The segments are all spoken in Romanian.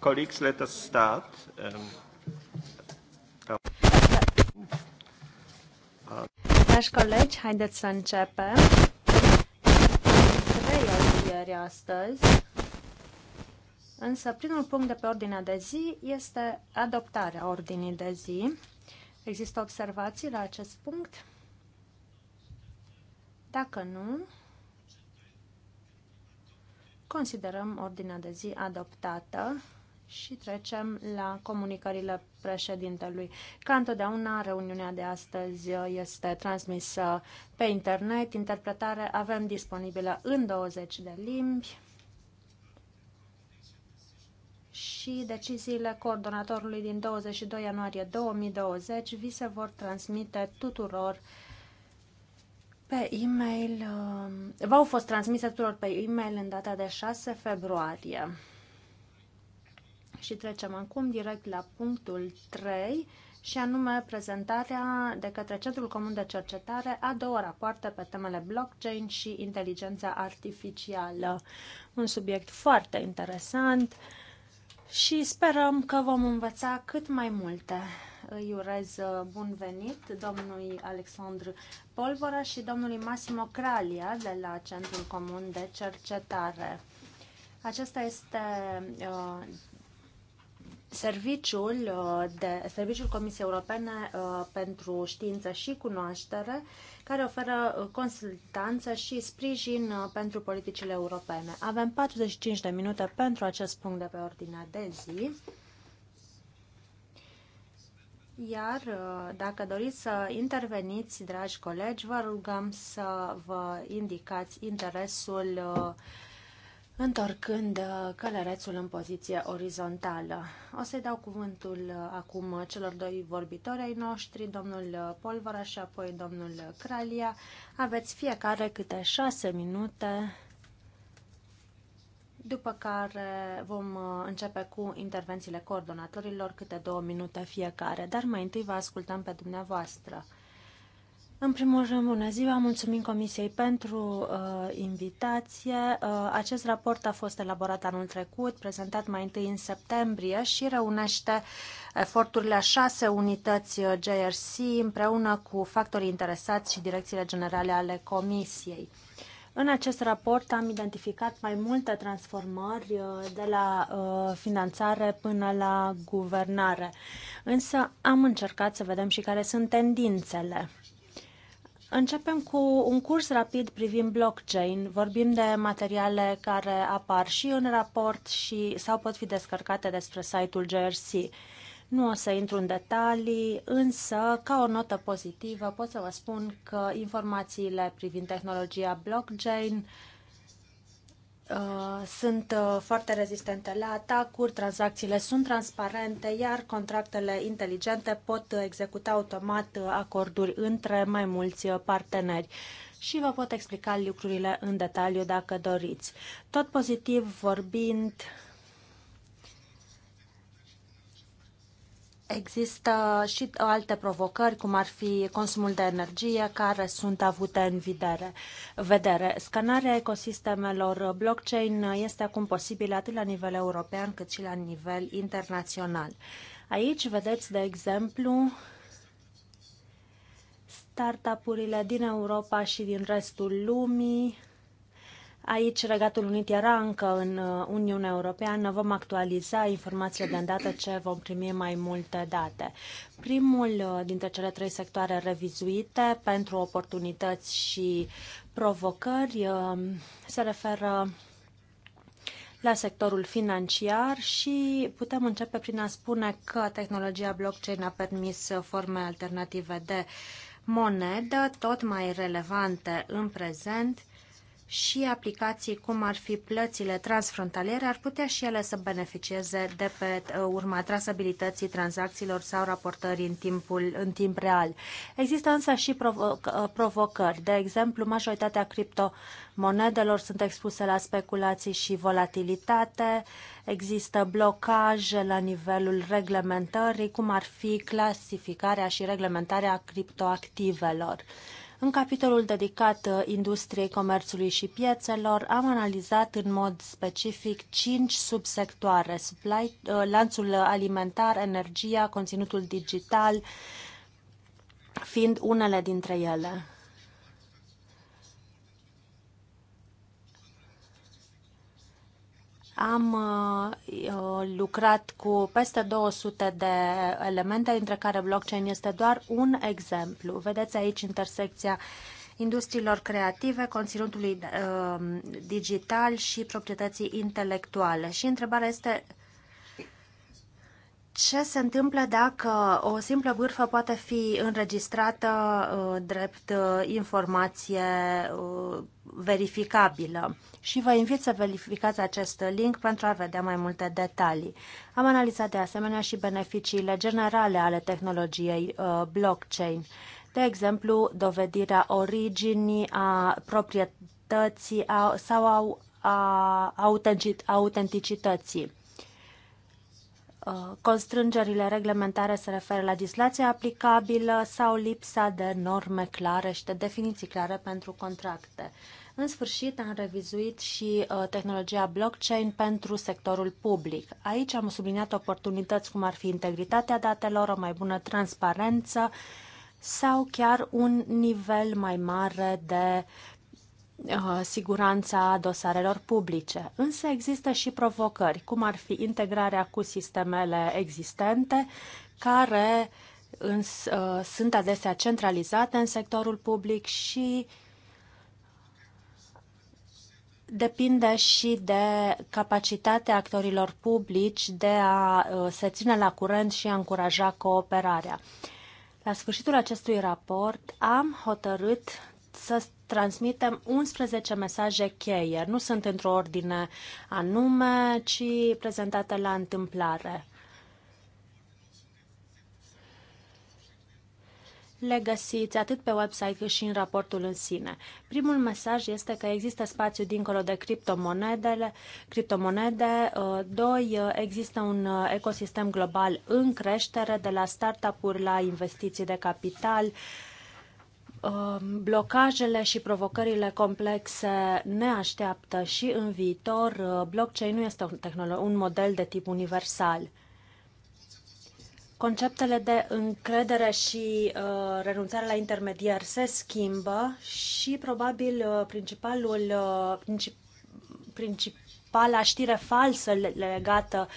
Colleagues, let us start. Um, Dragi colegi, haideți să începem. Trei audieri astăzi, însă primul punct de pe ordinea de zi este adoptarea ordinii de zi. Există observații la acest punct? Dacă nu, considerăm ordinea de zi adoptată și trecem la comunicările președintelui. Ca întotdeauna, reuniunea de astăzi este transmisă pe internet. Interpretare avem disponibilă în 20 de limbi și deciziile coordonatorului din 22 ianuarie 2020 vi se vor transmite tuturor pe e-mail, uh, v-au fost transmise tuturor pe e-mail în data de 6 februarie. Și trecem acum direct la punctul 3 și anume prezentarea de către Centrul Comun de Cercetare a două rapoarte pe temele blockchain și inteligența artificială. Un subiect foarte interesant și sperăm că vom învăța cât mai multe. Îi urez uh, bun venit domnului Alexandru Polvora și domnului Massimo Cralia de la Centrul Comun de Cercetare. Acesta este uh, Serviciul, uh, de, Serviciul Comisiei Europene uh, pentru Știință și Cunoaștere, care oferă uh, consultanță și sprijin pentru politicile europene. Avem 45 de minute pentru acest punct de pe ordinea de zi. Iar dacă doriți să interveniți, dragi colegi, vă rugăm să vă indicați interesul uh, întorcând uh, călărețul în poziție orizontală. O să-i dau cuvântul uh, acum celor doi vorbitori ai noștri, domnul uh, Polvara și apoi domnul Cralia. Aveți fiecare câte șase minute, după care vom începe cu intervențiile coordonatorilor, câte două minute fiecare, dar mai întâi vă ascultăm pe dumneavoastră. În primul rând, bună ziua, mulțumim Comisiei pentru uh, invitație. Uh, acest raport a fost elaborat anul trecut, prezentat mai întâi în septembrie și reunește eforturile a șase unități uh, JRC împreună cu factorii interesați și direcțiile generale ale Comisiei. În acest raport am identificat mai multe transformări uh, de la uh, finanțare până la guvernare, însă am încercat să vedem și care sunt tendințele. Începem cu un curs rapid privind blockchain. Vorbim de materiale care apar și în raport și sau pot fi descărcate despre site-ul GRC. Nu o să intru în detalii, însă, ca o notă pozitivă, pot să vă spun că informațiile privind tehnologia blockchain Uh, sunt uh, foarte rezistente la atacuri, tranzacțiile sunt transparente, iar contractele inteligente pot executa automat uh, acorduri între mai mulți uh, parteneri și vă pot explica lucrurile în detaliu dacă doriți. Tot pozitiv vorbind, uh, Există și alte provocări, cum ar fi consumul de energie, care sunt avute în videre, vedere. Scanarea ecosistemelor blockchain este acum posibilă atât la nivel european cât și la nivel internațional. Aici vedeți, de exemplu, startup-urile din Europa și din restul lumii Aici Regatul Unit era încă în uh, Uniunea Europeană. Vom actualiza informațiile de îndată ce vom primi mai multe date. Primul uh, dintre cele trei sectoare revizuite pentru oportunități și provocări uh, se referă la sectorul financiar și putem începe prin a spune că tehnologia blockchain a permis forme alternative de monedă, tot mai relevante în prezent și aplicații cum ar fi plățile transfrontaliere ar putea și ele să beneficieze de pe uh, urma trasabilității tranzacțiilor sau raportării în, timpul, în timp real. Există însă și provo uh, uh, provocări. De exemplu, majoritatea criptomonedelor sunt expuse la speculații și volatilitate, există blocaje la nivelul reglementării, cum ar fi clasificarea și reglementarea criptoactivelor. În capitolul dedicat uh, industriei comerțului și piețelor, am analizat în mod specific cinci subsectoare, supply, uh, lanțul alimentar, energia, conținutul digital, fiind unele dintre ele. Am uh, uh, lucrat cu peste 200 de elemente, dintre care blockchain este doar un exemplu. Vedeți aici intersecția industriilor creative, conținutului uh, digital și proprietății intelectuale. Și întrebarea este ce se întâmplă dacă o simplă bârfă poate fi înregistrată uh, drept uh, informație uh, verificabilă? Și vă invit să verificați acest link pentru a vedea mai multe detalii. Am analizat de asemenea și beneficiile generale ale tehnologiei blockchain, de exemplu, dovedirea originii a proprietății sau a autenticității Uh, constrângerile reglementare se referă la legislația aplicabilă sau lipsa de norme clare și de definiții clare pentru contracte. În sfârșit, am revizuit și uh, tehnologia blockchain pentru sectorul public. Aici am subliniat oportunități cum ar fi integritatea datelor, o mai bună transparență sau chiar un nivel mai mare de Uh, siguranța dosarelor publice. Însă există și provocări, cum ar fi integrarea cu sistemele existente, care îns, uh, sunt adesea centralizate în sectorul public și depinde și de capacitatea actorilor publici de a uh, se ține la curent și a încuraja cooperarea. La sfârșitul acestui raport am hotărât să transmitem 11 mesaje cheie. Nu sunt într-o ordine anume, ci prezentate la întâmplare. le găsiți atât pe website cât și în raportul în sine. Primul mesaj este că există spațiu dincolo de criptomonede. Uh, doi, uh, există un uh, ecosistem global în creștere, de la startup-uri la investiții de capital, Um, blocajele și provocările complexe ne așteaptă și în viitor. Uh, blockchain nu este un model de tip universal. Conceptele de încredere și uh, renunțare la intermediar se schimbă și probabil uh, principalul, uh, princip, principala știre falsă legată uh,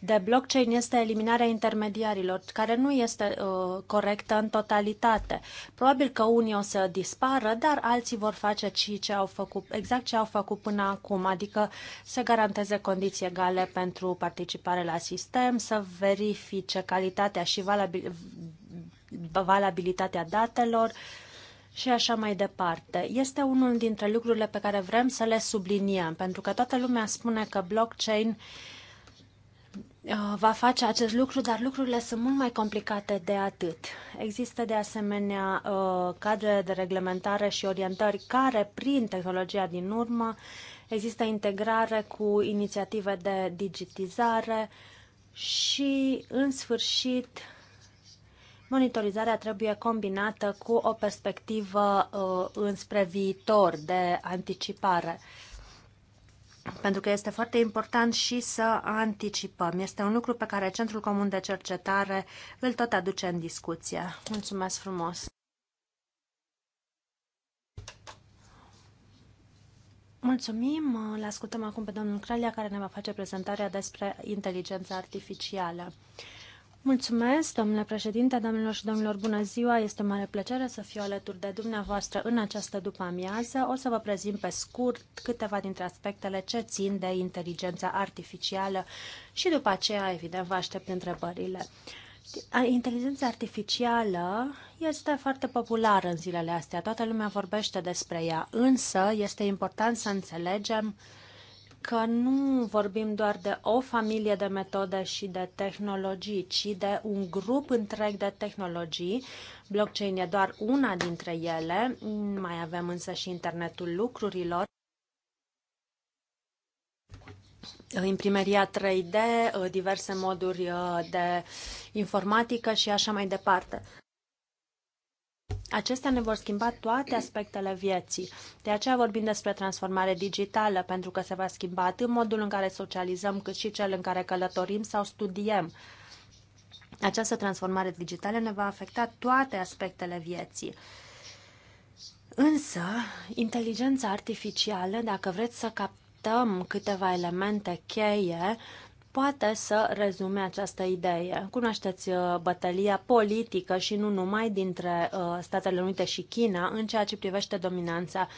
de blockchain este eliminarea intermediarilor, care nu este uh, corectă în totalitate. Probabil că unii o să dispară, dar alții vor face ci ce au făcut, exact ce au făcut până acum, adică să garanteze condiții egale pentru participare la sistem, să verifice calitatea și valabilitatea datelor, și așa mai departe. Este unul dintre lucrurile pe care vrem să le subliniem, pentru că toată lumea spune că blockchain uh, Ah, va face acest lucru, dar lucrurile sunt mult mai complicate de atât. Există de asemenea ah, cadre de reglementare și orientări care, prin tehnologia din urmă, există integrare cu inițiative de digitizare și, în sfârșit, monitorizarea trebuie combinată cu o perspectivă ah, înspre viitor de anticipare pentru că este foarte important și să anticipăm. Este un lucru pe care Centrul Comun de Cercetare îl tot aduce în discuție. Mulțumesc frumos! Mulțumim! Îl ascultăm acum pe domnul Cralia, care ne va face prezentarea despre inteligența artificială. Mulțumesc, domnule președinte, domnilor și domnilor, bună ziua! Este o mare plăcere să fiu alături de dumneavoastră în această după-amiază. O să vă prezint pe scurt câteva dintre aspectele ce țin de inteligența artificială și după aceea, evident, vă aștept întrebările. Inteligența artificială este foarte populară în zilele astea. Toată lumea vorbește despre ea, însă este important să înțelegem că nu vorbim doar de o familie de metode și de tehnologii, ci de un grup întreg de tehnologii. Blockchain e doar una dintre ele, mai avem însă și internetul lucrurilor, imprimeria 3D, diverse moduri uh, de informatică și așa mai departe. Acestea ne vor schimba toate aspectele vieții. De aceea vorbim despre transformare digitală, pentru că se va schimba atât modul în care socializăm, cât și cel în care călătorim sau studiem. Această transformare digitală ne va afecta toate aspectele vieții. Însă, inteligența artificială, dacă vreți să captăm câteva elemente cheie, uh, poate să rezume această idee. Cunoașteți uh, bătălia politică și nu numai dintre uh, Statele Unite și China în ceea ce privește dominanța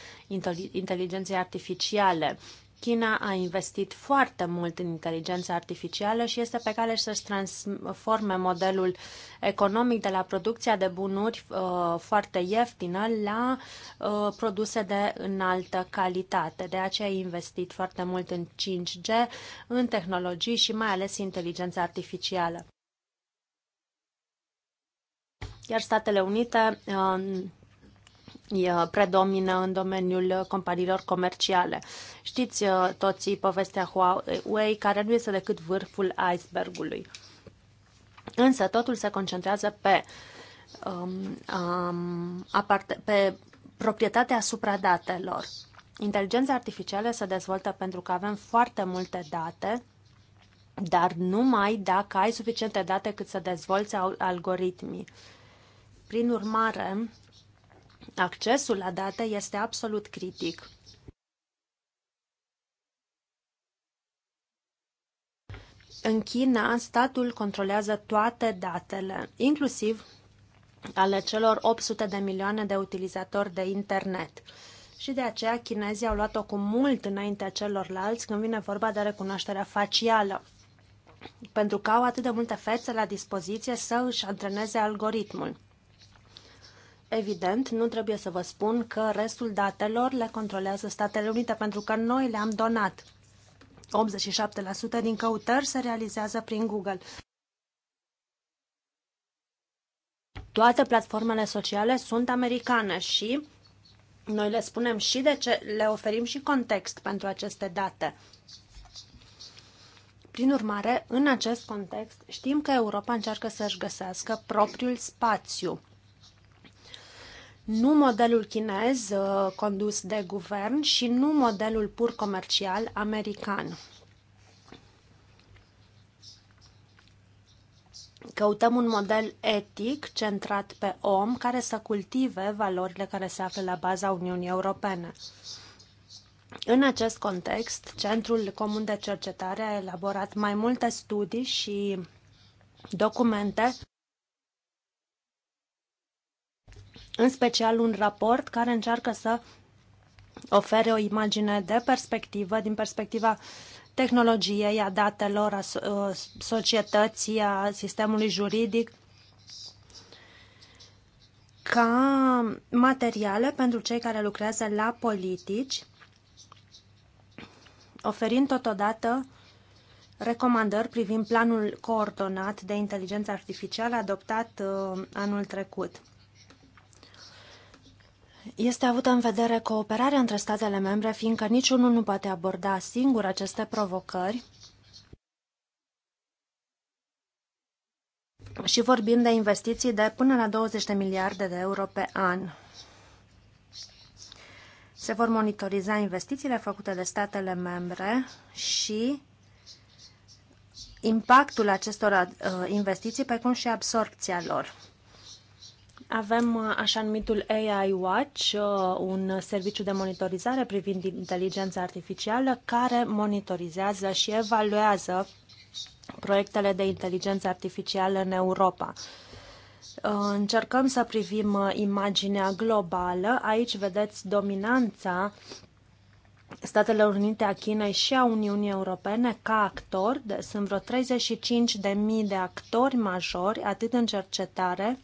inteligenței artificiale. China a investit foarte mult în inteligența artificială și este pe cale să-și transforme modelul economic de la producția de bunuri uh, foarte ieftină la uh, produse de înaltă calitate. De aceea a investit foarte mult în 5G, în tehnologii și mai ales inteligența artificială. Iar Statele Unite uh, predomină în domeniul companiilor comerciale. Știți toții povestea Huawei, care nu este decât vârful icebergului. Însă totul se concentrează pe, um, um, aparte, pe proprietatea datelor. Inteligența artificială se dezvoltă pentru că avem foarte multe date, dar numai dacă ai suficiente date cât să dezvolți algoritmii. Prin urmare, Accesul la date este absolut critic. În China, statul controlează toate datele, inclusiv ale celor 800 de milioane de utilizatori de internet. Și de aceea chinezii au luat-o cu mult înaintea celorlalți când vine vorba de recunoașterea facială. Pentru că au atât de multe fețe la dispoziție să își antreneze algoritmul. Evident, nu trebuie să vă spun că restul datelor le controlează Statele Unite pentru că noi le-am donat. 87% din căutări se realizează prin Google. Toate platformele sociale sunt americane și noi le spunem și de ce, le oferim și context pentru aceste date. Prin urmare, în acest context, știm că Europa încearcă să-și găsească propriul spațiu nu modelul chinez uh, condus de guvern și nu modelul pur comercial american. Căutăm un model etic centrat pe om care să cultive valorile care se află la baza Uniunii Europene. În acest context, Centrul Comun de Cercetare a elaborat mai multe studii și documente în special un raport care încearcă să ofere o imagine de perspectivă, din perspectiva tehnologiei, a datelor, a uh, societății, a sistemului juridic, ca materiale pentru cei care lucrează la politici, oferind totodată recomandări privind planul coordonat de inteligență artificială adoptat uh, anul trecut. Este avută în vedere cooperarea între statele membre, fiindcă niciunul nu poate aborda singur aceste provocări. Și vorbim de investiții de până la 20 de miliarde de euro pe an. Se vor monitoriza investițiile făcute de statele membre și impactul acestor uh, investiții, precum și absorpția lor. Avem uh, așa numitul AI Watch, uh, un serviciu de monitorizare privind inteligența artificială care monitorizează și evaluează proiectele de inteligență artificială în Europa. Uh, încercăm să privim imaginea globală. Aici vedeți dominanța Statele Unite a Chinei și a Uniunii Europene ca actor. Sunt vreo 35.000 de mii de actori majori, atât în cercetare,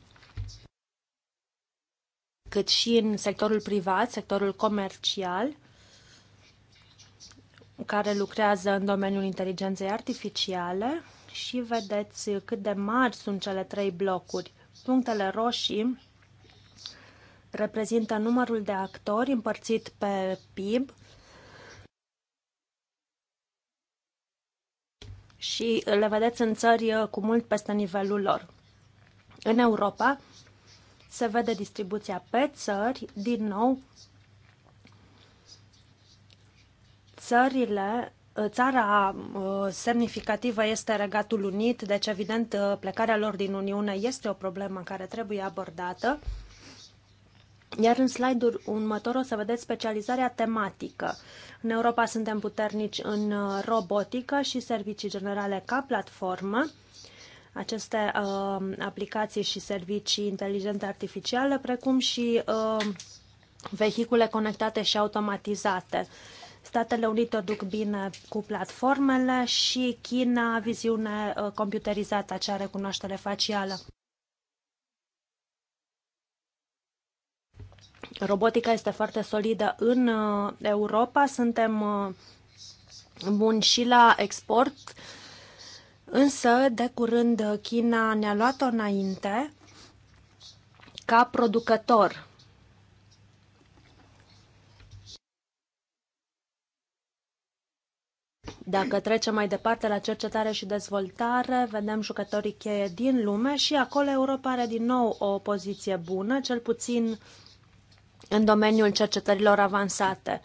cât și în sectorul privat, sectorul comercial, care lucrează în domeniul inteligenței artificiale și vedeți cât de mari sunt cele trei blocuri. Punctele roșii reprezintă numărul de actori împărțit pe PIB și le vedeți în țări cu mult peste nivelul lor. În Europa, se vede distribuția pe țări, din nou, țările Țara uh, semnificativă este Regatul Unit, deci evident uh, plecarea lor din Uniune este o problemă care trebuie abordată. Iar în slide-ul următor o să vedeți specializarea tematică. În Europa suntem puternici în uh, robotică și servicii generale ca platformă aceste uh, aplicații și servicii inteligente artificiale, precum și uh, vehicule conectate și automatizate. Statele Unite o duc bine cu platformele și China viziune uh, computerizată, acea recunoaștere facială. Robotica este foarte solidă în uh, Europa, suntem uh, buni și la export, Însă, de curând, China ne-a luat-o înainte ca producător Dacă trecem mai departe la cercetare și dezvoltare, vedem jucătorii cheie din lume și acolo Europa are din nou o poziție bună, cel puțin în domeniul cercetărilor avansate.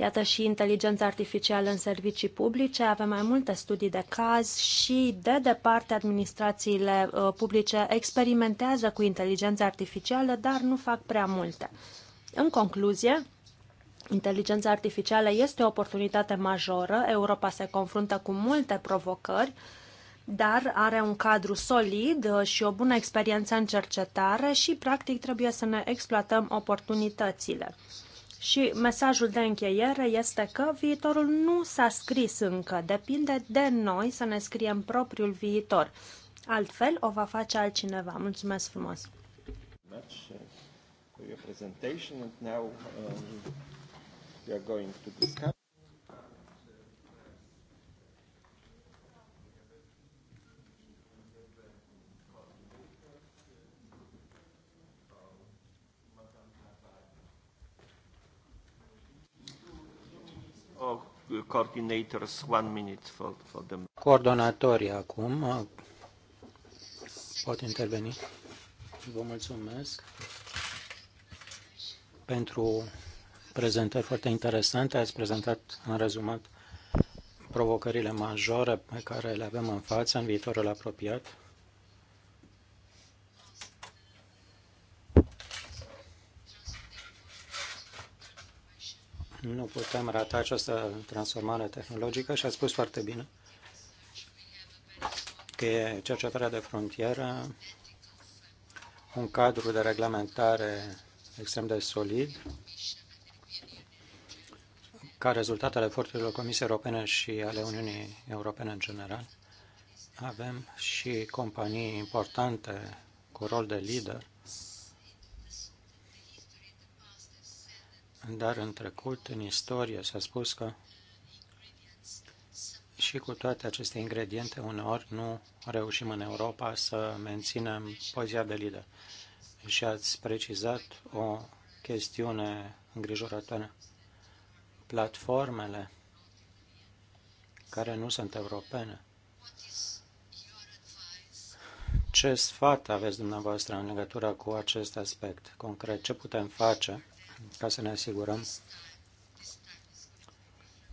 Iată și inteligența artificială în servicii publice, avem mai multe studii de caz și, de departe, administrațiile uh, publice experimentează cu inteligența artificială, dar nu fac prea multe. În concluzie, inteligența artificială este o oportunitate majoră, Europa se confruntă cu multe provocări, dar are un cadru solid uh, și o bună experiență în cercetare și, practic, trebuie să ne exploatăm oportunitățile. Și mesajul de încheiere este că viitorul nu s-a scris încă, depinde de noi să ne scriem propriul viitor. Altfel o va face altcineva. Mulțumesc frumos! Uh, for Oh, coordinators, one minute for, for them. Coordonatorii acum uh, pot interveni. Vă mulțumesc pentru prezentări foarte interesante. Ați prezentat în rezumat provocările majore pe care le avem în față în viitorul apropiat Nu putem rata această transformare tehnologică și a spus foarte bine că e cercetarea de frontieră, un cadru de reglementare extrem de solid, ca rezultat al eforturilor Comisiei Europene și ale Uniunii Europene în general, avem și companii importante cu rol de lider dar în trecut, în istorie, s-a spus că și cu toate aceste ingrediente, uneori nu reușim în Europa să menținem poziția de lider. Și ați precizat o chestiune îngrijorătoare. Platformele care nu sunt europene. Ce sfat aveți dumneavoastră în legătură cu acest aspect? Concret, ce putem face ca să ne asigurăm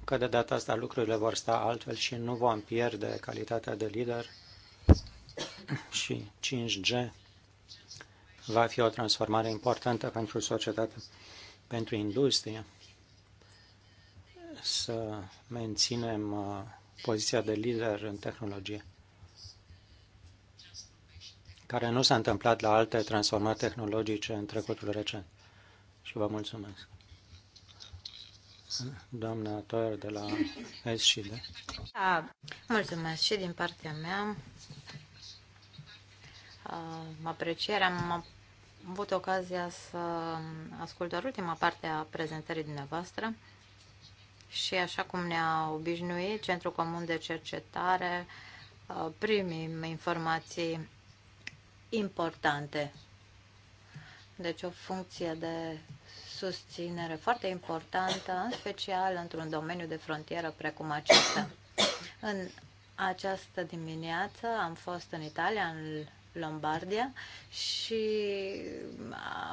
că de data asta lucrurile vor sta altfel și nu vom pierde calitatea de lider și 5G va fi o transformare importantă pentru societate, pentru industrie, să menținem uh, poziția de lider în tehnologie, care nu s-a întâmplat la alte transformări tehnologice în trecutul recent și vă mulțumesc. Doamna Toier de la Eschile. și de. A, da. mulțumesc și din partea mea. Mă apreciere, am avut ocazia să ascult doar ultima parte a prezentării dumneavoastră și așa cum ne-a obișnuit Centrul Comun de Cercetare, primim informații importante deci o funcție de susținere foarte importantă, în special într-un domeniu de frontieră precum acesta. În această dimineață am fost în Italia, în Lombardia și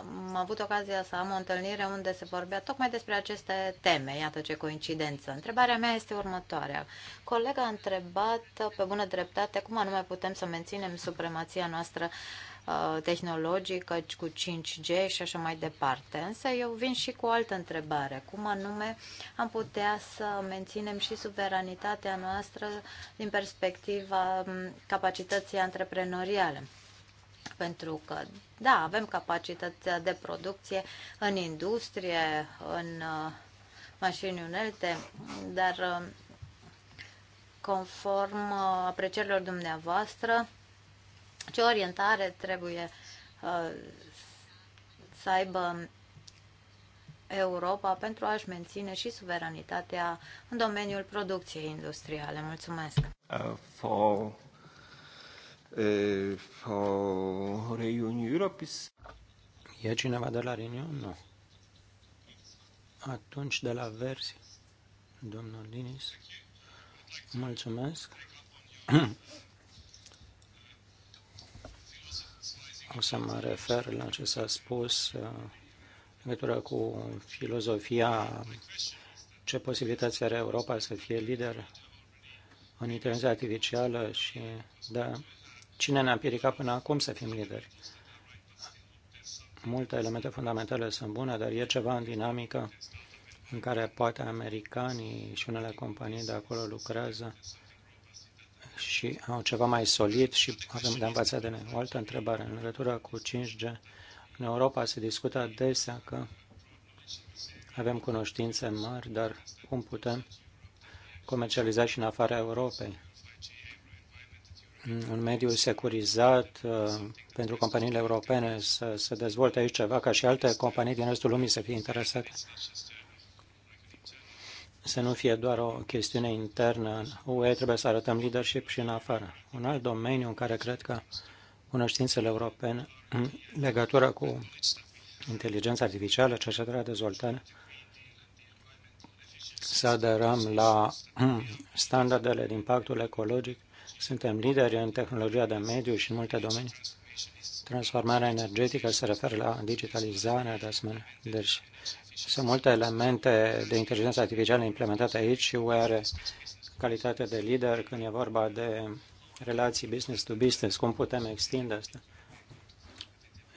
am avut ocazia să am o întâlnire unde se vorbea tocmai despre aceste teme. Iată ce coincidență. Întrebarea mea este următoarea. Colega a întrebat pe bună dreptate cum anume putem să menținem supremația noastră uh, Uh, tehnologică, cu 5G și așa mai departe. Însă eu vin și cu o altă întrebare. Cum anume am putea să menținem și suveranitatea noastră din perspectiva um, capacității antreprenoriale? Pentru că, da, avem capacități de producție în industrie, în uh, mașini unelte, dar uh, conform aprecierilor dumneavoastră, ce orientare trebuie uh, să aibă Europa pentru a-și menține și suveranitatea în domeniul producției industriale. Mulțumesc! Uh, for, uh, for Europe is... E cineva de la Reunion? Nu. Atunci de la Versi, domnul Linis, mulțumesc. O să mă refer la ce s-a spus uh, în legătură cu filozofia ce posibilități are Europa să fie lider în inteligența artificială și da, cine ne-a împiedicat până acum să fim lideri. Multe elemente fundamentale sunt bune, dar e ceva în dinamică în care poate americanii și unele companii de acolo lucrează și au ceva mai solid și avem de învățat de noi. O altă întrebare în legătură cu 5G. În Europa se discută adesea că avem cunoștințe mari, dar cum putem comercializa și în afara Europei? un mediu securizat uh, pentru companiile europene să se dezvolte aici ceva, ca și alte companii din restul lumii să fie interesate să nu fie doar o chestiune internă în UE, trebuie să arătăm leadership și în afară. Un alt domeniu în care cred că cunoștințele europene în legătură cu inteligența artificială, cercetarea, dezvoltare, să adărăm la hmm, standardele de impactul ecologic. Suntem lideri în tehnologia de mediu și în multe domenii. Transformarea energetică se referă la digitalizarea, de asemenea. Deci sunt multe elemente de inteligență artificială implementate aici și UE are calitate de lider când e vorba de relații business to business, cum putem extinde asta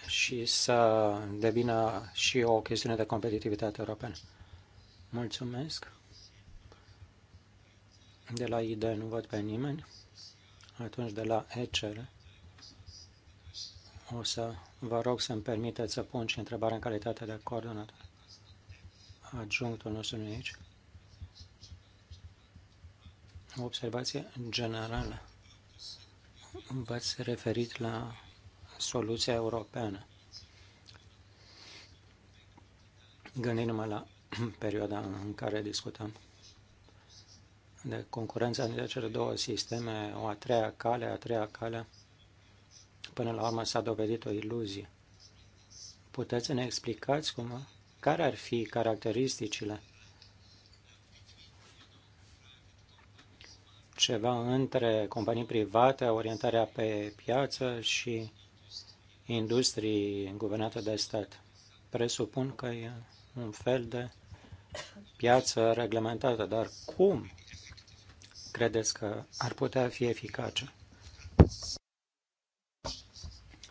și să devină și o chestiune de competitivitate europeană. Mulțumesc. De la ID nu văd pe nimeni. Atunci de la ECR o să vă rog să-mi permiteți să pun și întrebare în calitate de coordonator adjunctul nostru nu e aici. O observație generală. V-ați referit la soluția europeană. Gândindu-mă la perioada în care discutăm de concurența dintre cele două sisteme, o a treia cale, a treia cale, până la urmă s-a dovedit o iluzie. Puteți să ne explicați cum care ar fi caracteristicile? Ceva între companii private, orientarea pe piață și industrii guvernate de stat. Presupun că e un fel de piață reglementată, dar cum credeți că ar putea fi eficace?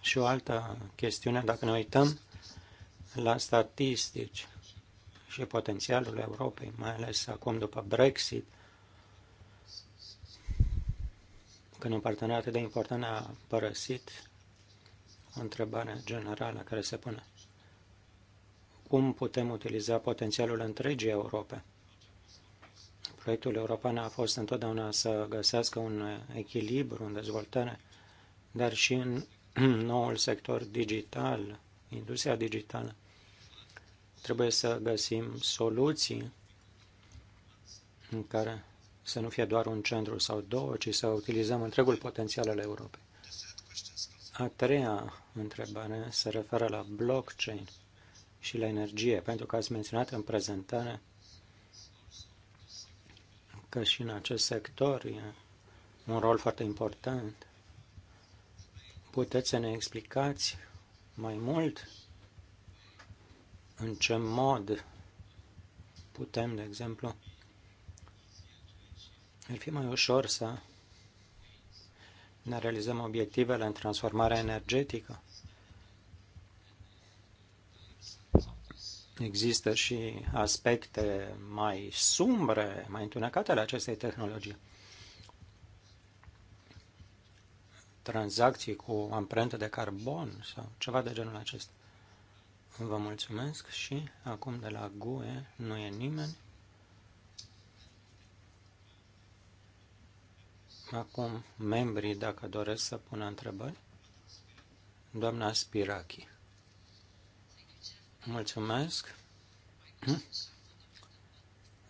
Și o altă chestiune, dacă ne uităm la statistici și potențialul Europei, mai ales acum după Brexit, când un partener atât de important a părăsit, o întrebare generală care se pune. Cum putem utiliza potențialul întregii Europe? Proiectul european a fost întotdeauna să găsească un echilibru în dezvoltare, dar și în noul sector digital, industria digitală. Trebuie să găsim soluții în care să nu fie doar un centru sau două, ci să utilizăm întregul potențial al Europei. A treia întrebare se referă la blockchain și la energie, pentru că ați menționat în prezentare că și în acest sector e un rol foarte important. Puteți să ne explicați mai mult în ce mod putem, de exemplu, ar fi mai ușor să ne realizăm obiectivele în transformarea energetică. Există și aspecte mai sumbre, mai întunecate ale acestei tehnologii. Tranzacții cu amprentă de carbon sau ceva de genul acesta. Vă mulțumesc și acum de la GUE nu e nimeni. Acum membrii, dacă doresc să pună întrebări. Doamna Spirachi. Mulțumesc.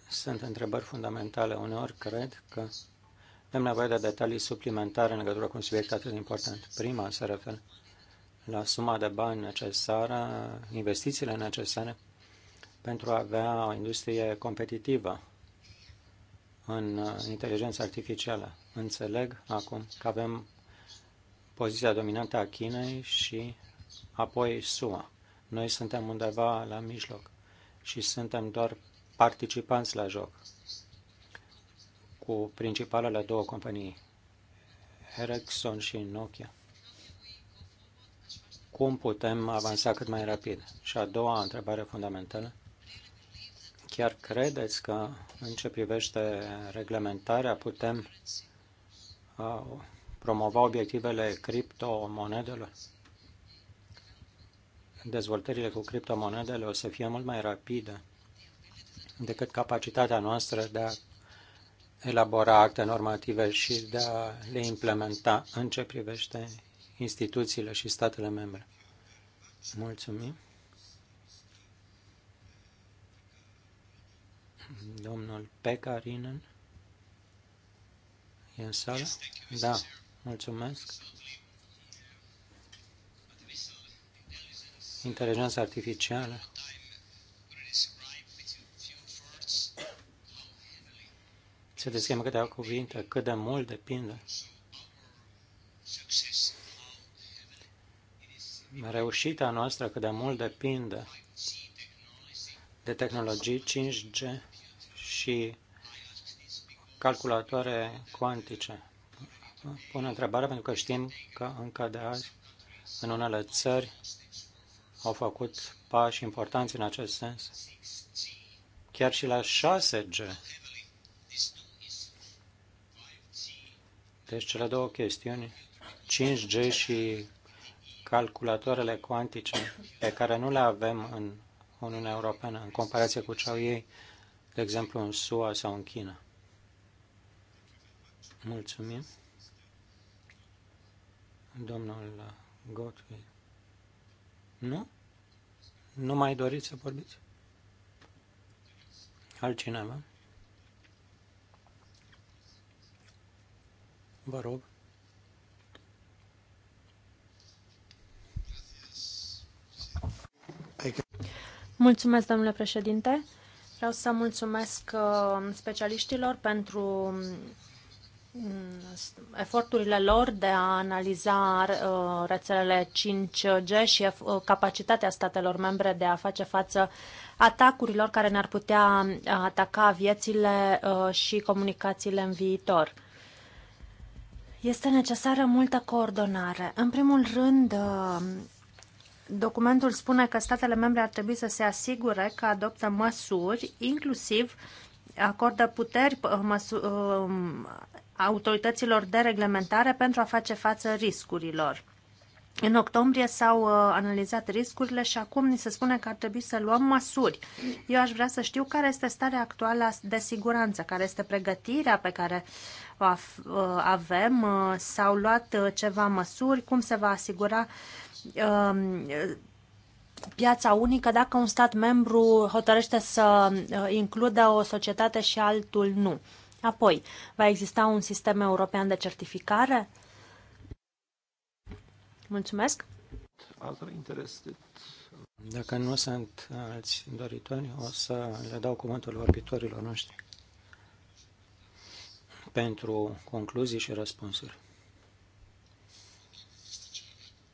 Sunt întrebări fundamentale. Uneori cred că avem nevoie de detalii suplimentare în legătură cu un subiect atât de important. Prima se referă la suma de bani necesară, investițiile necesare pentru a avea o industrie competitivă în uh, inteligența artificială. Înțeleg acum că avem poziția dominantă a Chinei și apoi SUA. Noi suntem undeva la mijloc și suntem doar participanți la joc cu principalele două companii, Ericsson și Nokia cum putem avansa cât mai rapid. Și a doua întrebare fundamentală, chiar credeți că în ce privește reglementarea putem uh, promova obiectivele criptomonedelor? Dezvoltările cu criptomonedele o să fie mult mai rapide decât capacitatea noastră de a elabora acte normative și de a le implementa în ce privește instituțiile și statele membre. Mulțumim. Domnul Pekarinen e în sală? Da, mulțumesc. Inteligența artificială. Se deschimă câteva cuvinte, cât de mult depinde reușita noastră cât de mult depinde de tehnologii 5G și calculatoare cuantice. Pun întrebarea pentru că știm că încă de azi în unele țări au făcut pași importanți în acest sens. Chiar și la 6G. Deci cele două chestiuni, 5G și calculatoarele cuantice pe care nu le avem în Uniunea Europeană în comparație cu ce au ei, de exemplu, în SUA sau în China. Mulțumim. Domnul Gottfried. Nu? Nu mai doriți să vorbiți? Altcineva? Vă rog. Mulțumesc, domnule președinte. Vreau să mulțumesc uh, specialiștilor pentru mm, eforturile lor de a analiza uh, rețelele 5G și uh, capacitatea statelor membre de a face față atacurilor care ne-ar putea ataca viețile și comunicațiile în viitor. Este necesară multă coordonare. În primul rând, Documentul spune că statele membre ar trebui să se asigure că adoptă măsuri, inclusiv acordă puteri uh, măsu- uh, autorităților de reglementare pentru a face față riscurilor. În octombrie s-au uh, analizat riscurile și acum ni se spune că ar trebui să luăm măsuri. Eu aș vrea să știu care este starea actuală de siguranță, care este pregătirea pe care o avem, s-au luat ceva măsuri, cum se va asigura uh, Um, piața unică dacă un stat membru hotărăște să uh, includă o societate și altul nu. Apoi, va exista un sistem european de certificare? Mulțumesc. Dacă nu sunt alți doritori, o să le dau cuvântul vorbitorilor noștri pentru concluzii și răspunsuri.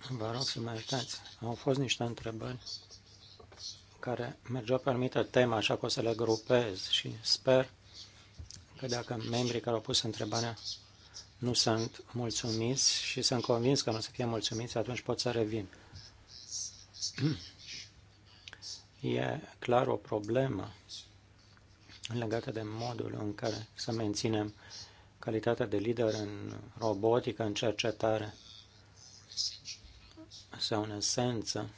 Vă rog să mă ajutați. Au fost niște întrebări care mergeau pe anumită temă, așa că o să le grupez și sper că dacă membrii care au pus întrebarea nu sunt mulțumiți și sunt convins că nu o să fie mulțumiți, atunci pot să revin. E clar o problemă legată de modul în care să menținem calitatea de lider în robotică, în cercetare sau în esență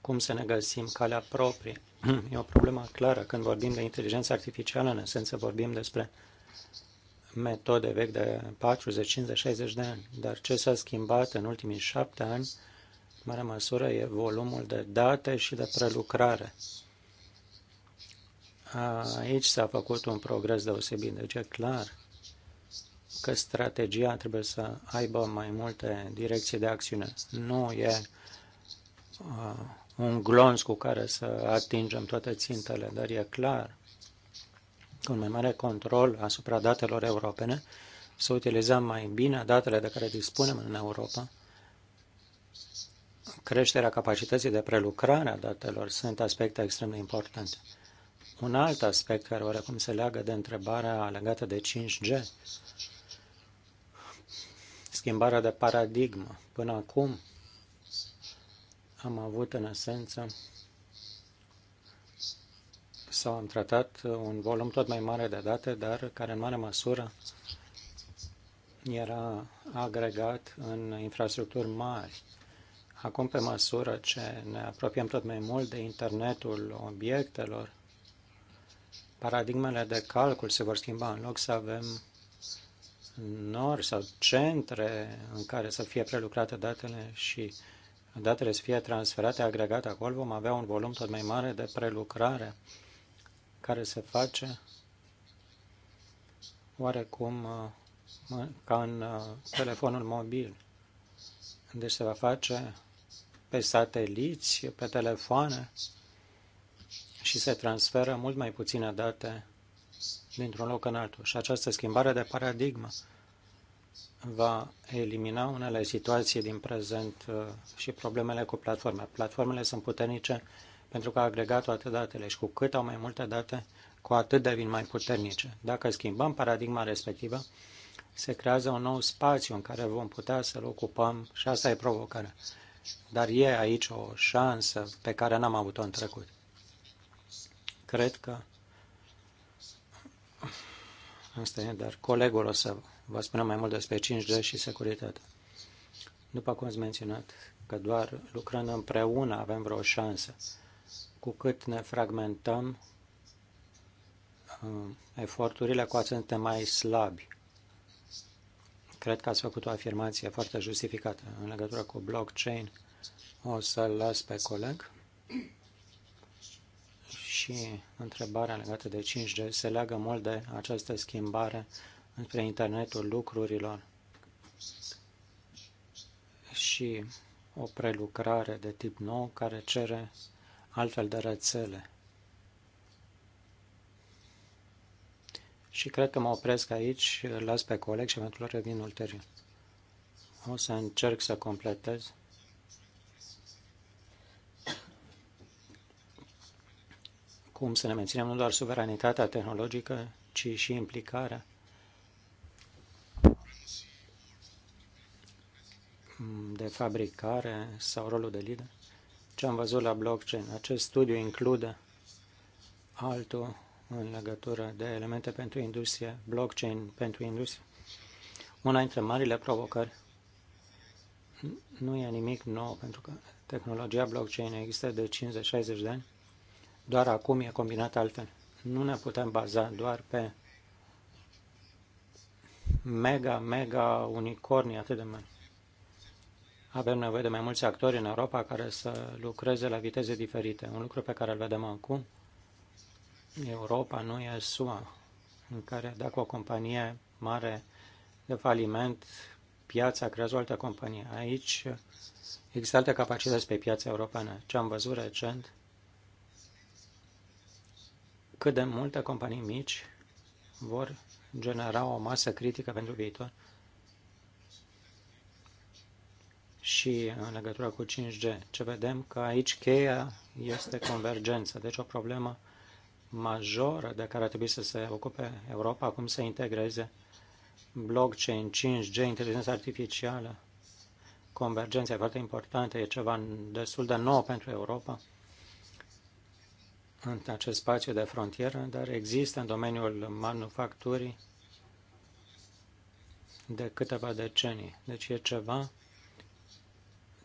cum să ne găsim calea proprie. E o problemă clară când vorbim de inteligență artificială, în esență vorbim despre metode vechi de 40, 50, 60 de ani. Dar ce s-a schimbat în ultimii șapte ani, în mare măsură, e volumul de date și de prelucrare. Aici s-a făcut un progres deosebit, deci e clar că strategia trebuie să aibă mai multe direcții de acțiune. Nu e uh, un glonț cu care să atingem toate țintele, dar e clar că un mai mare control asupra datelor europene, să utilizăm mai bine datele de care dispunem în Europa, creșterea capacității de prelucrare a datelor sunt aspecte extrem de importante. Un alt aspect care oarecum se leagă de întrebarea legată de 5G, schimbarea de paradigmă. Până acum am avut în esență sau am tratat un volum tot mai mare de date, dar care în mare măsură era agregat în infrastructuri mari. Acum, pe măsură ce ne apropiem tot mai mult de internetul obiectelor, paradigmele de calcul se vor schimba. În loc să avem nori sau centre în care să fie prelucrate datele și datele să fie transferate, agregate acolo, vom avea un volum tot mai mare de prelucrare care se face oarecum uh, ca în uh, telefonul mobil. Deci se va face pe sateliți, pe telefoane și se transferă mult mai puține date dintr-un loc în altul. Și această schimbare de paradigmă va elimina unele situații din prezent uh, și problemele cu platforme. Platformele sunt puternice pentru că agregat toate datele și cu cât au mai multe date, cu atât devin mai puternice. Dacă schimbăm paradigma respectivă, se creează un nou spațiu în care vom putea să-l ocupăm și asta e provocarea. Dar e aici o șansă pe care n-am avut-o în trecut. Cred că Asta e, dar colegul o să vă spună mai mult despre 5G și securitate. După cum ați menționat, că doar lucrând împreună avem vreo șansă. Cu cât ne fragmentăm uh, eforturile, cu atât suntem mai slabi. Cred că ați făcut o afirmație foarte justificată în legătură cu blockchain. O să-l las pe coleg și întrebarea legată de 5G se leagă mult de această schimbare între internetul lucrurilor și o prelucrare de tip nou care cere altfel de rețele. Și cred că mă opresc aici, las pe coleg și eventual revin ulterior. O să încerc să completez cum să ne menținem nu doar suveranitatea tehnologică, ci și implicarea de fabricare sau rolul de lider. Ce am văzut la blockchain, acest studiu include altul în legătură de elemente pentru industrie, blockchain pentru industrie. Una dintre marile provocări nu e nimic nou, pentru că tehnologia blockchain există de 50-60 de ani doar acum e combinat altfel. Nu ne putem baza doar pe mega, mega unicorni atât de mari. Avem nevoie de mai mulți actori în Europa care să lucreze la viteze diferite. Un lucru pe care îl vedem acum, Europa nu e SUA, în care dacă o companie mare de faliment, piața creează o altă companie. Aici există alte capacități pe piața europeană. Ce am văzut recent, cât de multe companii mici vor genera o masă critică pentru viitor și în legătură cu 5G. Ce vedem că aici cheia este convergența, deci o problemă majoră de care ar trebui să se ocupe Europa, cum să integreze blockchain, 5G, inteligența artificială. Convergența e foarte importantă, e ceva destul de nou pentru Europa în acest spațiu de frontieră, dar există în domeniul manufacturii de câteva decenii. Deci e ceva,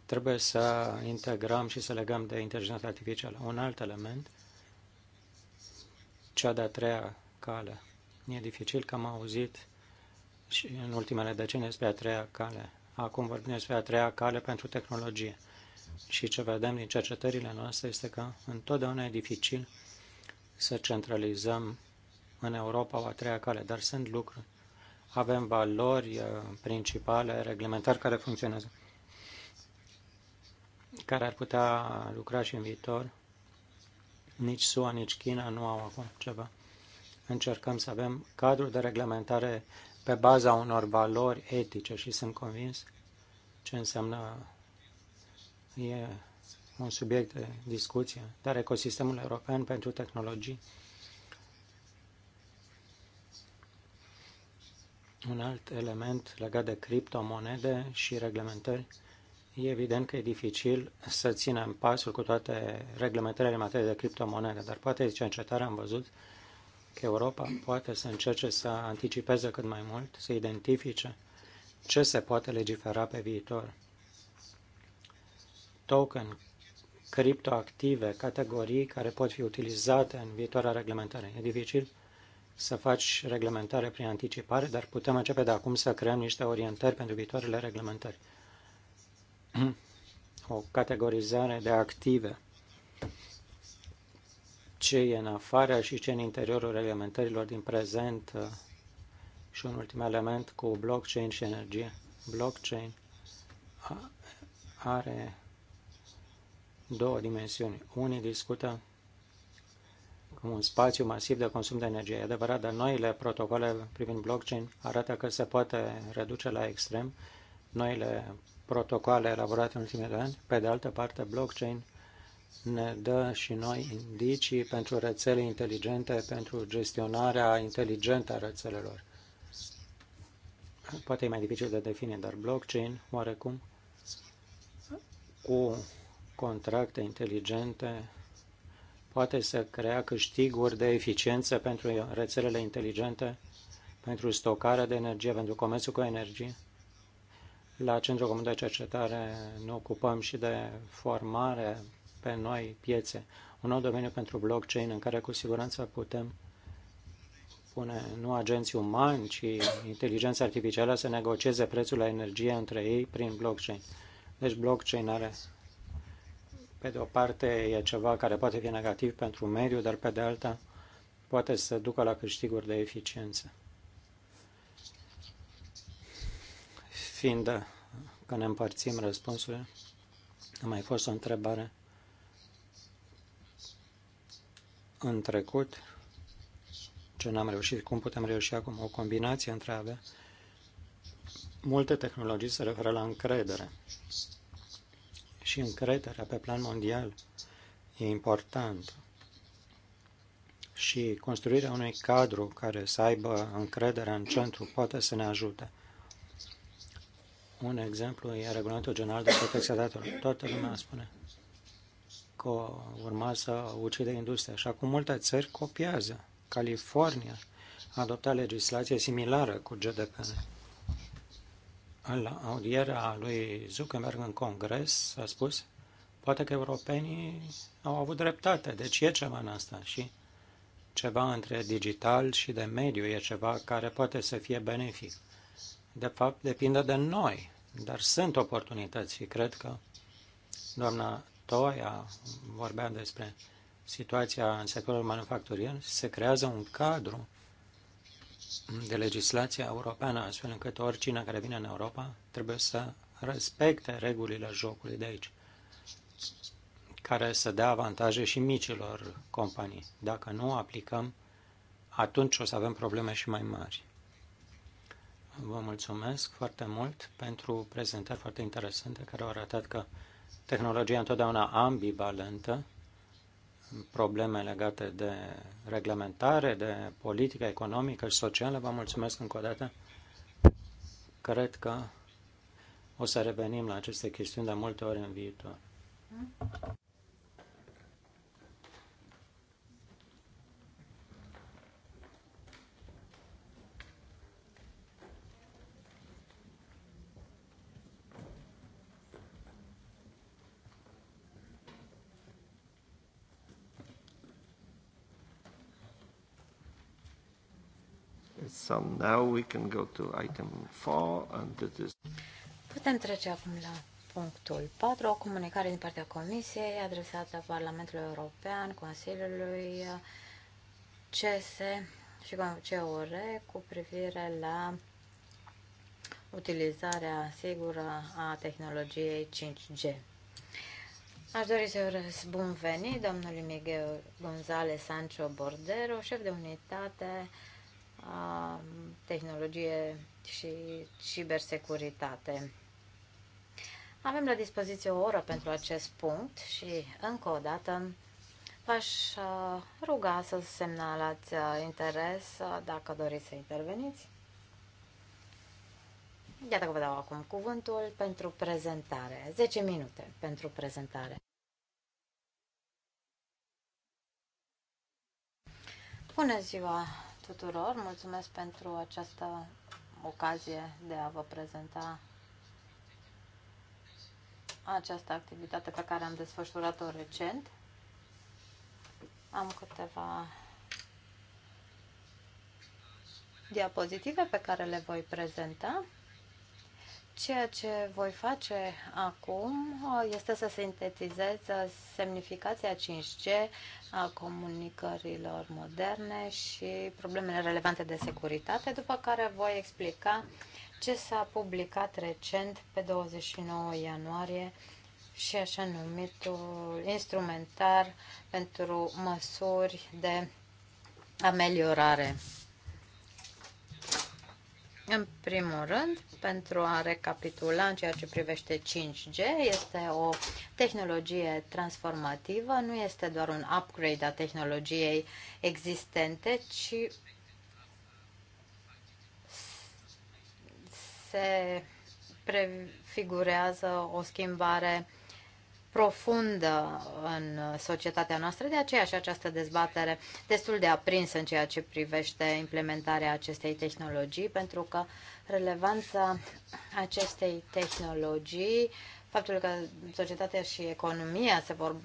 trebuie să integrăm și să legăm de inteligența artificială. Un alt element, cea de-a treia cale. E dificil că am auzit și în ultimele decenii despre a treia cale. Acum vorbim despre a treia cale pentru tehnologie și ce vedem din cercetările noastre este că întotdeauna e dificil să centralizăm în Europa o a treia cale, dar sunt lucruri. Avem valori uh, principale, reglementari care funcționează, care ar putea lucra și în viitor. Nici SUA, nici China nu au acum ceva. Încercăm să avem cadru de reglementare pe baza unor valori etice și sunt convins ce înseamnă e un subiect de discuție, dar ecosistemul european pentru tehnologii un alt element legat de criptomonede și reglementări. E evident că e dificil să ținem pasul cu toate reglementările în materie de criptomonede, dar poate zice încetare, am văzut că Europa poate să încerce să anticipeze cât mai mult, să identifice ce se poate legifera pe viitor token, criptoactive, categorii care pot fi utilizate în viitoarea reglementare. E dificil să faci reglementare prin anticipare, dar putem începe de acum să creăm niște orientări pentru viitoarele reglementări. O categorizare de active. Ce e în afara și ce în interiorul reglementărilor din prezent uh, și un ultim element cu blockchain și energie. Blockchain are două dimensiuni. Unii discută cum un spațiu masiv de consum de energie. E adevărat, dar noile protocole privind blockchain arată că se poate reduce la extrem noile protocoale elaborate în ultimele ani. Pe de altă parte, blockchain ne dă și noi indicii pentru rețele inteligente, pentru gestionarea inteligentă a rețelelor. Poate e mai dificil de definit, dar blockchain, oarecum, cu contracte inteligente poate să crea câștiguri de eficiență pentru rețelele inteligente, pentru stocarea de energie, pentru comerțul cu energie. La Centrul Comun de Cercetare ne ocupăm și de formare pe noi piețe, un nou domeniu pentru blockchain în care cu siguranță putem pune nu agenții umani, ci inteligența artificială să negocieze prețul la energie între ei prin blockchain. Deci blockchain are pe de o parte e ceva care poate fi negativ pentru mediu, dar pe de alta poate să ducă la câștiguri de eficiență. Fiind că ne împărțim răspunsurile, a mai fost o întrebare în trecut, ce n-am reușit, cum putem reuși acum, o combinație între avea multe tehnologii se referă la încredere și încrederea pe plan mondial e importantă. Și construirea unui cadru care să aibă încrederea în centru poate să ne ajute. Un exemplu e Regulamentul General de Protecție a Datelor. Toată lumea spune că urma să ucide industria. Și acum multe țări copiază. California a adoptat legislație similară cu GDPR în audierea lui Zuckerberg în Congres a spus poate că europenii au avut dreptate, deci e ceva în asta și ceva între digital și de mediu e ceva care poate să fie benefic. De fapt, depinde de noi, dar sunt oportunități și cred că doamna Toia vorbea despre situația în sectorul manufacturier, se creează un cadru de legislație europeană, astfel încât oricine care vine în Europa trebuie să respecte regulile jocului de aici, care să dea avantaje și micilor companii. Dacă nu aplicăm, atunci o să avem probleme și mai mari. Vă mulțumesc foarte mult pentru prezentări foarte interesante care au arătat că tehnologia întotdeauna ambivalentă probleme legate de reglementare, de politică economică și socială. Vă mulțumesc încă o dată. Cred că o să revenim la aceste chestiuni de multe ori în viitor. So now we can go to item 4 and is... Putem trece acum la punctul 4, o comunicare din partea Comisiei adresată Parlamentului European, Consiliului CS și CUR cu privire la utilizarea sigură a tehnologiei 5G. Aș dori să urez bun venit domnului Miguel González Sancho Bordero, șef de unitate tehnologie și cibersecuritate. Avem la dispoziție o oră pentru acest punct și încă o dată v-aș ruga să semnalați interes dacă doriți să interveniți. Iată că vă dau acum cuvântul pentru prezentare. 10 minute pentru prezentare. Bună ziua, tuturor, mulțumesc pentru această ocazie de a vă prezenta această activitate pe care am desfășurat-o recent. Am câteva diapozitive pe care le voi prezenta. Ceea ce voi face acum uh, este să sintetizez uh, semnificația 5G a comunicărilor moderne și problemele relevante de securitate, după care voi explica ce s-a publicat recent pe 29 ianuarie și așa numitul instrumentar pentru măsuri de ameliorare în primul rând, pentru a recapitula în ceea ce privește 5G, este o tehnologie transformativă, nu este doar un upgrade a tehnologiei existente, ci se prefigurează o schimbare profundă în societatea noastră, de aceea și această dezbatere destul de aprinsă în ceea ce privește implementarea acestei tehnologii, pentru că relevanța acestei tehnologii, faptul că societatea și economia se vor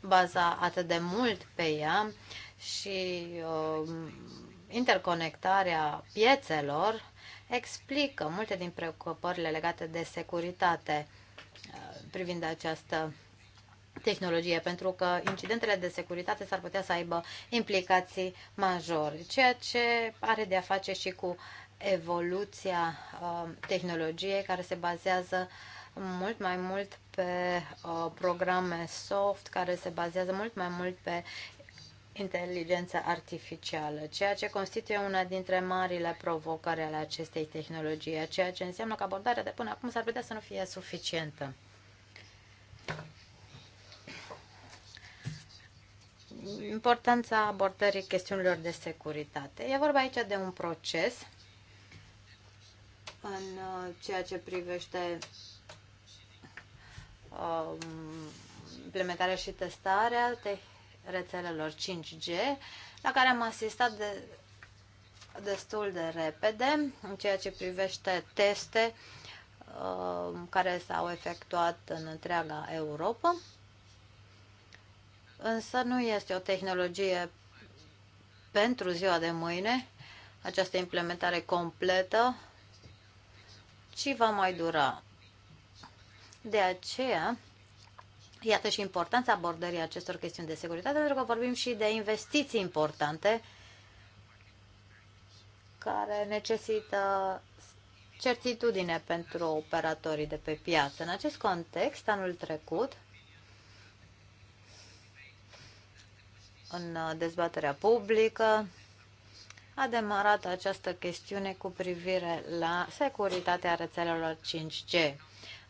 baza atât de mult pe ea și uh, interconectarea piețelor explică multe din preocupările legate de securitate privind această tehnologie, pentru că incidentele de securitate s-ar putea să aibă implicații majore, ceea ce are de a face și cu evoluția uh, tehnologiei care se bazează mult mai mult pe uh, programe soft, care se bazează mult mai mult pe inteligența artificială, ceea ce constituie una dintre marile provocări ale acestei tehnologii, ceea ce înseamnă că abordarea de până acum s-ar putea să nu fie suficientă importanța abordării chestiunilor de securitate. E vorba aici de un proces în uh, ceea ce privește um, implementarea și testarea de rețelelor 5G, la care am asistat de, destul de repede în ceea ce privește teste uh, Uh, care s-au efectuat în întreaga Europa, însă nu este o tehnologie pentru ziua de mâine, această implementare completă, ci va mai dura. De aceea, iată și importanța abordării acestor chestiuni de securitate, pentru că vorbim și de investiții importante care necesită certitudine pentru operatorii de pe piață. În acest context, anul trecut, în dezbaterea publică, a demarat această chestiune cu privire la securitatea rețelelor 5G.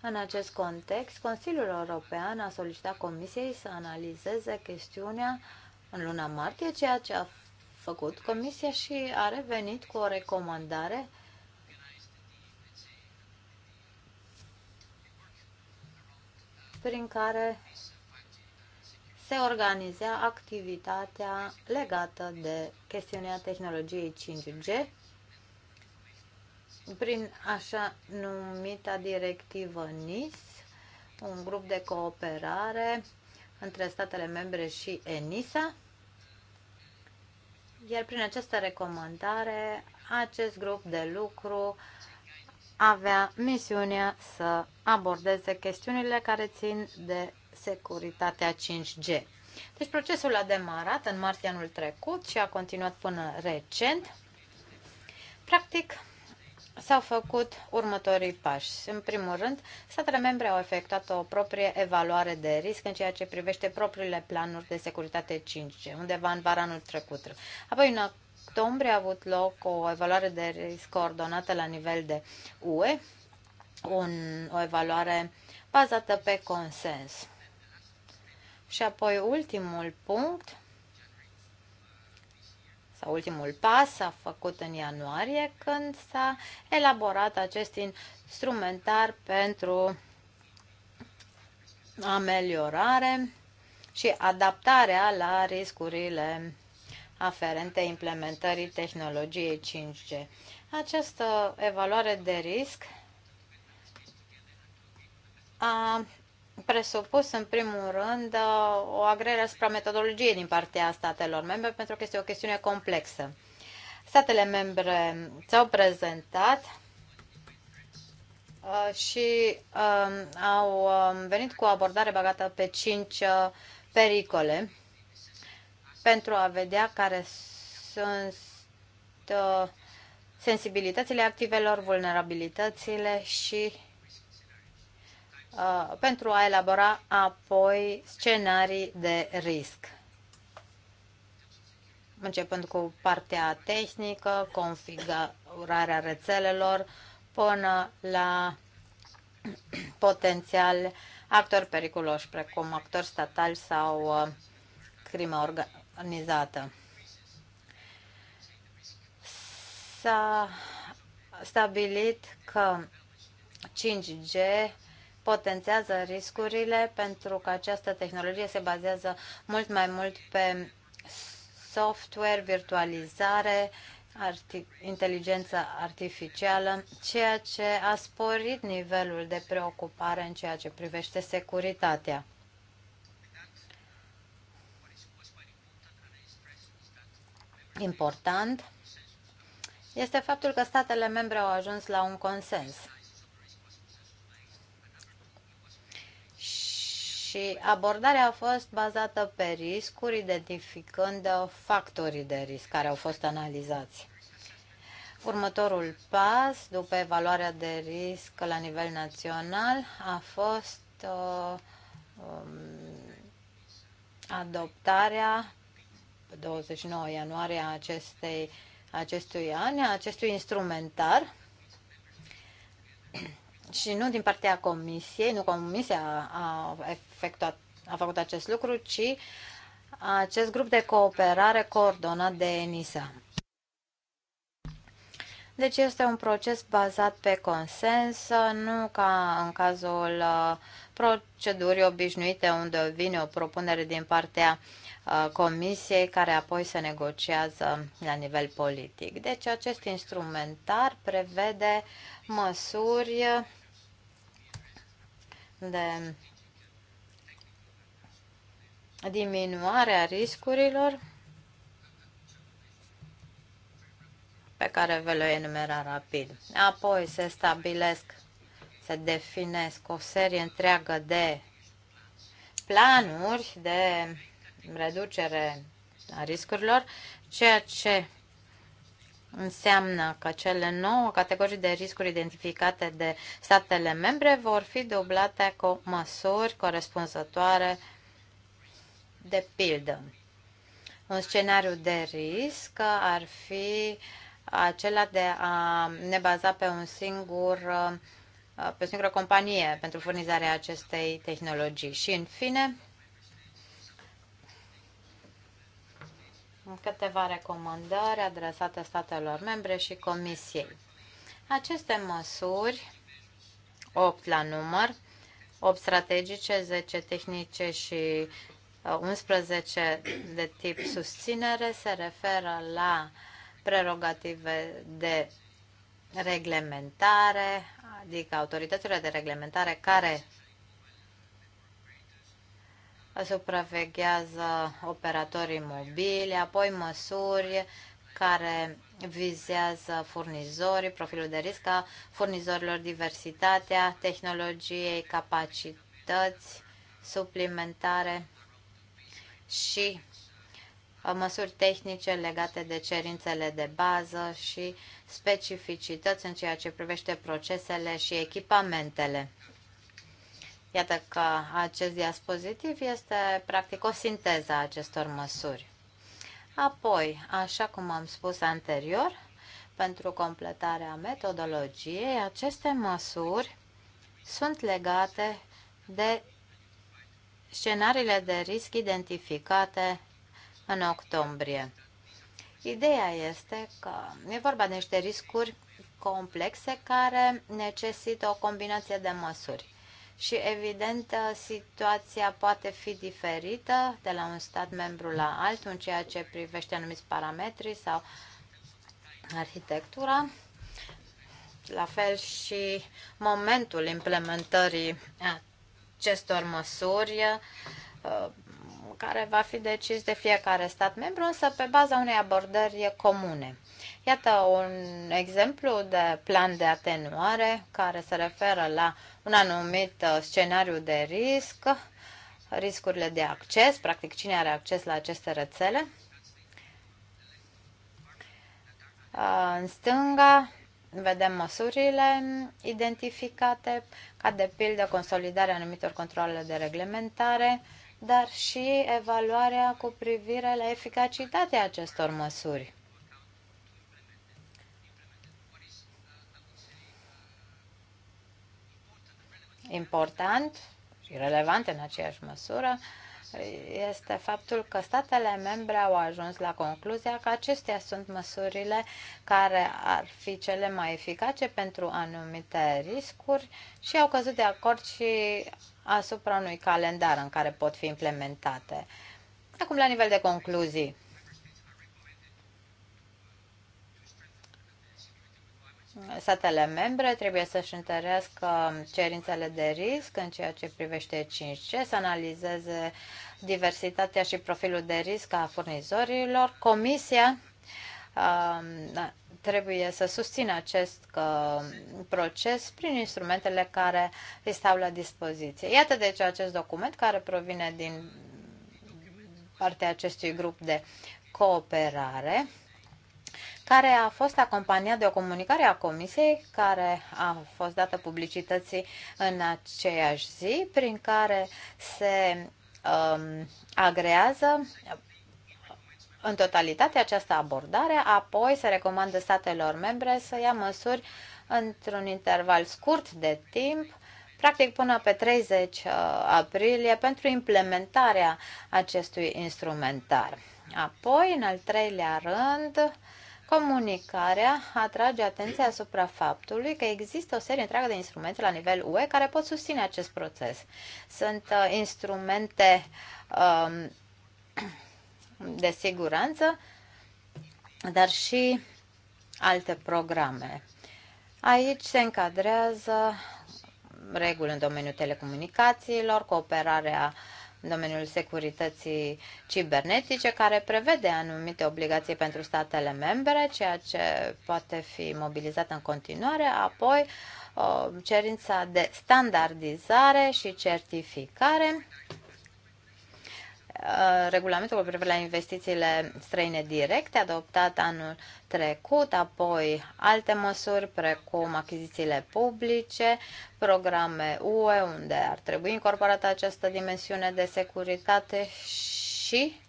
În acest context, Consiliul European a solicitat Comisiei să analizeze chestiunea în luna martie, ceea ce a făcut Comisia și a revenit cu o recomandare prin care se organiza activitatea legată de chestiunea tehnologiei 5G prin așa numita directivă NIS, un grup de cooperare între statele membre și ENISA, iar prin această recomandare acest grup de lucru avea misiunea să abordeze chestiunile care țin de securitatea 5G. Deci procesul a demarat în martie anul trecut și a continuat până recent. Practic, s-au făcut următorii pași. În primul rând, statele membre au efectuat o proprie evaluare de risc în ceea ce privește propriile planuri de securitate 5G, undeva în vara anul trecut. Apoi, în octombrie a avut loc o evaluare de risc coordonată la nivel de UE, un, o evaluare bazată pe consens. Și apoi ultimul punct, sau ultimul pas a făcut în ianuarie când s-a elaborat acest instrumentar pentru ameliorare și adaptarea la riscurile aferente implementării tehnologiei 5G. Această evaluare de risc a presupus în primul rând o agrere asupra metodologiei din partea statelor membre pentru că este o chestiune complexă. Statele membre ți-au prezentat uh, și um, au um, venit cu o abordare bagată pe cinci uh, pericole pentru a vedea care sunt uh, sensibilitățile activelor, vulnerabilitățile și uh, pentru a elabora apoi scenarii de risc. Începând cu partea tehnică, configurarea rețelelor, până la potențial actori periculoși, precum actori statali sau uh, crime crimă mizată. S-a stabilit că 5G potențează riscurile pentru că această tehnologie se bazează mult mai mult pe software, virtualizare, arti- inteligență artificială, ceea ce a sporit nivelul de preocupare în ceea ce privește securitatea. important este faptul că statele membre au ajuns la un consens și abordarea a fost bazată pe riscuri, identificând factorii de risc care au fost analizați. Următorul pas, după evaluarea de risc la nivel național, a fost uh, um, adoptarea 29 ianuarie a acestei, acestui an, a acestui instrumentar și nu din partea comisiei, nu comisia a, efectuat, a făcut acest lucru, ci acest grup de cooperare coordonat de ENISA. Deci este un proces bazat pe consens, nu ca în cazul uh, procedurii obișnuite unde vine o propunere din partea uh, comisiei care apoi se negociază la nivel politic. Deci acest instrumentar prevede măsuri de diminuare a riscurilor pe care vă le enumera rapid. Apoi se stabilesc, se definesc o serie întreagă de planuri de reducere a riscurilor, ceea ce înseamnă că cele nouă categorii de riscuri identificate de statele membre vor fi dublate cu măsuri corespunzătoare de pildă. Un scenariu de risc ar fi uh, acela de a ne baza pe un singur uh, pe o singură companie pentru furnizarea acestei tehnologii. Și în fine, câteva recomandări adresate statelor membre și Comisiei. Aceste măsuri, 8 la număr, 8 strategice, 10 tehnice și 11 uh, de tip susținere, se referă la uh, prerogative de reglementare, adică autoritățile de reglementare care supraveghează operatorii mobili, apoi măsuri care vizează furnizorii, profilul de risc a furnizorilor, diversitatea tehnologiei, capacități suplimentare și Uh, măsuri tehnice legate de cerințele de bază și specificități în ceea ce privește procesele și echipamentele. Iată că acest diapozitiv este practic o sinteză a acestor măsuri. Apoi, așa cum am spus anterior, pentru completarea metodologiei, aceste măsuri sunt legate de scenariile de risc identificate în octombrie. Ideea este că e vorba de niște riscuri complexe care necesită o combinație de măsuri. Și evident, situația poate fi diferită de la un stat membru la altul în ceea ce privește anumiți parametri sau arhitectura. La fel și momentul implementării acestor măsuri uh, care va fi decis de fiecare stat membru, însă pe baza unei abordări comune. Iată un exemplu de plan de atenuare care se referă la un anumit uh, scenariu de risc, riscurile de acces, practic cine are acces la aceste rețele. Uh, în stânga vedem măsurile identificate, ca de pildă consolidarea anumitor controle de reglementare, dar și evaluarea cu privire la eficacitatea acestor măsuri. Important și relevant în aceeași măsură este faptul că statele membre au ajuns la concluzia că acestea sunt măsurile care ar fi cele mai eficace pentru anumite riscuri și au căzut de acord și asupra unui calendar în care pot fi implementate. Acum, la nivel de concluzii, statele membre trebuie să-și întărească cerințele de risc în ceea ce privește 5G, să analizeze diversitatea și profilul de risc a furnizorilor. Comisia um, da, trebuie să susțină acest uh, proces prin instrumentele care îi stau la dispoziție. Iată deci acest document care provine din partea acestui grup de cooperare care a fost acompaniat de o comunicare a Comisiei care a fost dată publicității în aceeași zi, prin care se um, agrează în totalitate această abordare, apoi se recomandă statelor membre să ia măsuri într-un interval scurt de timp, practic până pe 30 uh, aprilie, pentru implementarea acestui instrumentar. Apoi, în al treilea rând, Comunicarea atrage atenția asupra faptului că există o serie întreagă de instrumente la nivel UE care pot susține acest proces. Sunt uh, instrumente um, de siguranță, dar și alte programe. Aici se încadrează reguli în domeniul telecomunicațiilor, cooperarea uh, în domeniul securității cibernetice, care prevede anumite obligații pentru statele membre, ceea ce poate fi mobilizat în continuare, apoi cerința de standardizare și certificare Uh, regulamentul cu privire la investițiile străine directe adoptat anul trecut, apoi alte măsuri precum achizițiile publice, programe UE unde ar trebui incorporată această dimensiune de securitate și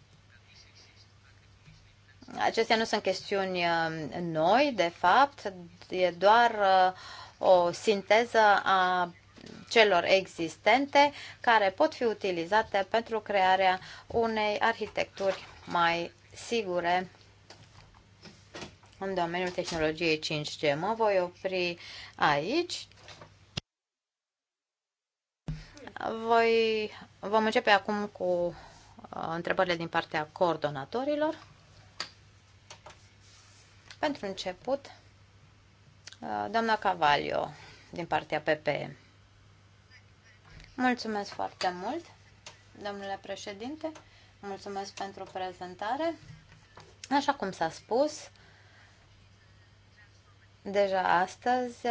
acestea nu sunt chestiuni uh, noi, de fapt, e doar uh, o sinteză a celor existente care pot fi utilizate pentru crearea unei arhitecturi mai sigure în domeniul tehnologiei 5G. Mă voi opri aici. Voi, vom începe acum cu uh, întrebările din partea coordonatorilor. Pentru început, uh, doamna Cavalio, din partea PPE. Mulțumesc foarte mult, domnule președinte. Mulțumesc pentru prezentare. Așa cum s-a spus, deja astăzi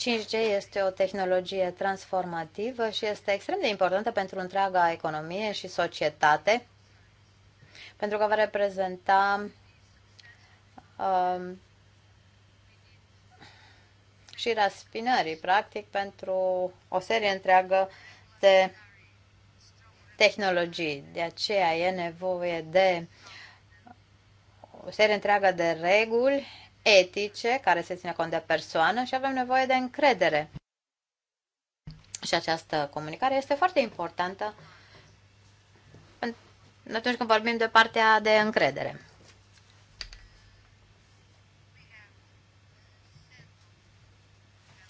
5G este o tehnologie transformativă și este extrem de importantă pentru întreaga economie și societate, pentru că va reprezenta um, și raspinării, practic, pentru o serie întreagă de tehnologii. De aceea e nevoie de o serie întreagă de reguli etice care se ține cont de persoană și avem nevoie de încredere. Și această comunicare este foarte importantă atunci când vorbim de partea de încredere.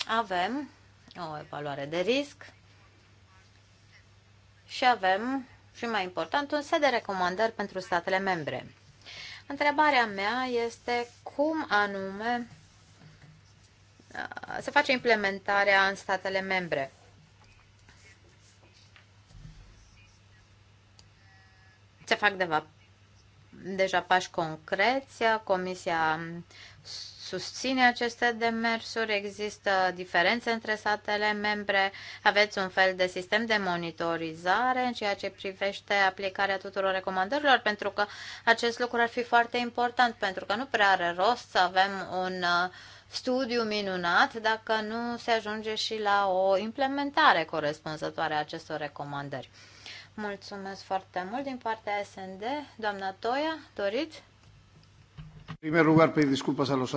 avem o evaluare de risc și avem, și mai important, un set de recomandări pentru statele membre. Întrebarea mea este cum anume uh, se face implementarea în statele membre. Se fac deva, deja pași concreți. Comisia susține aceste demersuri? Există diferențe între statele membre? Aveți un fel de sistem de monitorizare în ceea ce privește aplicarea tuturor recomandărilor? Pentru că acest lucru ar fi foarte important, pentru că nu prea are rost să avem un uh, studiu minunat dacă nu se ajunge și la o implementare corespunzătoare a acestor recomandări. Mulțumesc foarte mult din partea SND. Doamna Toia, doriți? primer lugar, pe disculpas a los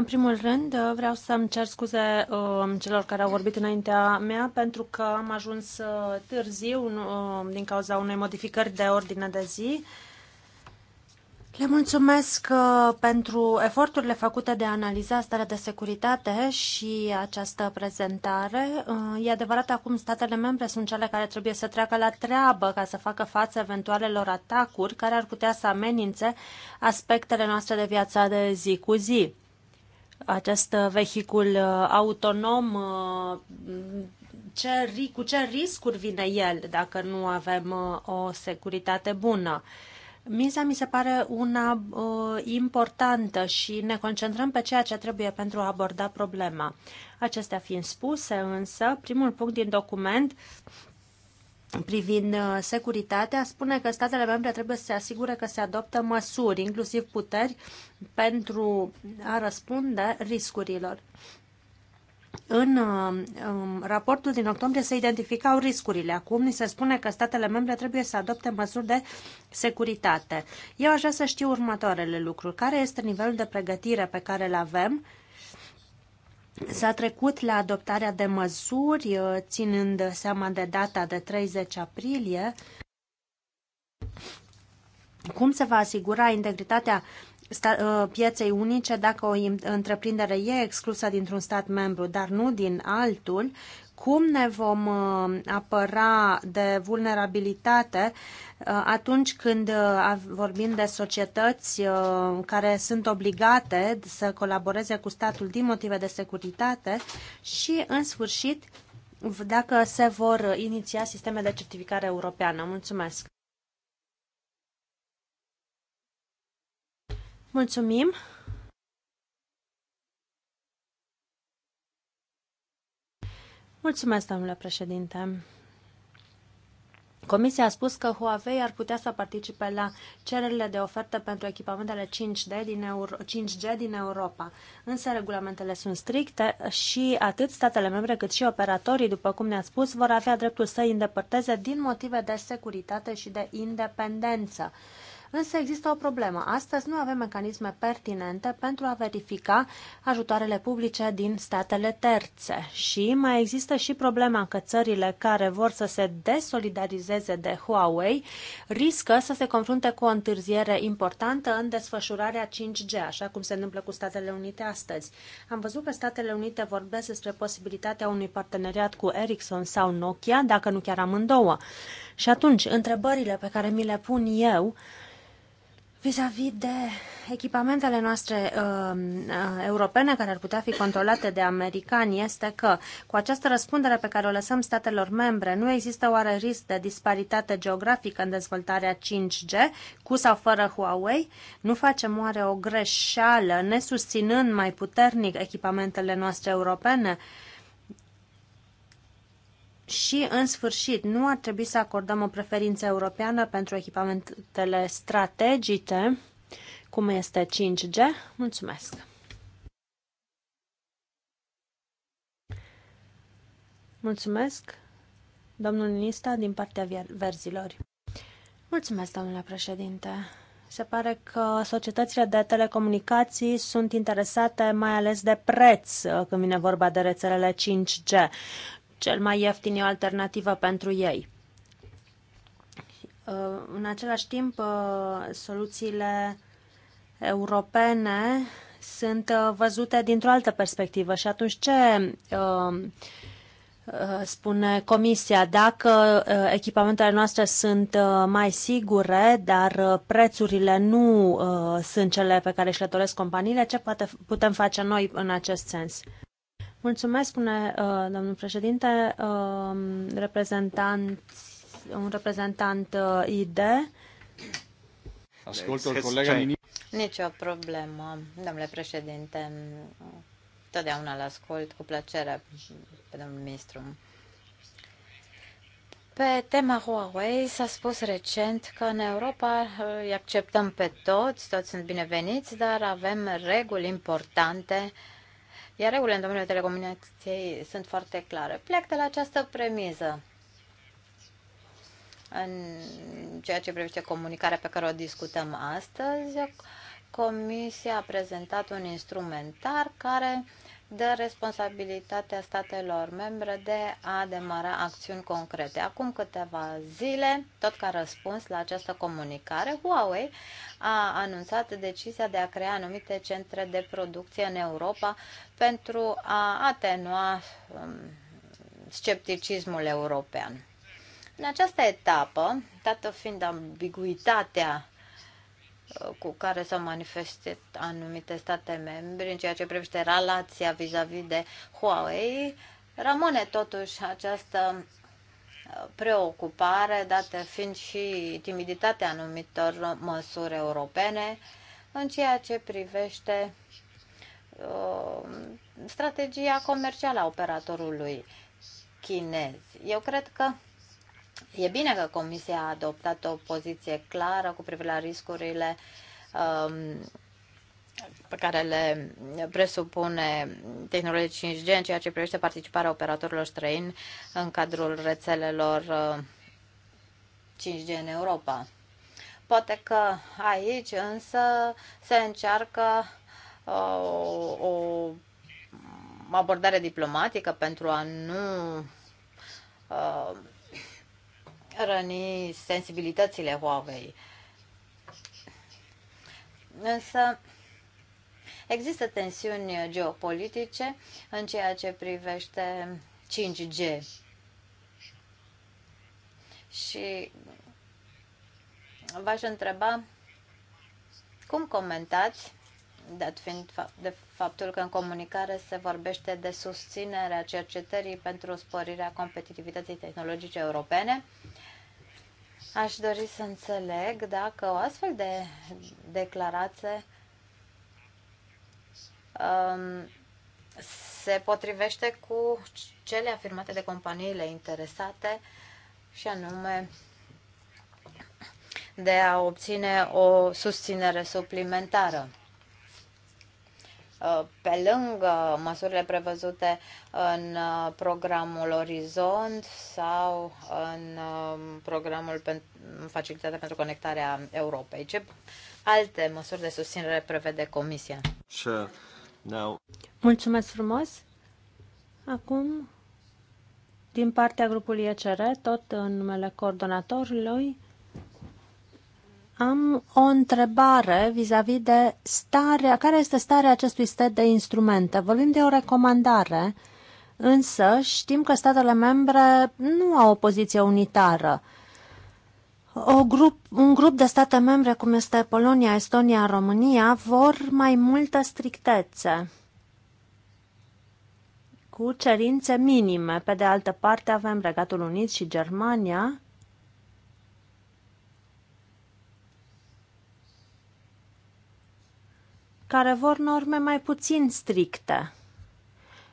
În primul rând, uh, vreau să-mi cer scuze um, celor care au vorbit înaintea mea pentru că am ajuns uh, târziu um, din cauza unei modificări de ordine de zi. Le mulțumesc uh, pentru eforturile făcute de a analiza starea de securitate și această prezentare. Uh, e adevărat, acum statele membre sunt cele care trebuie să treacă la treabă ca să facă față eventualelor atacuri care ar putea să amenințe aspectele noastre de viața de zi cu zi. Acest uh, vehicul autonom, ce, cu ce riscuri vine el dacă nu avem o securitate bună? Miza mi se pare una uh, importantă și ne concentrăm pe ceea ce trebuie pentru a aborda problema. Acestea fiind spuse, însă, primul punct din document privind uh, securitatea spune că statele membre trebuie să se asigure că se adoptă măsuri, inclusiv puteri, pentru a răspunde riscurilor. În um, um, raportul din octombrie se identificau riscurile. Acum ni se spune că statele membre trebuie să adopte măsuri de securitate. Eu aș vrea să știu următoarele lucruri. Care este nivelul de pregătire pe care îl avem? S-a trecut la adoptarea de măsuri, uh, ținând seama de data de 30 aprilie. Cum se va asigura integritatea Uh, pieței unice dacă o întreprindere e exclusă dintr-un stat membru, dar nu din altul, cum ne vom uh, apăra de vulnerabilitate uh, atunci când vorbim de societăți care sunt obligate să colaboreze cu statul din motive de securitate și, în sfârșit, dacă se vor iniția sisteme de certificare europeană. Mulțumesc! Mulțumim! Mulțumesc, domnule președinte. Comisia a spus că Huawei ar putea să participe la cererile de ofertă pentru echipamentele 5G din, Euro- 5G din Europa. Însă regulamentele sunt stricte și atât statele membre cât și operatorii, după cum ne-a spus, vor avea dreptul să îi îndepărteze din motive de securitate și de independență. Însă există o problemă. Astăzi nu avem mecanisme pertinente pentru a verifica ajutoarele publice din statele terțe. Și mai există și problema că țările care vor să se desolidarizeze de Huawei riscă să se confrunte cu o întârziere importantă în desfășurarea 5G, așa cum se întâmplă cu Statele Unite astăzi. Am văzut că Statele Unite vorbesc despre posibilitatea unui parteneriat cu Ericsson sau Nokia, dacă nu chiar amândouă. Și atunci, întrebările pe care mi le pun eu Vis-a-vis -vis de echipamentele noastre um, uh, europene care ar putea fi controlate de americani este că cu această răspundere pe care o lăsăm statelor membre nu există oare risc de disparitate geografică în dezvoltarea 5G cu sau fără Huawei? Nu facem oare o greșeală nesusținând mai puternic echipamentele noastre europene? Uh, și, în sfârșit, nu ar trebui să acordăm o preferință europeană pentru echipamentele strategice, cum este 5G. Mulțumesc! Mulțumesc, domnul Nista, din partea verzilor. Mulțumesc, domnule președinte. Se pare că societățile de telecomunicații sunt interesate mai ales de preț uh, când vine vorba de rețelele 5G cel mai ieftin e o alternativă pentru ei. Uh, în același timp, uh, soluțiile europene sunt uh, văzute dintr-o altă perspectivă și atunci ce spune Comisia, dacă echipamentele noastre sunt mai sigure, dar prețurile nu sunt cele pe care și le doresc companiile, ce putem face noi în acest sens? Mulțumesc, spune uh, domnul președinte, um, reprezentant, un reprezentant uh, ID. Ascultă colega Nici o problemă, domnule președinte. Totdeauna îl ascult cu plăcere pe domnul ministru. Pe tema Huawei s-a spus recent că în Europa îi acceptăm pe toți, toți sunt bineveniți, dar avem reguli importante uh, iar regulile în domeniul telecomunicației sunt foarte clare. Plec de la această premiză în ceea ce privește comunicarea pe care o discutăm astăzi. Comisia a prezentat un instrumentar care uh, dă responsabilitatea statelor membre de a demara acțiuni concrete. Acum câteva zile, tot ca răspuns la această comunicare, Huawei a anunțat decizia de a crea anumite centre de producție în Europa pentru a atenua um, scepticismul european. În această etapă, dată fiind ambiguitatea cu care s-au manifestat anumite state membre în ceea ce privește relația vis-a-vis -vis de Huawei, rămâne totuși această uh, preocupare, dată fiind și timiditatea anumitor măsuri europene în ceea ce privește uh, strategia comercială a operatorului chinez. Eu cred că E bine că Comisia a adoptat o poziție clară cu privire la riscurile um, pe care le presupune tehnologia 5G în ceea ce privește participarea operatorilor străini în cadrul rețelelor 5G uh, în Europa. Poate că aici însă se încearcă uh, o abordare diplomatică pentru a nu uh, răni sensibilitățile Huawei. Însă există tensiuni geopolitice în ceea ce privește 5G. Și v-aș întreba cum comentați, dat fiind de faptul că în comunicare se vorbește de susținerea cercetării pentru sporirea competitivității tehnologice europene, Aș dori să înțeleg dacă o astfel de declarație um, se potrivește cu cele afirmate de companiile interesate și anume de a obține o susținere suplimentară. Uh, pe lângă măsurile prevăzute în uh, programul Orizont sau în um, programul Facilitatea pentru Conectarea Europei. Ce alte măsuri de susținere prevede Comisia? Sure. Now. Mulțumesc frumos! Acum, din partea grupului ECR, tot în numele coordonatorului, am o întrebare vis-a-vis -vis de starea, care este starea acestui set de instrumente. Vorbim de o recomandare, însă știm că statele membre nu au o poziție unitară. O grup, un grup de state membre, cum este Polonia, Estonia, România, vor mai multă strictețe cu cerințe minime. Pe de altă parte avem Regatul Unit și Germania, care vor norme mai puțin stricte.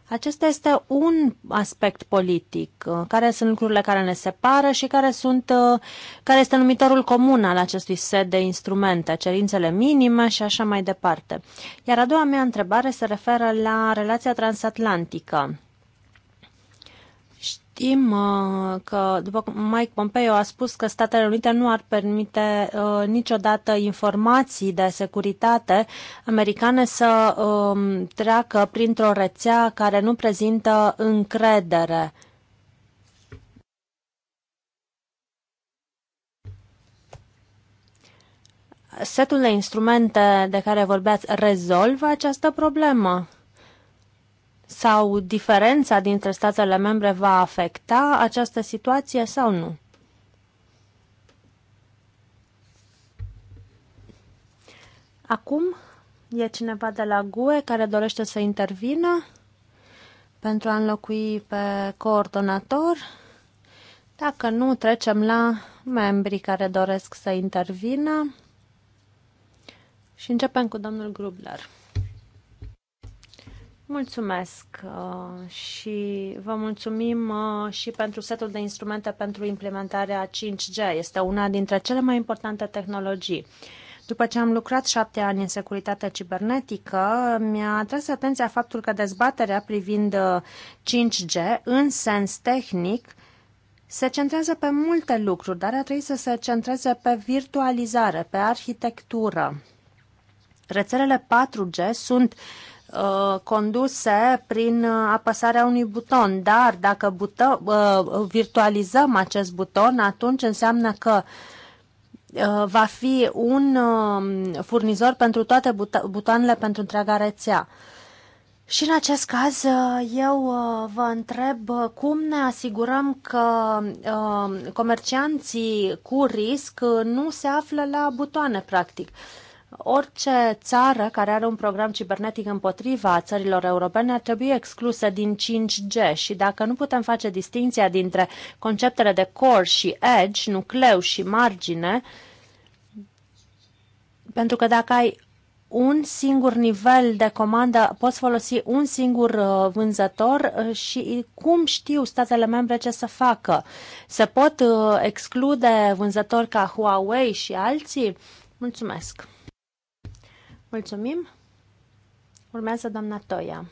Acesta este un aspect politic, uh, care sunt lucrurile care ne separă și care, sunt, uh, care este numitorul comun al acestui set de instrumente, cerințele minime și așa mai departe. Iar a doua mea întrebare se referă la relația transatlantică. Știm uh, că, după cum Mike Pompeo a spus că Statele Unite nu ar permite uh, niciodată informații de securitate americane să um, uh, treacă printr-o rețea care nu prezintă încredere. Setul de instrumente de care vorbeați rezolvă această problemă? sau diferența dintre statele membre va afecta această situație sau nu? Acum e cineva de la GUE care dorește să intervină pentru a înlocui pe coordonator. Dacă nu, trecem la membrii care doresc să intervină și începem cu domnul Grubler. Mulțumesc uh, și vă mulțumim uh, și pentru setul de instrumente pentru implementarea 5G. Este una dintre cele mai importante tehnologii. După ce am lucrat șapte ani în securitatea cibernetică, mi-a atras atenția faptul că dezbaterea privind 5G uh, în sens tehnic se centrează pe multe lucruri, dar a trebuit să se centreze pe virtualizare, pe arhitectură. Rețelele 4G sunt uh, Uh, conduse prin uh, apăsarea unui buton, dar dacă bută, uh, virtualizăm acest buton, atunci înseamnă că uh, va fi un um, furnizor pentru toate butoanele pentru întreaga rețea. Și în acest caz, eu vă întreb cum ne asigurăm că comercianții cu risc nu se află la butoane, practic. Uh, Orice țară care are un program cibernetic împotriva țărilor europene ar trebui exclusă din 5G și dacă nu putem face distinția dintre conceptele de core și edge, nucleu și margine, pentru că dacă ai un singur nivel de comandă, poți folosi un singur uh, vânzător uh, și cum știu statele membre ce să facă? Se pot uh, exclude vânzători ca Huawei și alții? Mulțumesc! Mulțumim. Urmează doamna Toia.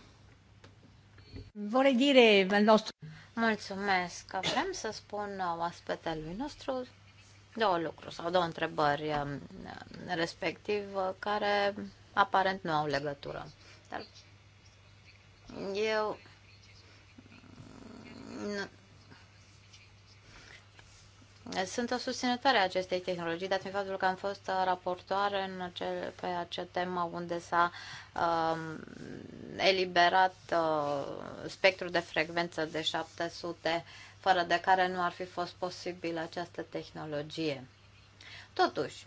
Vorrei dire al nostru... Mulțumesc. Vrem să spun oaspetelui nostru două lucruri sau două întrebări um, respectiv care aparent nu au legătură. Dar eu sunt o susținătoare a acestei tehnologii, dat fiind faptul că am fost raportoare în acel, pe acea temă unde s-a uh, eliberat uh, spectrul de frecvență de 700, fără de care nu ar fi fost posibilă această tehnologie. Totuși,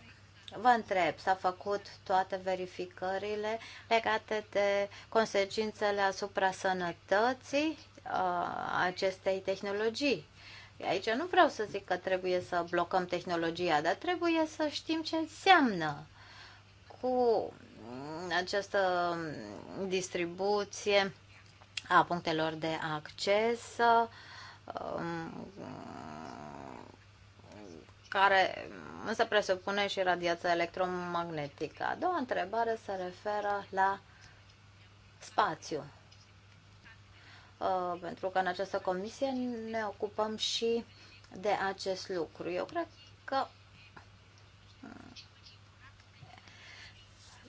Vă întreb, s-a făcut toate verificările legate de consecințele asupra sănătății uh, acestei tehnologii? Aici nu vreau să zic că trebuie să blocăm tehnologia, dar trebuie să știm ce înseamnă cu această distribuție a punctelor de acces um, care însă presupune și radiația electromagnetică. A doua întrebare se referă la spațiu. Uh, pentru că în această comisie ne ocupăm și de acest lucru. Eu cred că uh,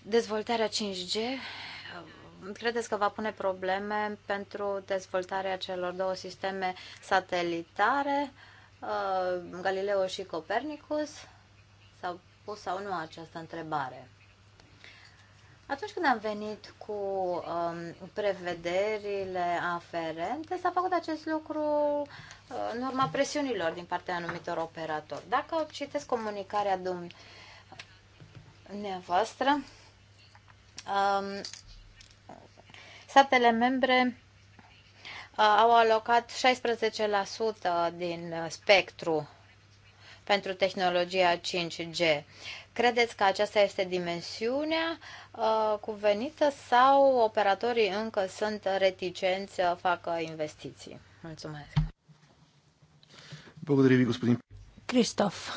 dezvoltarea 5G uh, credeți că va pune probleme pentru dezvoltarea celor două sisteme satelitare, Galileo și Copernicus? S-a pus sau nu această întrebare? Atunci când am venit cu um, prevederile aferente, s-a făcut acest lucru uh, în urma presiunilor din partea anumitor operatori. Dacă citesc comunicarea dumneavoastră, um, statele membre uh, au alocat 16% din spectru pentru tehnologia 5G. Credeți că aceasta este dimensiunea uh, cuvenită sau operatorii încă sunt reticenți să uh, facă uh, investiții? Mulțumesc. Благодаря ви, Cristof.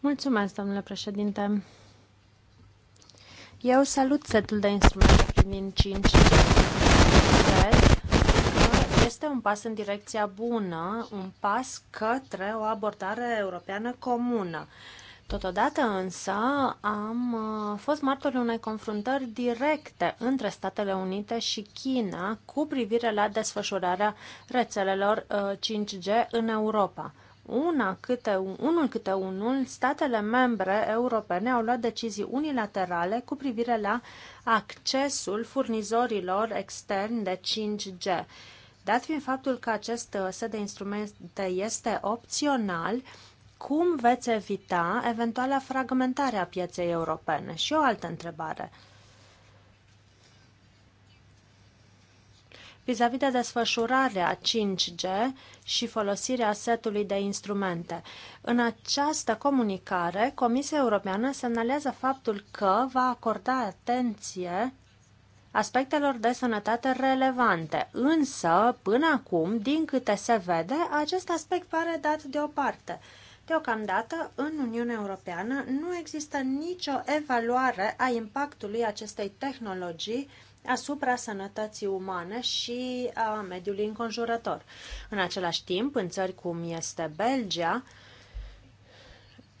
Mulțumesc, domnule președinte. Eu salut setul de instrumente privind 5G este un pas în direcția bună, un pas către o abordare europeană comună. Totodată însă am uh, fost martorul unei confruntări directe între Statele Unite și China cu privire la desfășurarea rețelelor 5G uh, în Europa. Una câte, unul câte unul, statele membre europene au luat decizii unilaterale cu privire la accesul furnizorilor externi de 5G Dat fiind faptul că acest uh, set de instrumente este opțional, cum veți evita eventuala fragmentare a pieței europene? Și o altă întrebare. vis-a-vis de desfășurarea 5G și folosirea setului de instrumente. În această comunicare, Comisia Europeană semnalează faptul că va acorda atenție aspectelor de sănătate relevante. Însă, până acum, din câte se vede, acest aspect pare dat deoparte. Deocamdată, în Uniunea Europeană nu există nicio evaluare a impactului acestei tehnologii asupra sănătății umane și a mediului înconjurător. În același timp, în țări cum este Belgia,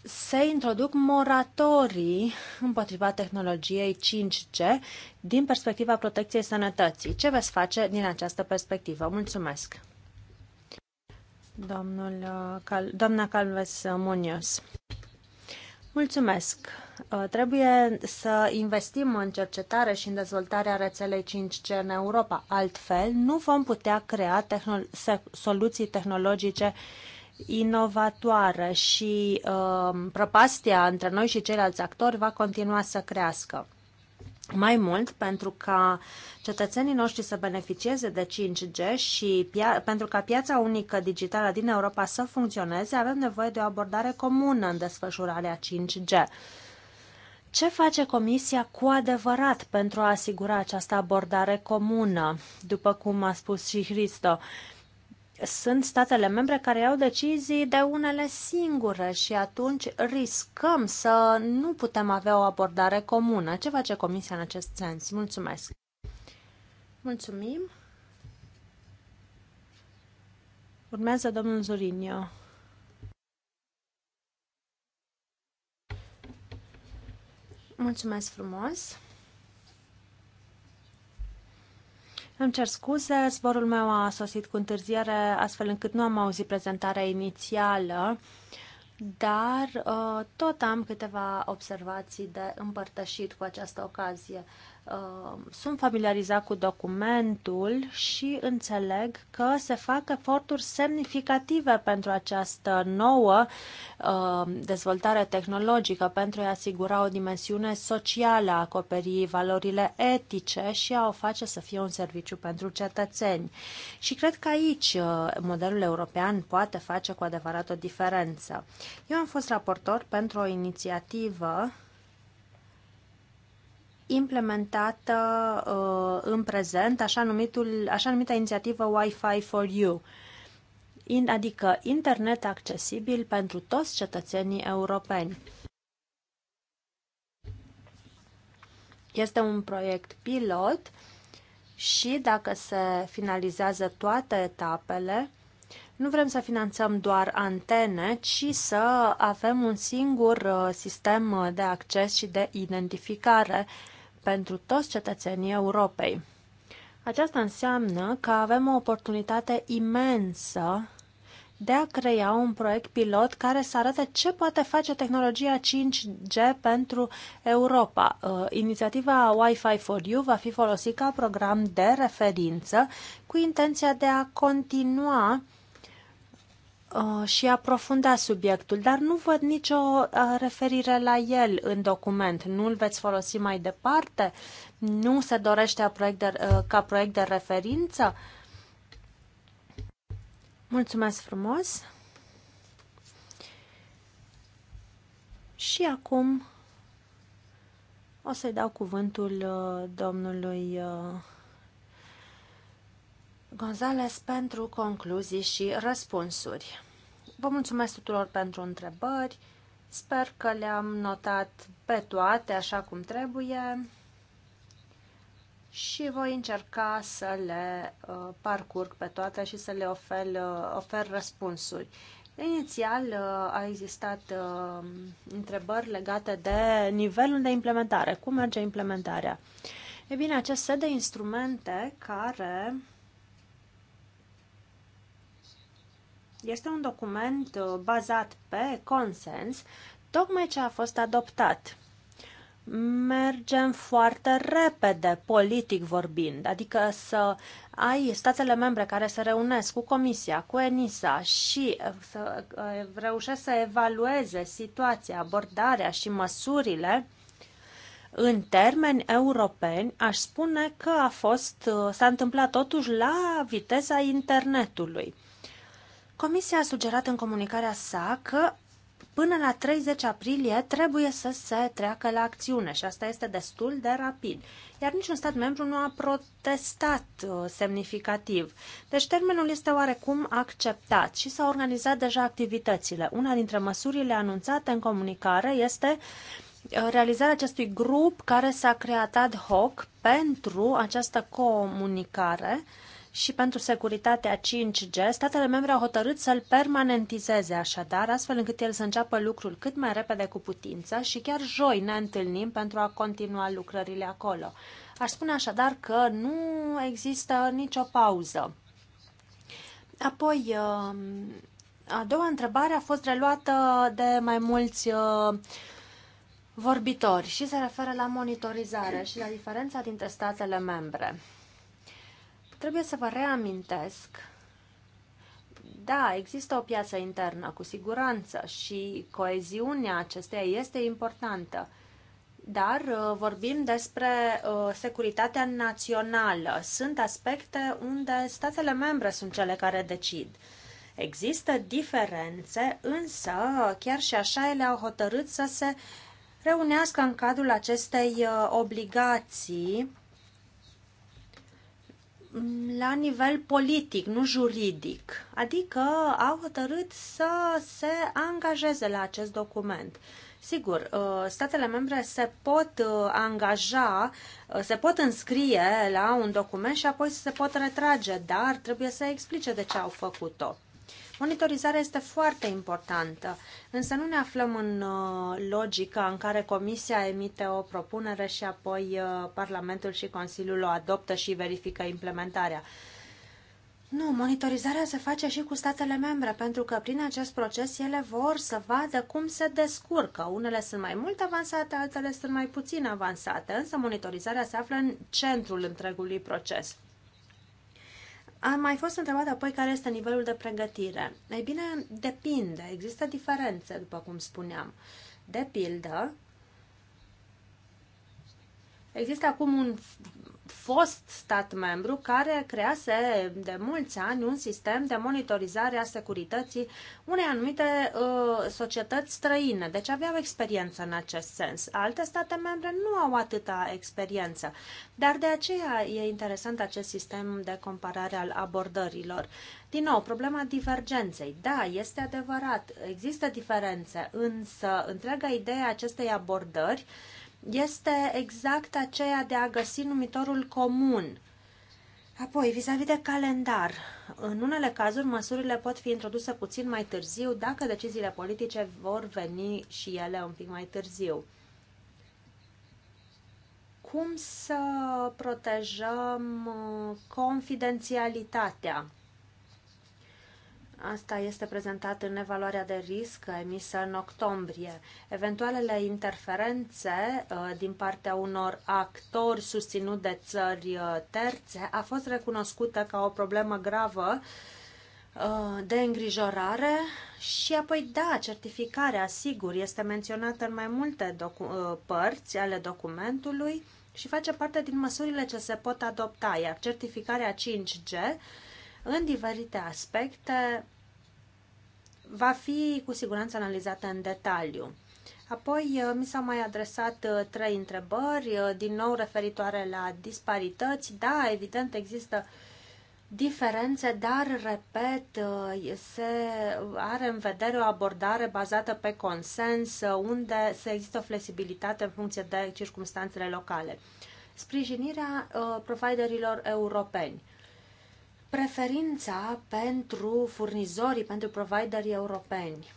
se introduc moratorii împotriva tehnologiei 5G din perspectiva protecției sănătății. Ce veți face din această perspectivă? Mulțumesc! Domnul, uh, Cal, doamna Calves Munoz. Mulțumesc! Uh, trebuie să investim în cercetare și în dezvoltarea rețelei 5G în Europa. Altfel, nu vom putea crea tehnolo- soluții tehnologice uh, inovatoare și uh, prăpastia între noi și ceilalți actori va continua să crească. Mai mult, pentru ca cetățenii noștri să beneficieze de 5G și pentru ca piața unică digitală din Europa să funcționeze, avem nevoie de o abordare comună în desfășurarea 5G. Ce face Comisia cu adevărat pentru a asigura această abordare comună, după cum a spus și Hristo? Uh, sunt statele membre care iau decizii de unele singure și atunci riscăm să nu putem avea o abordare comună. Ce face Comisia în acest sens? Mulțumesc! Mulțumim! Urmează domnul Zorinio. Mulțumesc frumos! Îmi cer scuze, zborul meu a sosit cu întârziere, astfel încât nu am auzit prezentarea inițială, dar uh, tot am câteva observații de împărtășit cu această ocazie. Uh, sunt familiarizat cu documentul și înțeleg că se fac eforturi semnificative pentru această nouă uh, dezvoltare tehnologică, pentru a asigura o dimensiune socială, a acoperi valorile etice și a o face să fie un serviciu pentru cetățeni. Și cred că aici uh, modelul european poate face cu adevărat o diferență. Eu am fost raportor pentru o inițiativă implementată uh, în prezent așa, numitul, așa numită inițiativă Wi-Fi for You, in, adică internet accesibil pentru toți cetățenii europeni. Este un proiect pilot și dacă se finalizează toate etapele, nu vrem să finanțăm doar antene, ci să avem un singur uh, sistem uh, de acces și de identificare uh, pentru toți cetățenii Europei. Aceasta înseamnă că avem o oportunitate imensă de a crea un proiect pilot care să arate ce poate face tehnologia 5G pentru Europa. Uh, inițiativa Wi-Fi for You va fi folosită ca program de referință cu intenția de a continua Uh, și aprofunda subiectul, dar nu văd nicio uh, referire la el în document. Nu îl veți folosi mai departe? Nu se dorește a proiect de, uh, ca proiect de referință? Mulțumesc frumos! Și acum o să-i dau cuvântul domnului Gonzales pentru concluzii și răspunsuri. Vă mulțumesc tuturor pentru întrebări. Sper că le-am notat pe toate așa cum trebuie și voi încerca să le uh, parcurg pe toate și să le ofer, uh, ofer răspunsuri. Inițial uh, a existat uh, întrebări legate de nivelul de implementare. Cum merge implementarea? E bine, acest set de instrumente care Este un document uh, bazat pe consens, tocmai ce a fost adoptat. Mergem foarte repede, politic vorbind, adică să ai statele membre care se reunesc cu Comisia, cu ENISA și uh, să uh, reușesc să evalueze situația, abordarea și măsurile în termeni europeni, aș spune că a fost, s-a întâmplat totuși la viteza internetului. Comisia a sugerat în comunicarea sa că până la 30 aprilie trebuie să se treacă la acțiune și asta este destul de rapid. Iar niciun stat membru nu a protestat uh, semnificativ. Deci termenul este oarecum acceptat și s-au organizat deja activitățile. Una dintre măsurile anunțate în comunicare este uh, realizarea acestui grup care s-a creat ad hoc pentru această comunicare uh, și pentru securitatea 5G, statele membre au hotărât să-l permanentizeze așadar, astfel încât el să înceapă lucrul cât mai repede cu putință și chiar joi ne întâlnim pentru a continua lucrările acolo. Aș spune așadar că nu există nicio pauză. Apoi, um, a doua întrebare a fost reluată de mai mulți uh, vorbitori și se referă la monitorizare și la diferența dintre statele membre. Trebuie să vă reamintesc da, există o piață internă, cu siguranță, și coeziunea acesteia este importantă. Dar uh, vorbim despre uh, securitatea națională. Sunt aspecte unde statele membre sunt cele care decid. Există diferențe, însă chiar și așa ele au hotărât să se reunească în cadrul acestei uh, obligații la nivel politic, nu juridic. Adică au hotărât să se angajeze la acest document. Sigur, uh, statele membre se pot uh, angaja, uh, se pot înscrie la un document și apoi se pot retrage, dar trebuie să explice de ce au făcut-o. Monitorizarea este foarte importantă, însă nu ne aflăm în uh, logica în care Comisia emite o propunere și apoi uh, Parlamentul și Consiliul o adoptă și verifică implementarea. Nu, monitorizarea se face și cu statele membre, pentru că prin acest proces ele vor să vadă cum se descurcă. Unele sunt mai mult avansate, altele sunt mai puțin avansate, însă monitorizarea se află în centrul întregului proces. Am mai fost întrebat apoi care este nivelul de pregătire. Ei bine, depinde. Există diferențe, după cum spuneam. De pildă, există acum un fost stat membru care crease de mulți ani un sistem de monitorizare a securității unei anumite uh, societăți străine. Deci aveau experiență în acest sens. Alte state membre nu au atâta experiență. Dar de aceea e interesant acest sistem de comparare al abordărilor. Din nou, problema divergenței. Da, este adevărat, există diferențe, însă întreaga idee a acestei abordări uh, este exact aceea de a găsi numitorul comun. Apoi, vis-a-vis -vis de calendar, în unele cazuri măsurile pot fi introduse puțin mai târziu dacă deciziile politice vor veni și ele un pic mai târziu. Cum să protejăm uh, confidențialitatea? Asta este prezentat în evaluarea de risc emisă în octombrie. Eventualele interferențe uh, din partea unor actori susținut de țări uh, terțe a fost recunoscută ca o problemă gravă uh, de îngrijorare și apoi, da, certificarea, sigur, este menționată în mai multe părți ale documentului și face parte din măsurile ce se pot adopta, iar certificarea 5G în diferite aspecte va fi cu siguranță analizată în detaliu. Apoi uh, mi s-au mai adresat uh, trei întrebări, uh, din nou referitoare la disparități. Da, evident există diferențe, dar, repet, se are în vedere o abordare bazată pe consens, unde se există o flexibilitate în funcție de circumstanțele locale. Sprijinirea providerilor europeni preferința pentru furnizorii, pentru providerii europeni.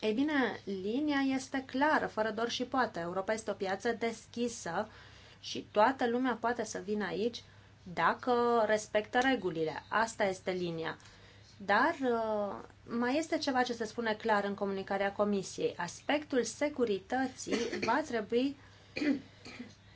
Ei bine, linia este clară, fără dor și poate. Europa este o piață deschisă și toată lumea poate să vină aici dacă respectă regulile. Asta este linia. Dar uh, mai este ceva ce se spune clar în comunicarea Comisiei. Aspectul securității va trebui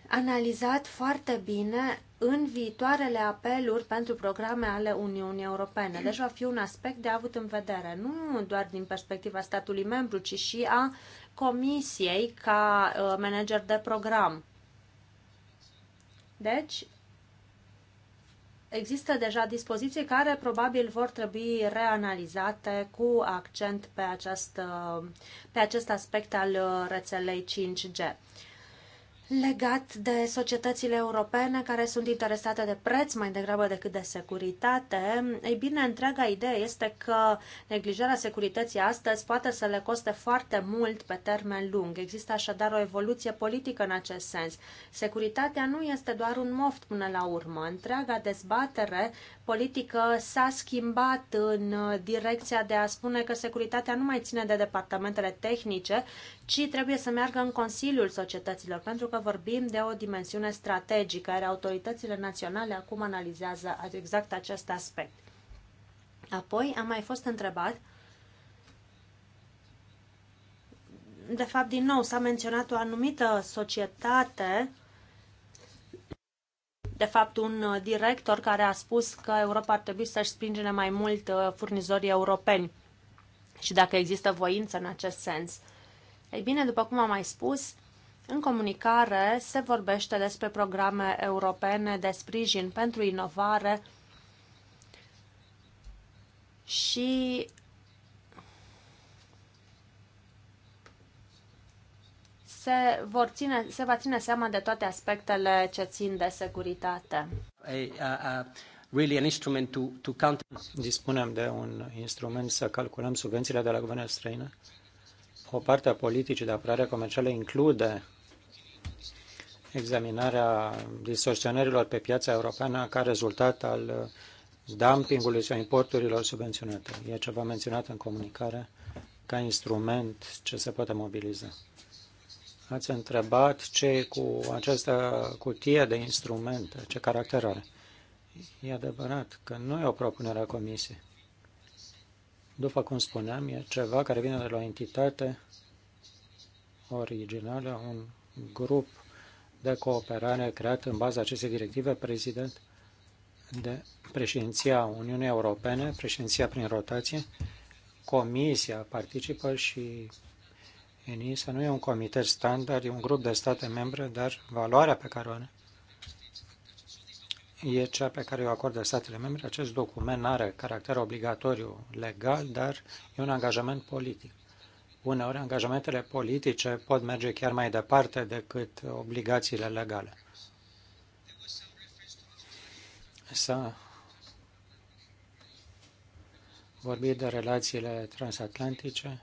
analizat foarte bine în viitoarele apeluri pentru programe ale Uniunii Europene. Deci va fi un aspect de avut în vedere, nu doar din perspectiva statului membru, ci și a Comisiei ca uh, manager de program. Deci, există deja dispoziții care probabil vor trebui reanalizate cu accent pe acest, uh, pe acest aspect al uh, rețelei 5G legat de societățile europene care sunt interesate de preț mai degrabă decât de securitate. Ei bine, întreaga idee este că neglijarea securității astăzi poate să le coste foarte mult pe termen lung. Există așadar o evoluție politică în acest sens. Securitatea nu este doar un moft până la urmă. Întreaga dezbatere politică s-a schimbat în uh, direcția de a spune că securitatea nu mai ține de departamentele tehnice, ci trebuie să meargă în Consiliul Societăților, pentru că vorbim de o dimensiune strategică, iar autoritățile naționale acum analizează exact acest aspect. Apoi am mai fost întrebat de fapt, din nou, s-a menționat o anumită societate de fapt, un uh, director care a spus că Europa ar trebui să-și sprijine mai mult uh, furnizorii europeni și dacă există voință în acest sens. Ei bine, după cum am mai spus, în comunicare se vorbește despre programe europene de sprijin pentru inovare și se, vor ține, se va ține seama de toate aspectele ce țin de securitate. Really an instrument to, to count. Dispunem de un instrument să calculăm subvențiile de la guvernul străină. O parte a politicii de apărare comercială include examinarea distorsionărilor pe piața europeană ca rezultat al dumpingului sau importurilor subvenționate. E ceva menționat în comunicare ca instrument ce se poate mobiliza. Ați întrebat ce cu această cutie de instrumente, ce caracter are. E adevărat că nu e o propunere a comisiei. După cum spuneam, e ceva care vine de la o entitate originală, un grup de cooperare creat în baza acestei directive, prezident de președinția Uniunii Europene, președinția prin rotație, Comisia participă și ENISA nu e un comitet standard, e un grup de state membre, dar valoarea pe care o are e cea pe care o acordă statele membre. Acest document are caracter obligatoriu legal, dar e un angajament politic. Uneori, angajamentele politice pot merge chiar mai departe decât obligațiile legale. S-a vorbit de relațiile transatlantice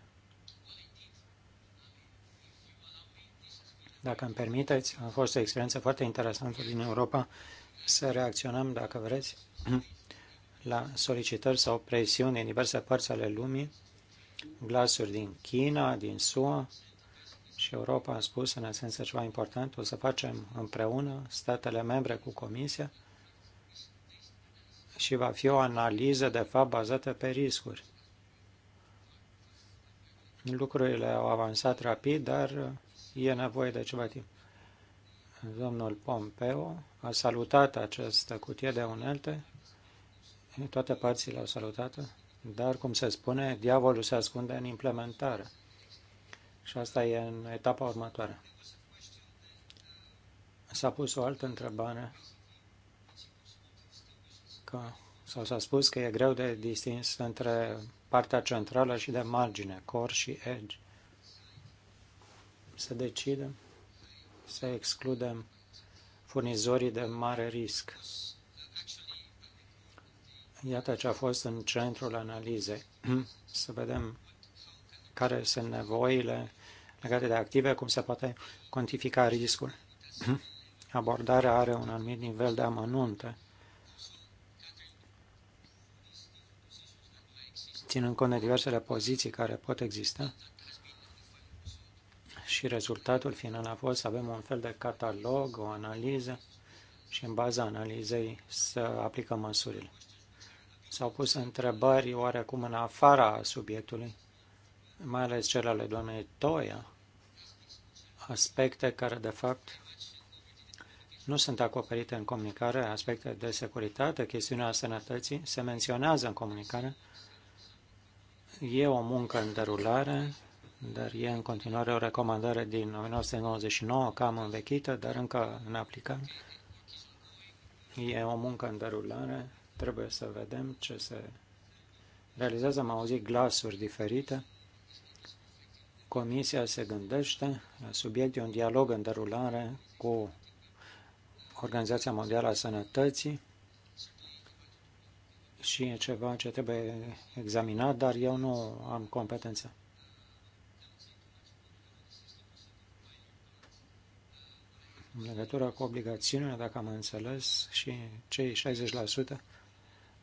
Dacă îmi permiteți, a fost o experiență foarte interesantă din Europa să reacționăm, dacă vreți, la solicitări sau presiuni în diverse părți ale lumii, glasuri din China, din SUA și Europa a spus în esență ceva important, o să facem împreună statele membre cu Comisia și va fi o analiză de fapt bazată pe riscuri. Lucrurile au avansat rapid, dar e nevoie de ceva timp. Domnul Pompeo a salutat această cutie de unelte, toate părțile au salutat dar, cum se spune, diavolul se ascunde în implementare. Și asta e în etapa următoare. S-a pus o altă întrebare, că, sau s-a spus că e greu de distins între partea centrală și de margine, core și edge să decidem să excludem furnizorii de mare risc. Iată ce a fost în centrul analizei. să vedem care sunt nevoile legate de active, cum se poate cuantifica riscul. Abordarea are un anumit nivel de amănunte. ținând cont de diversele poziții care pot exista, și rezultatul final a fost să avem un fel de catalog, o analiză și în baza analizei să aplicăm măsurile. S-au pus întrebări oarecum în afara subiectului, mai ales cele ale doamnei Toia, aspecte care de fapt nu sunt acoperite în comunicare, aspecte de securitate, chestiunea sănătății, se menționează în comunicare. E o muncă în derulare, dar e în continuare o recomandare din 1999, cam învechită, dar încă în aplicare. E o muncă în derulare, trebuie să vedem ce se realizează. Am auzit glasuri diferite. Comisia se gândește la subiectul un dialog în derulare cu Organizația Mondială a Sănătății și e ceva ce trebuie examinat, dar eu nu am competență. în legătură cu obligațiunea, dacă am înțeles, și cei 60%,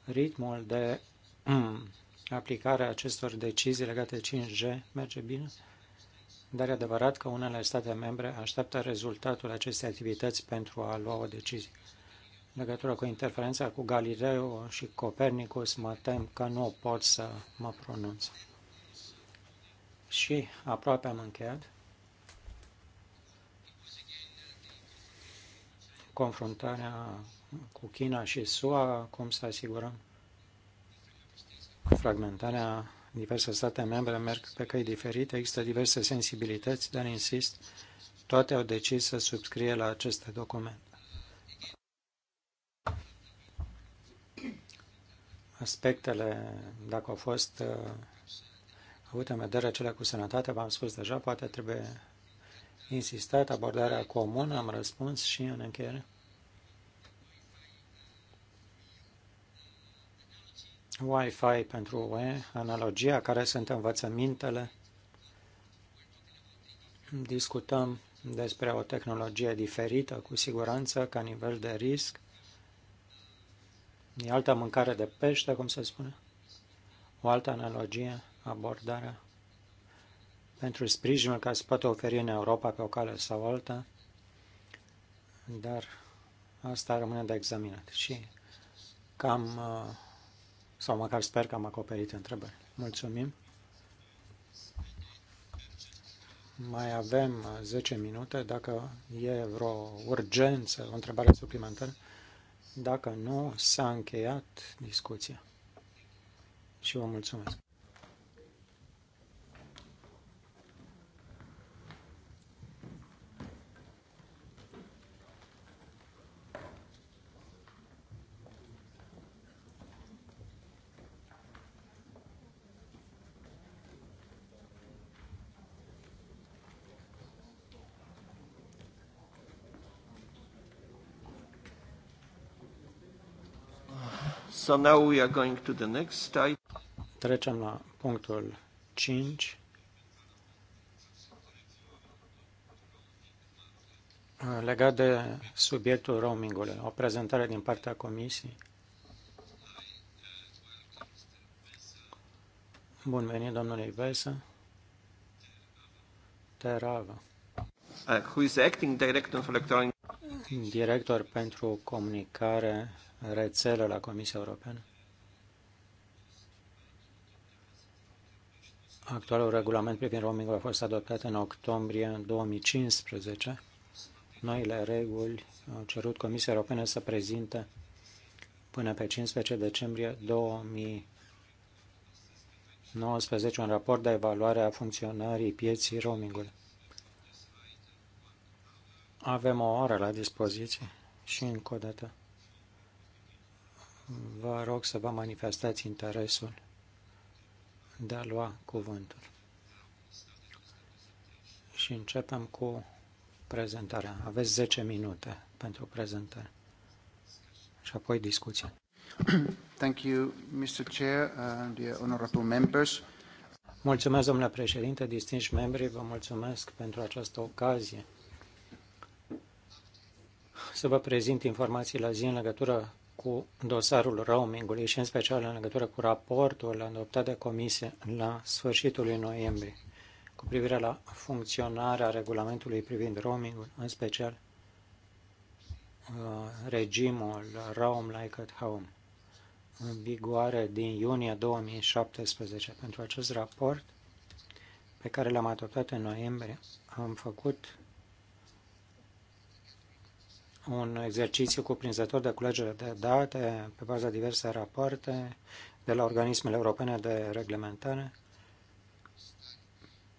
ritmul de mm, aplicare a acestor decizii legate 5G merge bine, dar e adevărat că unele state membre așteaptă rezultatul acestei activități pentru a lua o decizie. În legătură cu interferența cu Galileo și Copernicus, mă tem că nu pot să mă pronunț. Și aproape am încheiat. confruntarea cu China și SUA, cum să asigurăm fragmentarea diverse state membre merg pe căi diferite, există diverse sensibilități, dar insist, toate au decis să subscrie la aceste documente. Aspectele, dacă au fost uh, avute în vedere cele cu sănătate, v-am spus deja, poate trebuie insistat abordarea comună, am răspuns și în încheiere. Wi-Fi pentru UE, analogia care sunt învățămintele. Discutăm despre o tehnologie diferită, cu siguranță, ca nivel de risc. E altă mâncare de pește, cum se spune. O altă analogie, abordarea pentru sprijinul care se poate oferi în Europa pe o cale sau alta, dar asta rămâne de examinat. Și cam, uh, sau măcar sper că am acoperit întrebări. Mulțumim! Mai avem 10 uh, minute, dacă e vreo urgență, o întrebare suplimentară. Dacă nu, s-a încheiat discuția. Și vă mulțumesc. So now we are going to the next Trecem la punctul 5. Legat de subiectul roamingului, o prezentare din partea comisiei. Bun venit, domnule Vesa. Terava. Uh, who is acting director of electronic director pentru comunicare rețele la Comisia Europeană. Actualul regulament privind roamingul a fost adoptat în octombrie 2015. Noile reguli au cerut Comisia Europeană să prezinte până pe 15 decembrie 2019 un raport de evaluare a funcționării pieții roamingului. Avem o oră la dispoziție și încă o dată vă rog să vă manifestați interesul de a lua cuvântul. Și începem cu prezentarea. Aveți 10 minute pentru prezentare și apoi discuția. Thank you, Mr. Chair uh, and the honorable members. Mulțumesc, domnule președinte, distinși membri, vă mulțumesc pentru această ocazie să vă prezint informații la zi în legătură cu dosarul roamingului și în special în legătură cu raportul adoptat de comisie la sfârșitul lui noiembrie cu privire la funcționarea regulamentului privind roamingul, în special uh, regimul Roam Like at Home, în vigoare din iunie 2017. Pentru acest raport, pe care l-am adoptat în noiembrie, am făcut un exercițiu cuprinzător de culegere de date pe baza diverse rapoarte de la organismele europene de reglementare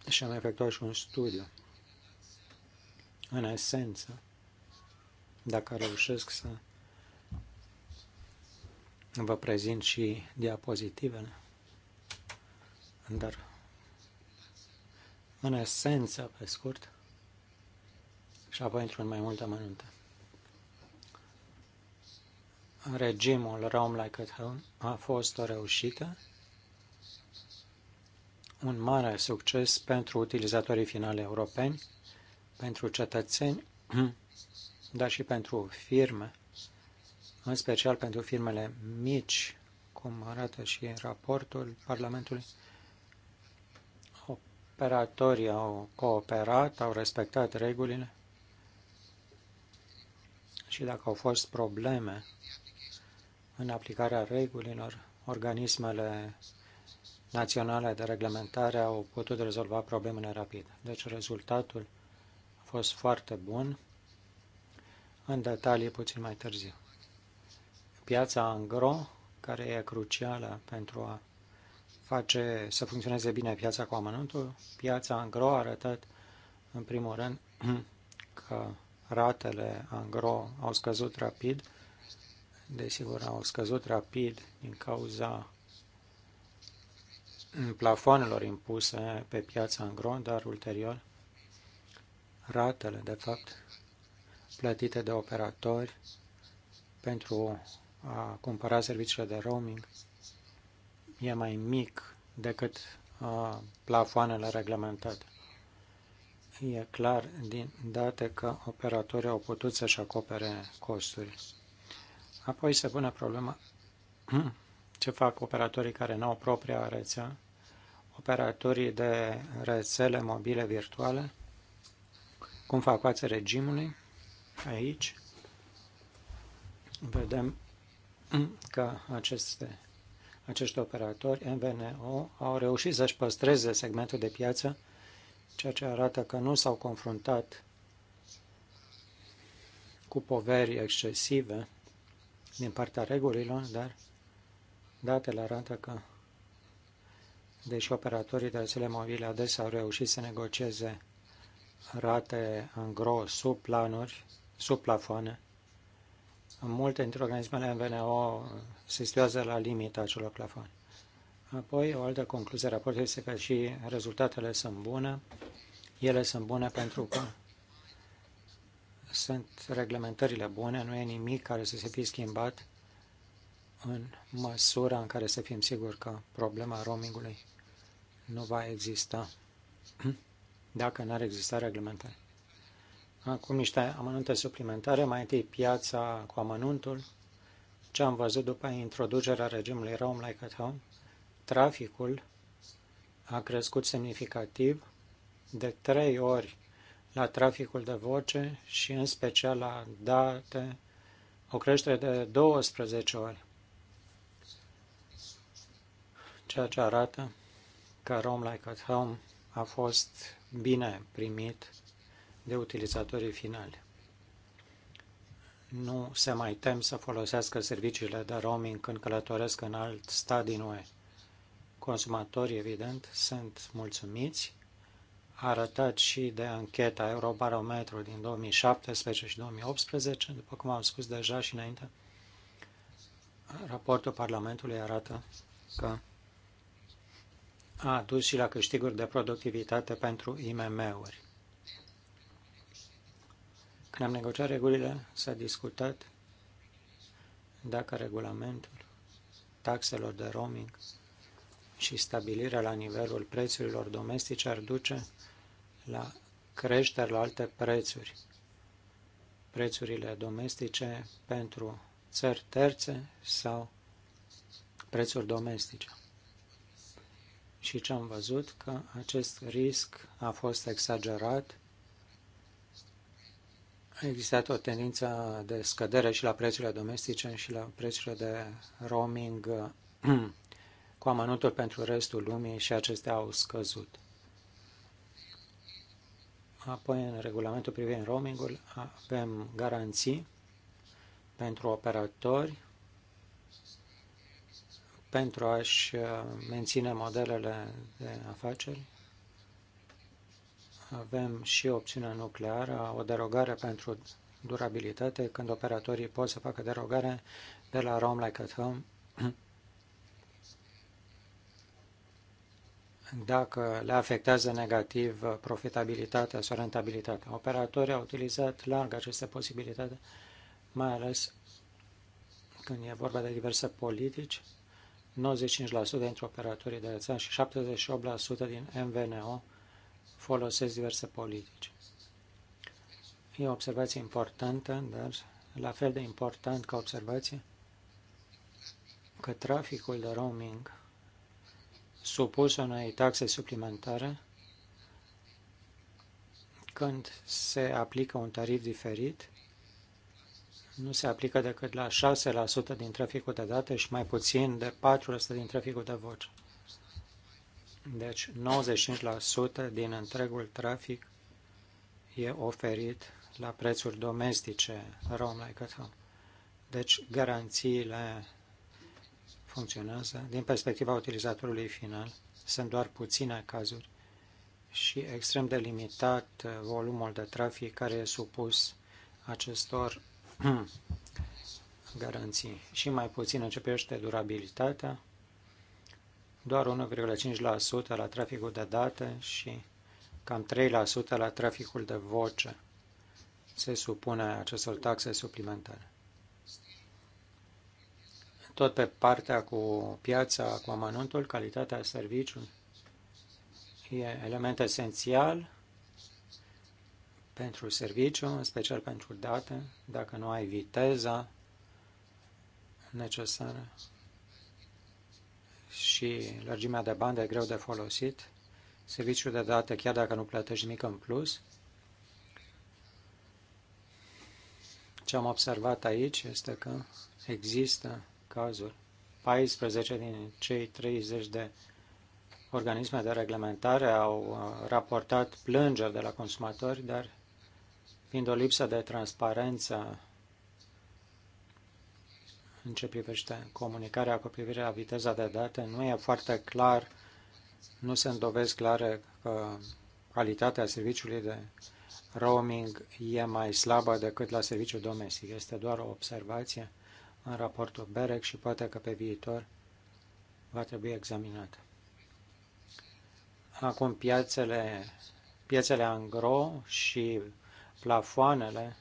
și am efectuat și un studiu. În esență, dacă reușesc să vă prezint și diapozitivele, dar în esență, pe scurt, și apoi intru în mai multe amănunte regimul Rome Like at Home a fost o reușită, un mare succes pentru utilizatorii finale europeni, pentru cetățeni, dar și pentru firme, în special pentru firmele mici, cum arată și raportul Parlamentului. Operatorii au cooperat, au respectat regulile și dacă au fost probleme în aplicarea regulilor, organismele naționale de reglementare au putut rezolva problemele rapid. Deci rezultatul a fost foarte bun, în detalii puțin mai târziu. Piața angro, care e crucială pentru a face să funcționeze bine piața cu amănuntul, piața angro a arătat în primul rând că ratele angro au scăzut rapid, desigur, au scăzut rapid din cauza plafoanelor impuse pe piața în dar ulterior ratele, de fapt, plătite de operatori pentru a cumpăra serviciile de roaming e mai mic decât a, plafoanele reglementate. E clar din date că operatorii au putut să-și acopere costuri. Apoi se pune problema ce fac operatorii care nu au propria rețea, operatorii de rețele mobile virtuale, cum fac față regimului aici. Vedem că aceste, acești operatori MVNO au reușit să-și păstreze segmentul de piață, ceea ce arată că nu s-au confruntat cu poveri excesive din partea regulilor, dar datele arată că, deși operatorii de rețele mobile adesea au reușit să negocieze rate în gros sub planuri, sub plafoane, multe dintre organismele MVNO se situează la limita acelor plafoane. Apoi, o altă concluzie a raportului este că și rezultatele sunt bune. Ele sunt bune pentru că sunt reglementările bune, nu e nimic care să se fi schimbat în măsura în care să fim siguri că problema roamingului nu va exista dacă n-ar exista reglementare. Acum niște amănunte suplimentare, mai întâi piața cu amănuntul, ce am văzut după introducerea regimului Roam Like at Home, traficul a crescut semnificativ de trei ori la traficul de voce și în special la date, o creștere de 12 ori, ceea ce arată că Rome Like at Home a fost bine primit de utilizatorii finali. Nu se mai tem să folosească serviciile de roaming când călătoresc în alt stat din UE. Consumatorii, evident, sunt mulțumiți arătat și de ancheta Eurobarometru din 2017 și 2018, după cum am spus deja și înainte, raportul Parlamentului arată că a dus și la câștiguri de productivitate pentru IMM-uri. Când am negociat regulile, s-a discutat dacă regulamentul taxelor de roaming și stabilirea la nivelul prețurilor domestice ar duce la creșteri la alte prețuri. Prețurile domestice pentru țări terțe sau prețuri domestice. Și ce am văzut? Că acest risc a fost exagerat. A existat o tendință de scădere și la prețurile domestice și la prețurile de roaming cu amănuntul pentru restul lumii și acestea au scăzut. Apoi, în regulamentul privind roamingul, avem garanții pentru operatori pentru a-și uh, menține modelele de afaceri. Avem și opțiunea nucleară, o derogare pentru durabilitate, când operatorii pot să facă derogare de la Roam Like at Home dacă le afectează negativ profitabilitatea sau rentabilitatea. Operatorii au utilizat larg aceste posibilitate, mai ales când e vorba de diverse politici. 95% dintre operatorii de rețea și 78% din MVNO folosesc diverse politici. E o observație importantă, dar la fel de important ca observație că traficul de roaming supus unei taxe suplimentare când se aplică un tarif diferit, nu se aplică decât la 6% din traficul de date și mai puțin de 4% din traficul de voce. Deci 95% din întregul trafic e oferit la prețuri domestice, roam like at home. Deci garanțiile funcționează. Din perspectiva utilizatorului final, sunt doar puține cazuri și extrem de limitat uh, volumul de trafic care e supus acestor garanții. Și mai puțin începește durabilitatea, doar 1,5% la traficul de date și cam 3% la traficul de voce se supune acestor taxe suplimentare tot pe partea cu piața, cu amănuntul, calitatea serviciului e element esențial pentru serviciu, în special pentru date, dacă nu ai viteza necesară și lărgimea de bandă e greu de folosit, serviciul de date, chiar dacă nu plătești nimic în plus, ce am observat aici este că există cazuri. 14 din cei 30 de organisme de reglementare au uh, raportat plângeri de la consumatori, dar fiind o lipsă de transparență în ce privește comunicarea cu privire la viteza de date, nu e foarte clar, nu sunt dovezi clare că calitatea serviciului de roaming e mai slabă decât la serviciul domestic. Este doar o observație în raportul BEREC și poate că pe viitor va trebui examinat. Acum piațele, piețele angro și plafoanele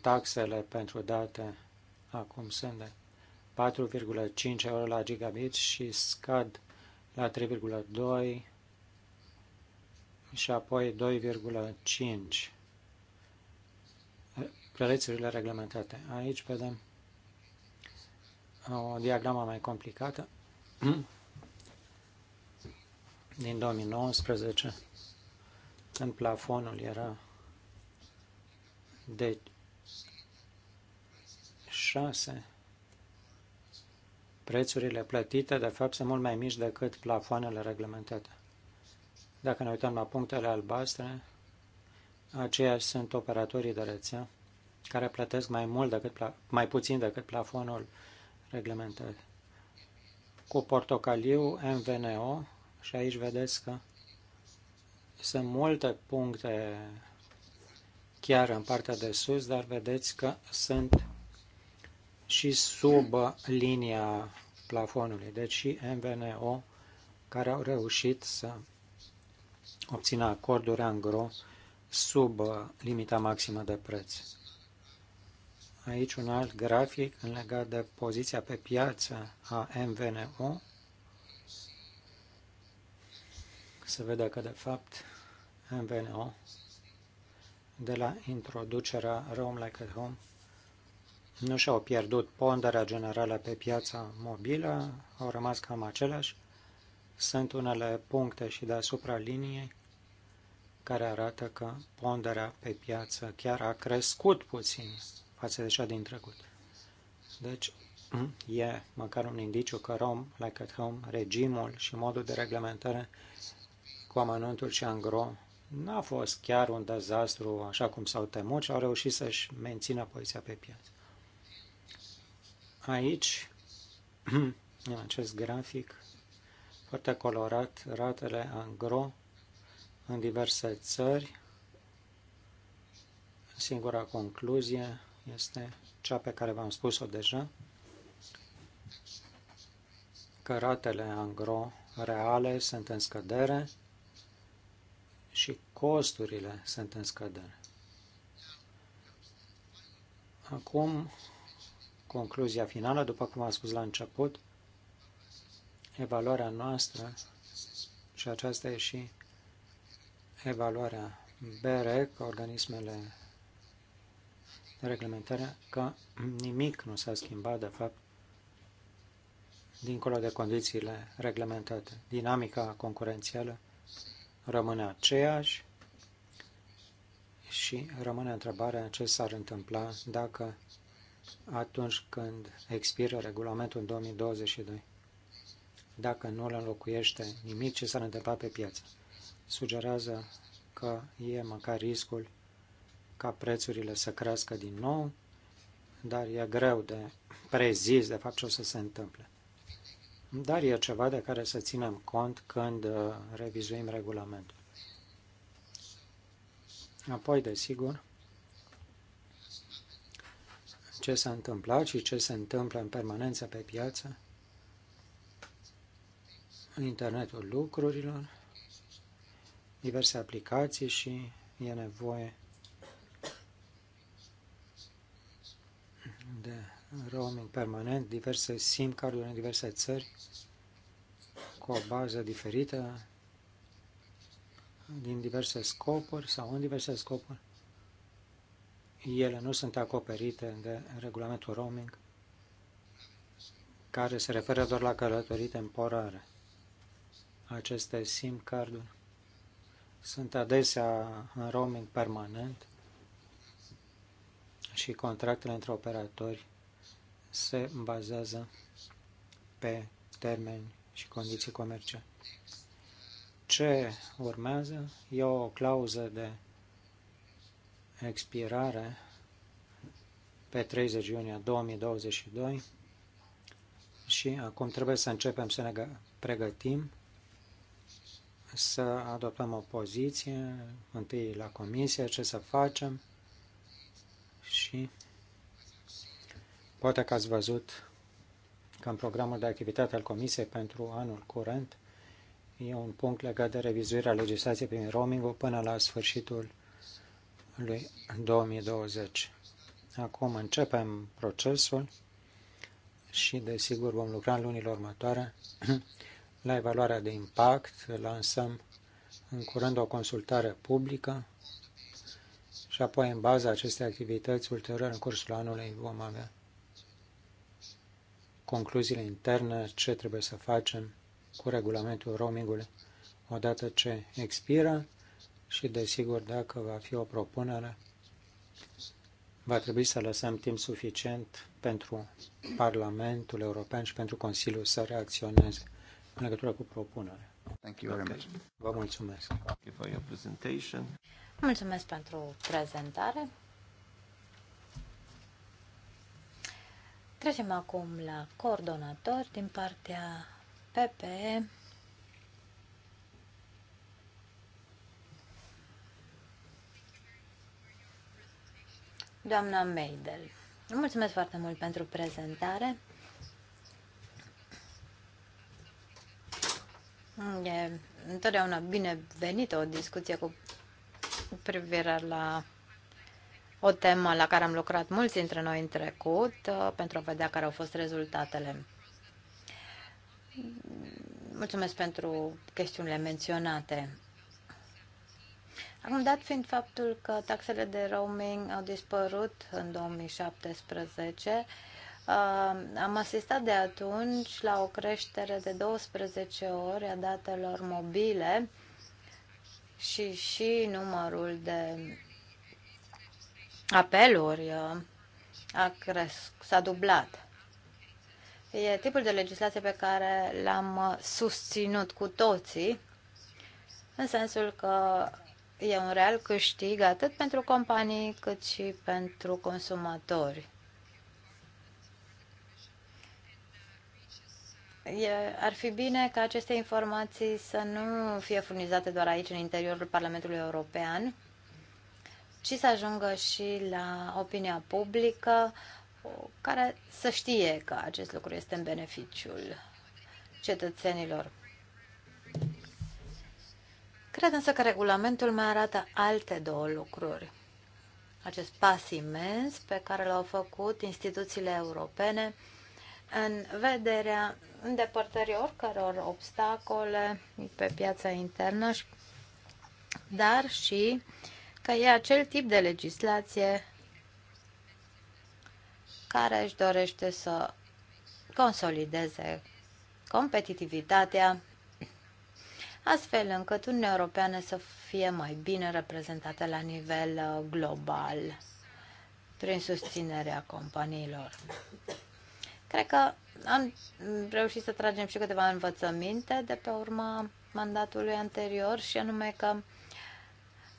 taxele pentru date acum sunt de 4,5 euro la gigabit și scad la 3,2 și apoi 2,5 prețurile reglementate. Aici vedem o diagramă mai complicată din 2019, când plafonul era de 6. Prețurile plătite, de fapt, sunt mult mai mici decât plafoanele reglementate. Dacă ne uităm la punctele albastre, aceia sunt operatorii de rețea care plătesc mai mult decât mai puțin decât plafonul reglementat. Cu portocaliu MVNO și aici vedeți că sunt multe puncte chiar în partea de sus, dar vedeți că sunt și sub linia plafonului. Deci și MVNO care au reușit să obțină acorduri angro sub limita maximă de preț. Aici un alt grafic în legat de poziția pe piață a MVNO. Se vede că, de fapt, MVNO, de la introducerea Roam Like at Home, nu și-au pierdut ponderea generală pe piața mobilă, au rămas cam aceleași. Sunt unele puncte și deasupra liniei care arată că ponderea pe piață chiar a crescut puțin față de cea din trecut. Deci, mm? e măcar un indiciu că Rom, like at home, regimul și modul de reglementare cu amănuntul și angro n-a fost chiar un dezastru așa cum s-au temut și au reușit să-și mențină poziția pe piață. Aici, în acest grafic, foarte colorat, ratele angro în diverse țări. Singura concluzie este cea pe care v-am spus-o deja, că ratele angro reale sunt în scădere și costurile sunt în scădere. Acum, concluzia finală, după cum am spus la început, evaluarea noastră și aceasta e și evaluarea BEREC, organismele reglementarea că nimic nu s-a schimbat, de fapt, dincolo de condițiile reglementate. Dinamica concurențială rămâne aceeași și rămâne întrebarea ce s-ar întâmpla dacă atunci când expiră regulamentul 2022, dacă nu îl înlocuiește nimic ce s-ar întâmpla pe piață. Sugerează că e măcar riscul ca prețurile să crească din nou, dar e greu de prezis de fapt ce o să se întâmple. Dar e ceva de care să ținem cont când uh, revizuim regulamentul. Apoi, desigur, ce s-a întâmplat și ce se întâmplă în permanență pe piață, internetul lucrurilor, diverse aplicații și e nevoie de roaming permanent, diverse SIM carduri în diverse țări, cu o bază diferită, din diverse scopuri sau în diverse scopuri. Ele nu sunt acoperite de regulamentul roaming, care se referă doar la călătorii temporare. Aceste SIM carduri sunt adesea în roaming permanent și contractele între operatori se bazează pe termeni și condiții comerciale. Ce urmează? E o clauză de expirare pe 30 iunie 2022 și acum trebuie să începem să ne pregătim să adoptăm o poziție, întâi la comisie, ce să facem, și poate că ați văzut că în programul de activitate al Comisiei pentru anul curent e un punct legat de revizuirea legislației prin roaming până la sfârșitul lui 2020. Acum începem procesul și, desigur, vom lucra în lunile următoare la evaluarea de impact. Lansăm în curând o consultare publică și apoi, în baza acestei activități, ulterior, în cursul anului, vom avea concluziile interne, ce trebuie să facem cu regulamentul roamingului odată ce expiră și, desigur, dacă va fi o propunere, va trebui să lăsăm timp suficient pentru Parlamentul European și pentru Consiliu să reacționeze în legătură cu propunerea. Thank you very much. Vă mulțumesc. Mulțumesc pentru prezentare. Trecem acum la coordonator din partea PPE. Doamna Meidel, mulțumesc foarte mult pentru prezentare. E întotdeauna binevenită o discuție cu cu privire la o temă la care am lucrat mulți dintre noi în trecut uh, pentru a vedea care au fost rezultatele. Mulțumesc pentru chestiunile menționate. Acum, dat fiind faptul că taxele de roaming au dispărut în 2017, uh, am asistat de atunci la o creștere de 12 ori a datelor mobile și și numărul de apeluri uh, a crescut s-a dublat. E tipul de legislație pe care l-am uh, susținut cu toții, în sensul că e un real câștig atât pentru companii cât și pentru consumatori. E, ar fi bine ca aceste informații să nu fie furnizate doar aici, în interiorul Parlamentului European, ci să ajungă și la opinia publică, care să știe că acest lucru este în beneficiul cetățenilor. Cred însă că regulamentul mai arată alte două lucruri. Acest pas imens pe care l-au făcut instituțiile europene în vederea îndepărtării oricăror obstacole pe piața internă, dar și că e acel tip de legislație care își dorește să consolideze competitivitatea astfel încât Uniunea Europeană să fie mai bine reprezentată la nivel uh, global prin susținerea companiilor. Cred că am reușit să tragem și câteva învățăminte de pe urma mandatului anterior și anume că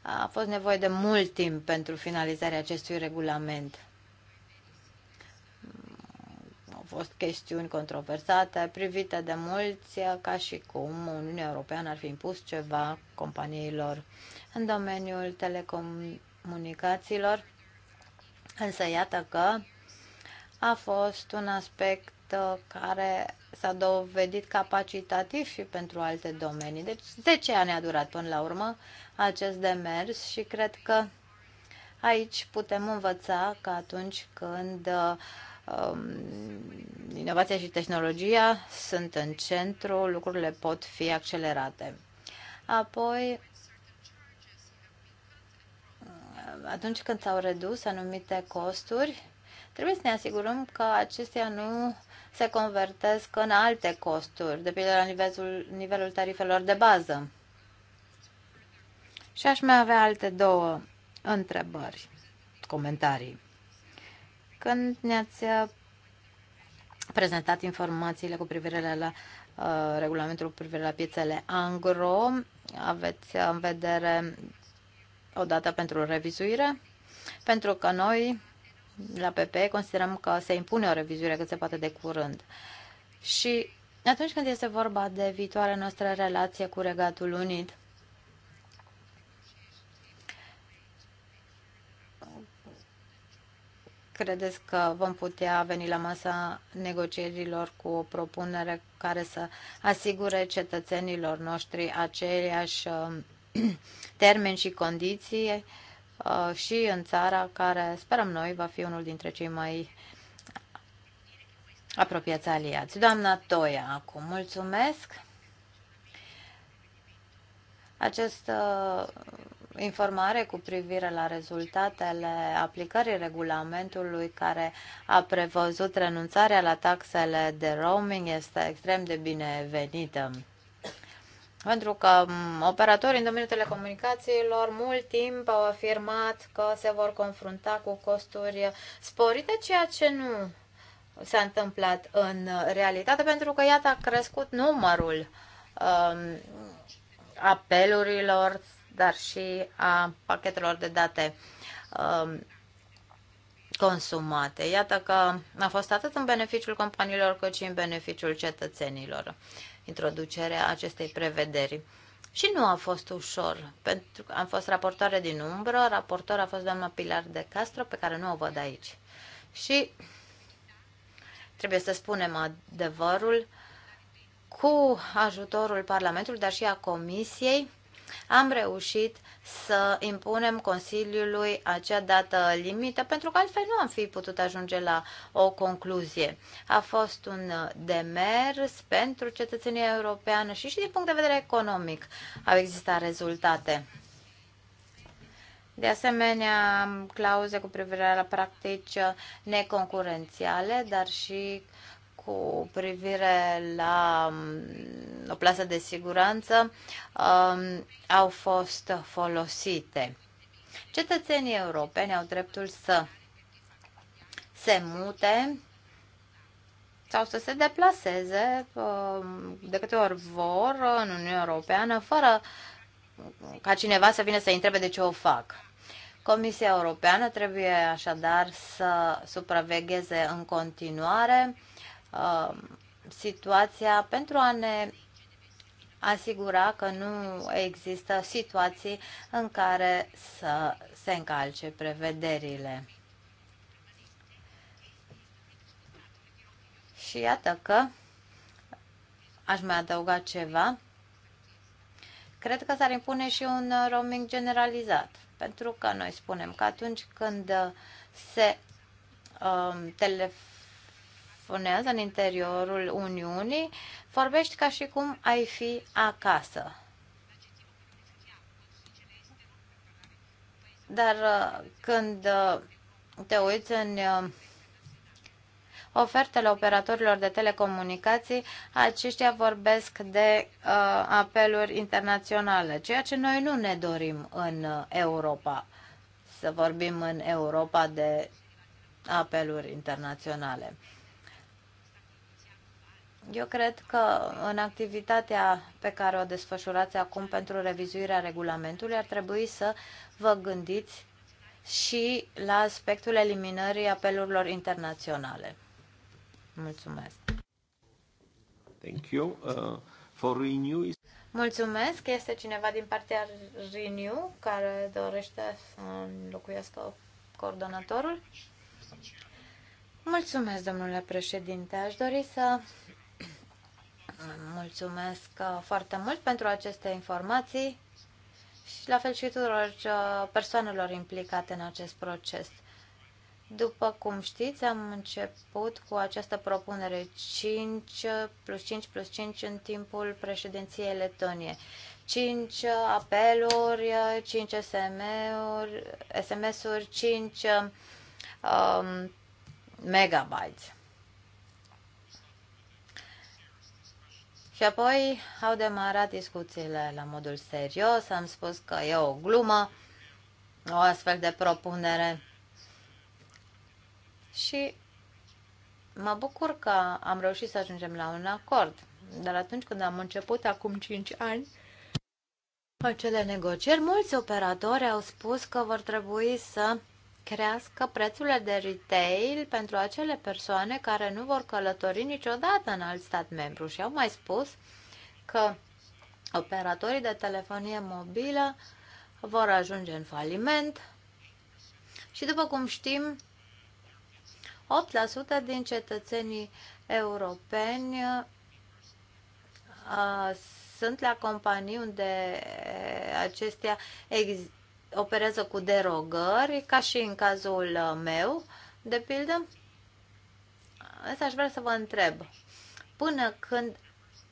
a fost nevoie de mult timp pentru finalizarea acestui regulament. Au fost chestiuni controversate, privite de mulți ca și cum Uniunea Europeană ar fi impus ceva companiilor în domeniul telecomunicațiilor. Însă iată că a fost un aspect uh, care s-a dovedit capacitativ și pentru alte domenii. Deci 10 ani a durat până la urmă acest demers și cred că aici putem învăța că atunci când um, inovația și tehnologia sunt în centru, lucrurile pot fi accelerate. Apoi, atunci când s-au redus anumite costuri, Trebuie să ne asigurăm că acestea nu se convertesc în alte costuri, de pildă la nivelul, nivelul tarifelor de bază. Și aș mai avea alte două întrebări, comentarii. Când ne-ați uh, prezentat informațiile cu privire la uh, regulamentul cu privire la piețele angro, aveți în vedere o dată pentru revizuire? Pentru că noi la PP considerăm că se impune o revizuire cât se poate de curând. Și atunci când este vorba de viitoarea noastră relație cu Regatul Unit, credeți că vom putea veni la masa negocierilor cu o propunere care să asigure cetățenilor noștri aceleași um, termeni și condiții Uh, și în țara care sperăm noi va fi unul dintre cei mai apropiați aliați. Doamna Toia, acum mulțumesc. Această informare cu privire la rezultatele aplicării regulamentului care a prevăzut renunțarea la taxele de roaming este extrem de binevenită. Pentru că operatorii în domeniul telecomunicațiilor mult timp au afirmat că se vor confrunta cu costuri sporite, ceea ce nu s-a întâmplat în realitate, pentru că, iată, a crescut numărul um, apelurilor, dar și a pachetelor de date um, consumate. Iată că a fost atât în beneficiul companiilor cât și în beneficiul cetățenilor introducerea acestei prevederi. Și nu a fost ușor, pentru că am fost raportoare din umbră, raportor a fost doamna Pilar de Castro, pe care nu o văd aici. Și trebuie să spunem adevărul, cu ajutorul Parlamentului, dar și a Comisiei, am reușit să impunem Consiliului acea dată limită, pentru că altfel nu am fi putut ajunge la o concluzie. A fost un demers pentru cetățenia europeană și și din punct de vedere economic au existat rezultate. De asemenea, clauze cu privire la practici neconcurențiale, dar și cu privire la um, o plasă de siguranță um, au fost folosite. Cetățenii europeni au dreptul să se mute sau să se deplaseze um, de câte ori vor în Uniunea Europeană fără ca cineva să vină să-i întrebe de ce o fac. Comisia Europeană trebuie așadar să supravegheze în continuare Um, situația pentru a ne asigura că nu există situații în care să se încalce prevederile. Și iată că aș mai adăuga ceva. Cred că s-ar impune și un roaming generalizat, pentru că noi spunem că atunci când se um, telefonează telefonează în interiorul Uniunii, vorbești ca și cum ai fi acasă. Dar uh, când uh, te uiți în uh, ofertele operatorilor de telecomunicații, aceștia vorbesc de uh, apeluri internaționale, ceea ce noi nu ne dorim în Europa, să vorbim în Europa de apeluri internaționale. Eu cred că în activitatea pe care o desfășurați acum pentru revizuirea regulamentului ar trebui să vă gândiți și la aspectul eliminării apelurilor internaționale. Mulțumesc. Thank you. Uh, for Renew is... Mulțumesc. Este cineva din partea Renew care dorește să înlocuiască coordonatorul? Mulțumesc, domnule președinte. Aș dori să Mulțumesc uh, foarte mult pentru aceste informații și la fel și tuturor uh, persoanelor implicate în acest proces. După cum știți, am început cu această propunere 5 uh, plus 5 plus 5 în timpul președinției Letoniei. 5 apeluri, 5 SMS-uri, SMS 5 um, megabytes. Și apoi au demarat discuțiile la modul serios, am spus că e o glumă, o astfel de propunere. Și mă bucur că am reușit să ajungem la un acord. Dar atunci când am început, acum 5 ani, acele negocieri, mulți operatori au spus că vor trebui să crească prețurile de retail pentru acele persoane care nu vor călători niciodată în alt stat membru. Și au mai spus că operatorii de telefonie mobilă vor ajunge în faliment și, după cum știm, 8% din cetățenii europeni uh, sunt la companii unde uh, acestea există operează cu derogări, ca și în cazul uh, meu, de pildă. Asta aș vrea să vă întreb. Până când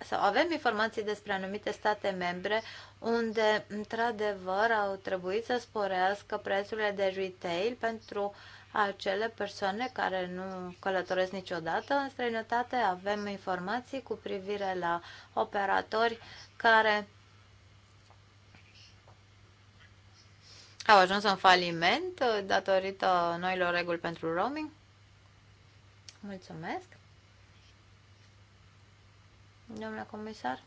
sau avem informații despre anumite state membre unde, într-adevăr, au trebuit să sporească prețurile de retail pentru acele persoane care nu călătoresc niciodată în străinătate. Avem informații cu privire la operatori care au ajuns în faliment uh, datorită noilor reguli pentru roaming. Mulțumesc. Domnule comisar.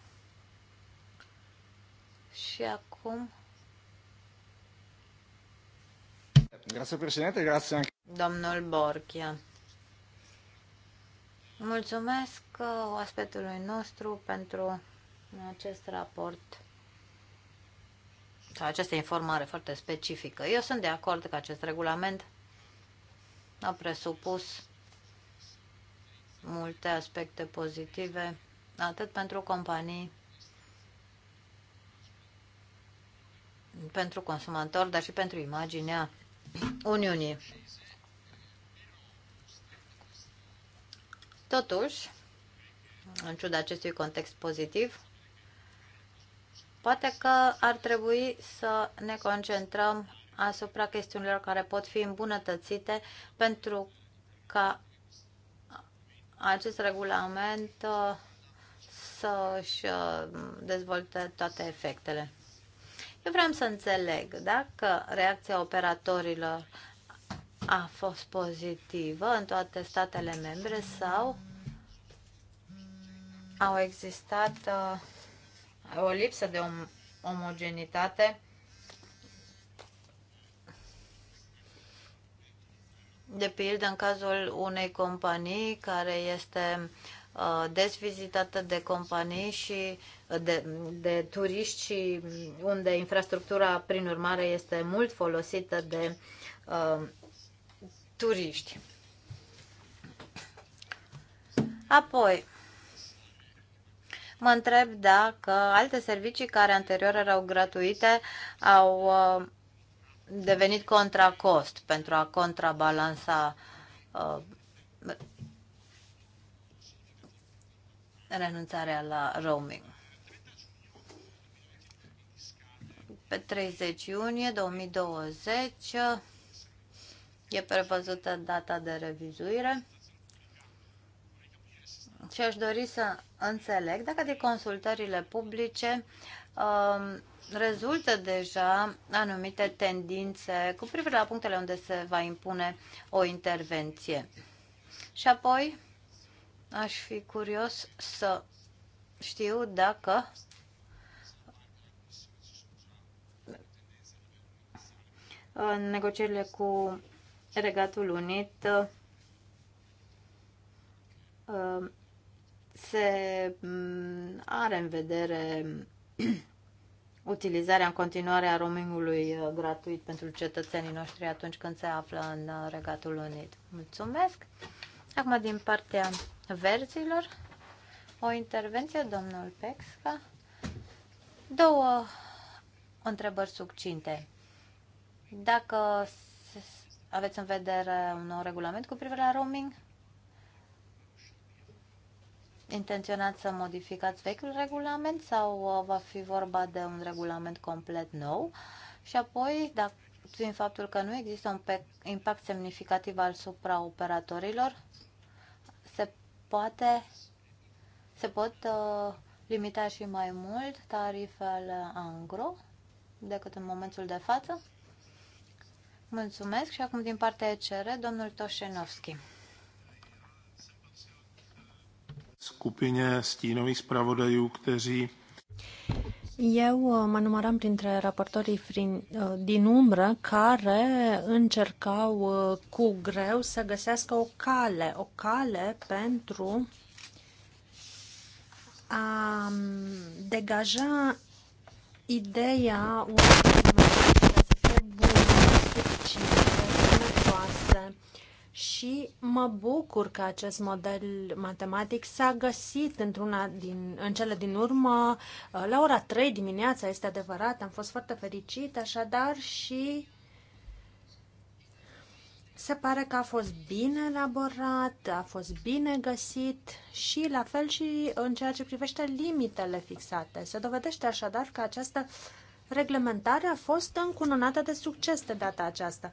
Și acum... Grazie, președinte, grazie Domnul Borchia. Mulțumesc uh, oaspetului nostru pentru acest raport sau această informare foarte specifică. Eu sunt de acord că acest regulament a presupus multe aspecte pozitive, atât pentru companii, pentru consumator, dar și pentru imaginea Uniunii. Totuși, în ciuda acestui context pozitiv, Poate că ar trebui să ne concentrăm asupra chestiunilor care pot fi îmbunătățite pentru ca acest regulament uh, să-și uh, dezvolte toate efectele. Eu vreau să înțeleg dacă reacția operatorilor a fost pozitivă în toate statele membre sau au existat uh, o lipsă de om omogenitate de pildă în cazul unei companii care este uh, desvizitată de companii și uh, de, de turiști și unde infrastructura prin urmare este mult folosită de uh, turiști. Apoi, mă întreb dacă alte servicii care anterior erau gratuite au uh, devenit contracost pentru a contrabalansa uh, renunțarea la roaming. Pe 30 iunie 2020 e prevăzută data de revizuire. Și aș dori să înțeleg dacă de consultările publice um, rezultă deja anumite tendințe cu privire la punctele unde se va impune o intervenție. Și apoi aș fi curios să știu dacă în negocierile cu Regatul Unit um, se mm, are în vedere utilizarea în continuare a roamingului uh, gratuit pentru cetățenii noștri atunci când se află în uh, Regatul Unit. Mulțumesc! Acum din partea verzilor, o intervenție, domnul Pexca. Două întrebări succinte. Dacă aveți în vedere un nou regulament cu privire la roaming, intenționați să modificați vechiul regulament sau uh, va fi vorba de un regulament complet nou? Și apoi, dacă prin faptul că nu există un impact semnificativ supra operatorilor, se poate se pot uh, limita și mai mult tarifele angro decât în momentul de față? Mulțumesc și acum din partea ECR, domnul Toșenovski. skupině stínových zpravodajů, kteří eu uh, mă număram printre raportorii uh, din umbră care încercau uh, cu greu să găsească o cale, o cale pentru a um, degaja ideea unui și mă bucur că acest model matematic s-a găsit într-una din, în cele din urmă, uh, la ora 3 dimineața, este adevărat, am fost foarte fericit, așadar, și se pare că a fost bine elaborat, a fost bine găsit și la fel și în ceea ce privește limitele fixate. Se dovedește așadar că această reglementare a fost încununată de succes de data aceasta.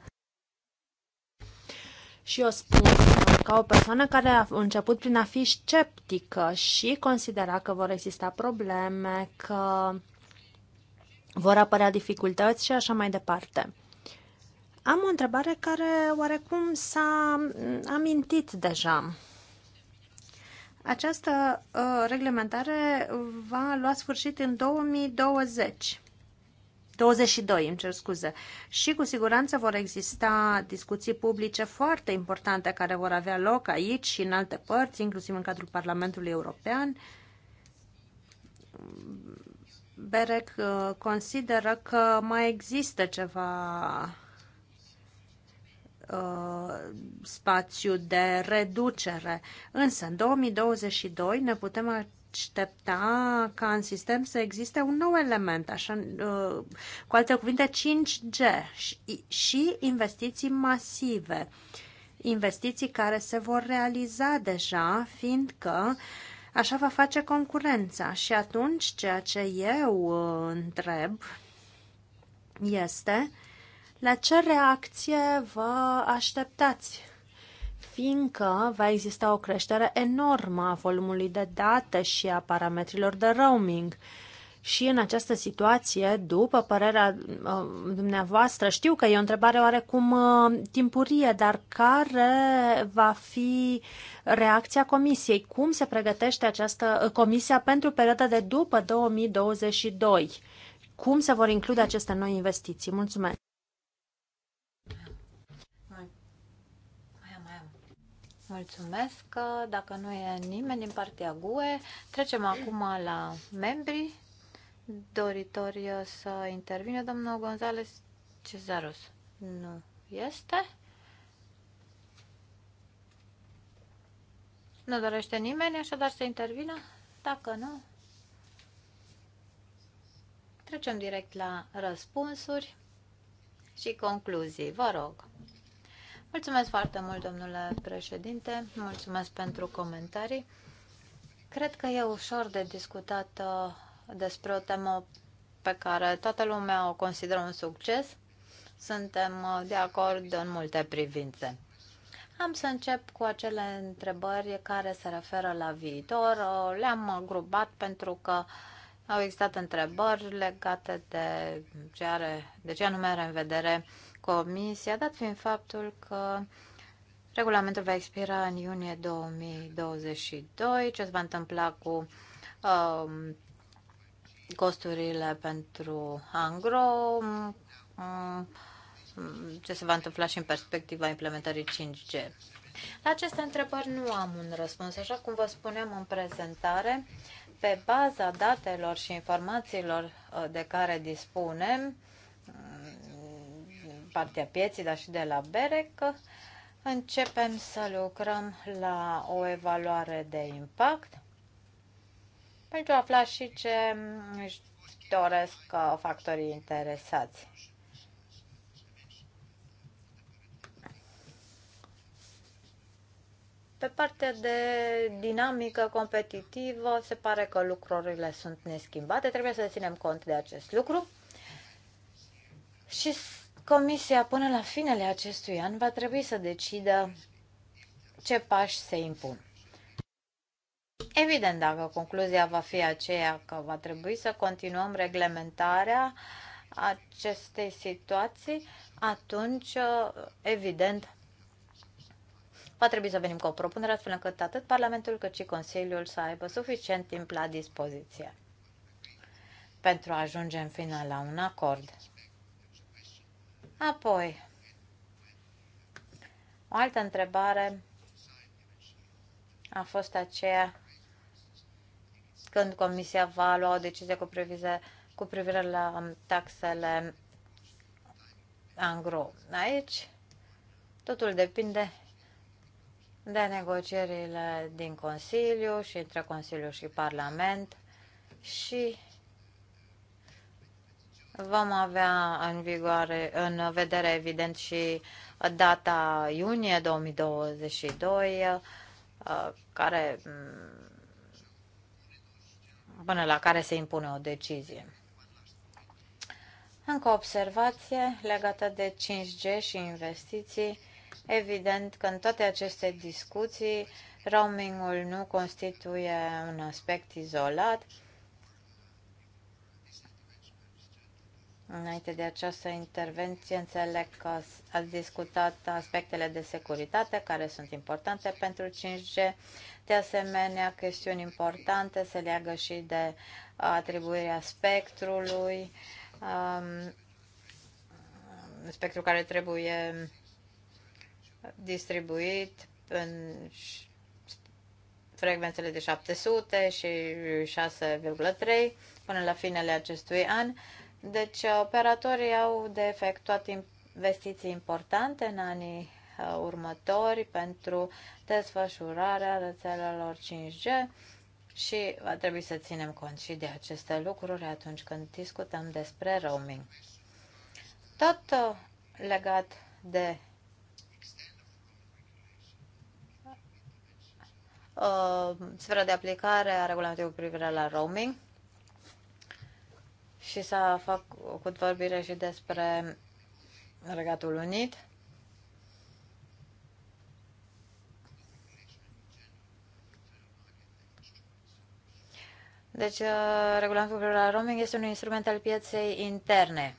Și o spun uh, ca o persoană care a început prin a fi sceptică și considera că vor exista probleme, că vor apărea dificultăți și așa mai departe. Am o întrebare care oarecum s-a mm, amintit deja. Această uh, reglementare va lua sfârșit în 2020. 22, îmi cer scuze. Și cu siguranță vor exista discuții publice foarte importante care vor avea loc aici și în alte părți, inclusiv în cadrul Parlamentului European. Berec uh, consideră că mai există ceva uh, spațiu de reducere. Însă, în 2022 ne putem aștepta ca în sistem să existe un nou element, așa, uh, cu alte cuvinte 5G și investiții masive, investiții care se vor realiza deja, fiindcă așa va face concurența. Și atunci ceea ce eu uh, întreb este la ce reacție vă așteptați fiindcă va exista o creștere enormă a volumului de date și a parametrilor de roaming. Și în această situație, după părerea uh, dumneavoastră, știu că e o întrebare oarecum uh, timpurie, dar care va fi reacția Comisiei? Cum se pregătește această uh, Comisia pentru perioada de după 2022? Cum se vor include aceste noi investiții? Mulțumesc! Mulțumesc. Dacă nu e nimeni din partea GUE, trecem acum la membri doritori să intervine domnul Gonzales Cezarus. Nu este? Nu dorește nimeni așadar să intervină? Dacă nu, trecem direct la răspunsuri și concluzii. Vă rog. Mulțumesc foarte mult, domnule președinte. Mulțumesc pentru comentarii. Cred că e ușor de discutat uh, despre o temă pe care toată lumea o consideră un succes. Suntem uh, de acord în multe privințe. Am să încep cu acele întrebări care se referă la viitor. Uh, le-am grupat pentru că au existat întrebări legate de ce, are, de ce anume are în vedere uh, Comisia, dat fiind faptul că regulamentul va expira în iunie 2022, ce se va întâmpla cu um, costurile pentru angro, um, ce se va întâmpla și în perspectiva implementării 5G. La aceste întrebări nu am un răspuns. Așa cum vă spuneam în prezentare, pe baza datelor și informațiilor uh, de care dispunem, partea pieții, dar și de la BEREC, începem să lucrăm la o evaluare de impact pentru a afla și ce își doresc uh, factorii interesați. Pe partea de dinamică competitivă, se pare că lucrurile sunt neschimbate. Trebuie să ținem cont de acest lucru și Comisia până la finele acestui an va trebui să decidă ce pași se impun. Evident, dacă concluzia va fi aceea că va trebui să continuăm reglementarea acestei situații, atunci, evident, va trebui să venim cu o propunere astfel încât atât Parlamentul cât și Consiliul să aibă suficient timp la dispoziție pentru a ajunge în final la un acord. Apoi, o altă întrebare a fost aceea când Comisia va lua o decizie cu privire, cu privire la taxele angro. Aici totul depinde de negocierile din Consiliu și între Consiliu și Parlament și Vom avea în vigoare, în vedere evident și data iunie 2022, uh, care, mm, până la care se impune o decizie. Încă o observație legată de 5G și investiții. Evident că în toate aceste discuții roamingul nu constituie un aspect izolat, Înainte de această intervenție, înțeleg că ați discutat aspectele de securitate care sunt importante pentru 5G. De asemenea, chestiuni importante se leagă și de atribuirea spectrului, um, spectrul care trebuie distribuit în frecvențele de 700 și 6,3 până la finele acestui an. Deci, uh, operatorii au de efectuat investiții importante în anii uh, următori pentru desfășurarea rețelelor 5G și va trebui să ținem cont și de aceste lucruri atunci când discutăm despre roaming. Tot uh, legat de uh, sfera de aplicare a regulamentului cu privire la roaming, și s-a făcut vorbire și despre Regatul Unit. Deci, uh, regulamentul la roaming este un instrument al pieței interne.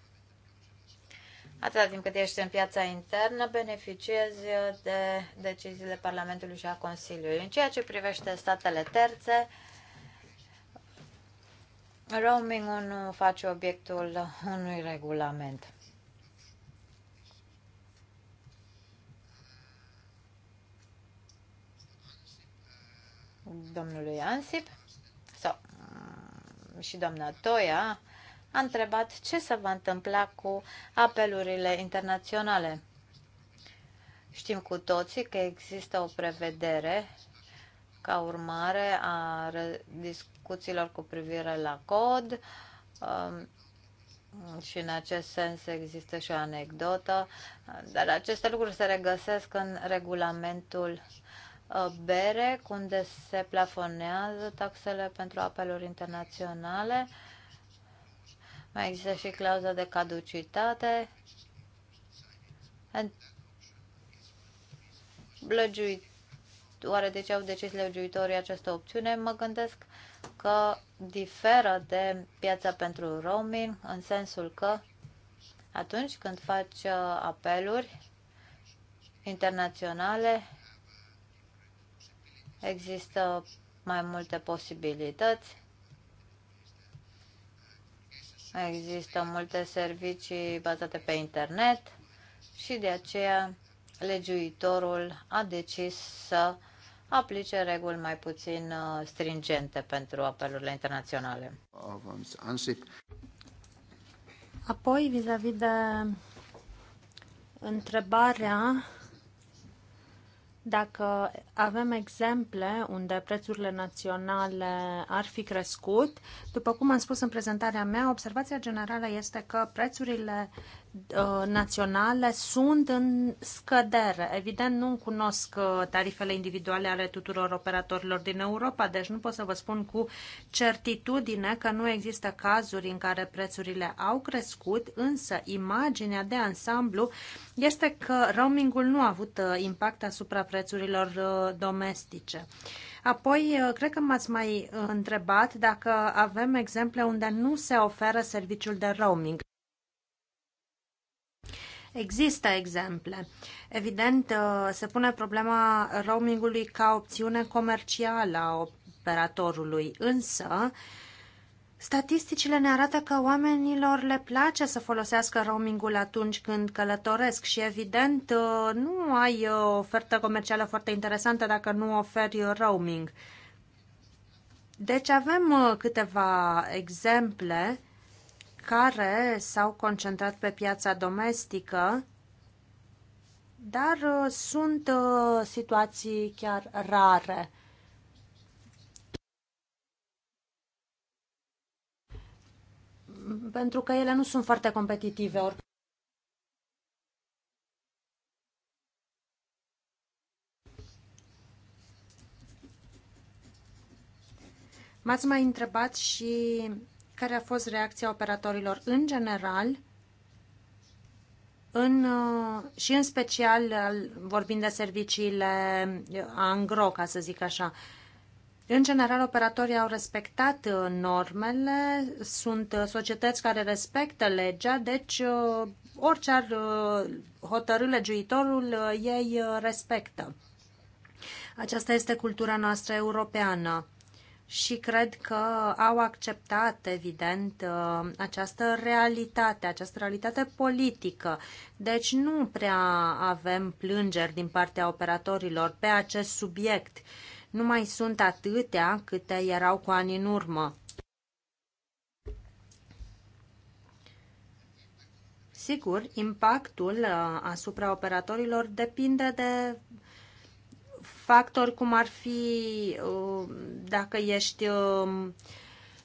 Atâta timp cât ești în piața internă, beneficiezi uh, de deciziile Parlamentului și a Consiliului. În ceea ce privește statele terțe, roaming nu uh, face obiectul unui regulament. Domnului Ansip sau mm, și doamna Toia a întrebat ce se va întâmpla cu apelurile internaționale. Știm cu toții că există o prevedere ca urmare a discuției discuțiilor cu privire la cod um, și în acest sens există și o anecdotă, dar aceste lucruri se regăsesc în regulamentul uh, BERE, unde se plafonează taxele pentru apeluri internaționale. Mai există și clauza de caducitate. Lăgiuit, oare de ce au decis legiuitorii această opțiune? Mă gândesc că diferă de piața pentru roaming în sensul că atunci când faci uh, apeluri internaționale există mai multe posibilități. Există multe servicii bazate pe internet și de aceea legiuitorul a decis să uh, aplice reguli mai puțin uh, stringente pentru apelurile internaționale. Apoi, vis-a-vis -vis de întrebarea dacă avem exemple unde prețurile naționale ar fi crescut, după cum am spus în prezentarea mea, observația generală este că prețurile Uh, naționale sunt în scădere. Evident, nu cunosc uh, tarifele individuale ale tuturor operatorilor din Europa, deci nu pot să vă spun cu certitudine că nu există cazuri în care prețurile au crescut, însă imaginea de ansamblu este că roamingul nu a avut uh, impact asupra prețurilor domestice. Apoi, cred că m-ați mai întrebat dacă avem exemple unde nu se oferă serviciul de roaming. Există exemple. Evident, uh, se pune problema roamingului ca opțiune comercială a operatorului, însă Statisticile ne arată că oamenilor le place să folosească roamingul atunci când călătoresc și evident uh, nu ai uh, o ofertă comercială foarte interesantă dacă nu oferi roaming. Deci avem câteva exemple care s-au concentrat pe piața domestică, dar uh, sunt uh, situații chiar rare. Pentru că ele nu sunt foarte competitive oricum. M-ați mai întrebat și care a fost reacția operatorilor în general în, uh, și în special uh, vorbind de serviciile uh, angro, ca să zic așa. În general, operatorii au respectat normele, sunt societăți care respectă legea, deci orice ar hotărâ legiuitorul, ei respectă. Aceasta este cultura noastră europeană și cred că au acceptat, evident, uh, această realitate, această realitate politică. Deci nu prea avem plângeri din partea operatorilor pe acest subiect. Nu mai sunt atâtea câte erau cu ani în urmă. Sigur, impactul uh, asupra operatorilor depinde de factori cum ar fi uh, dacă ești um,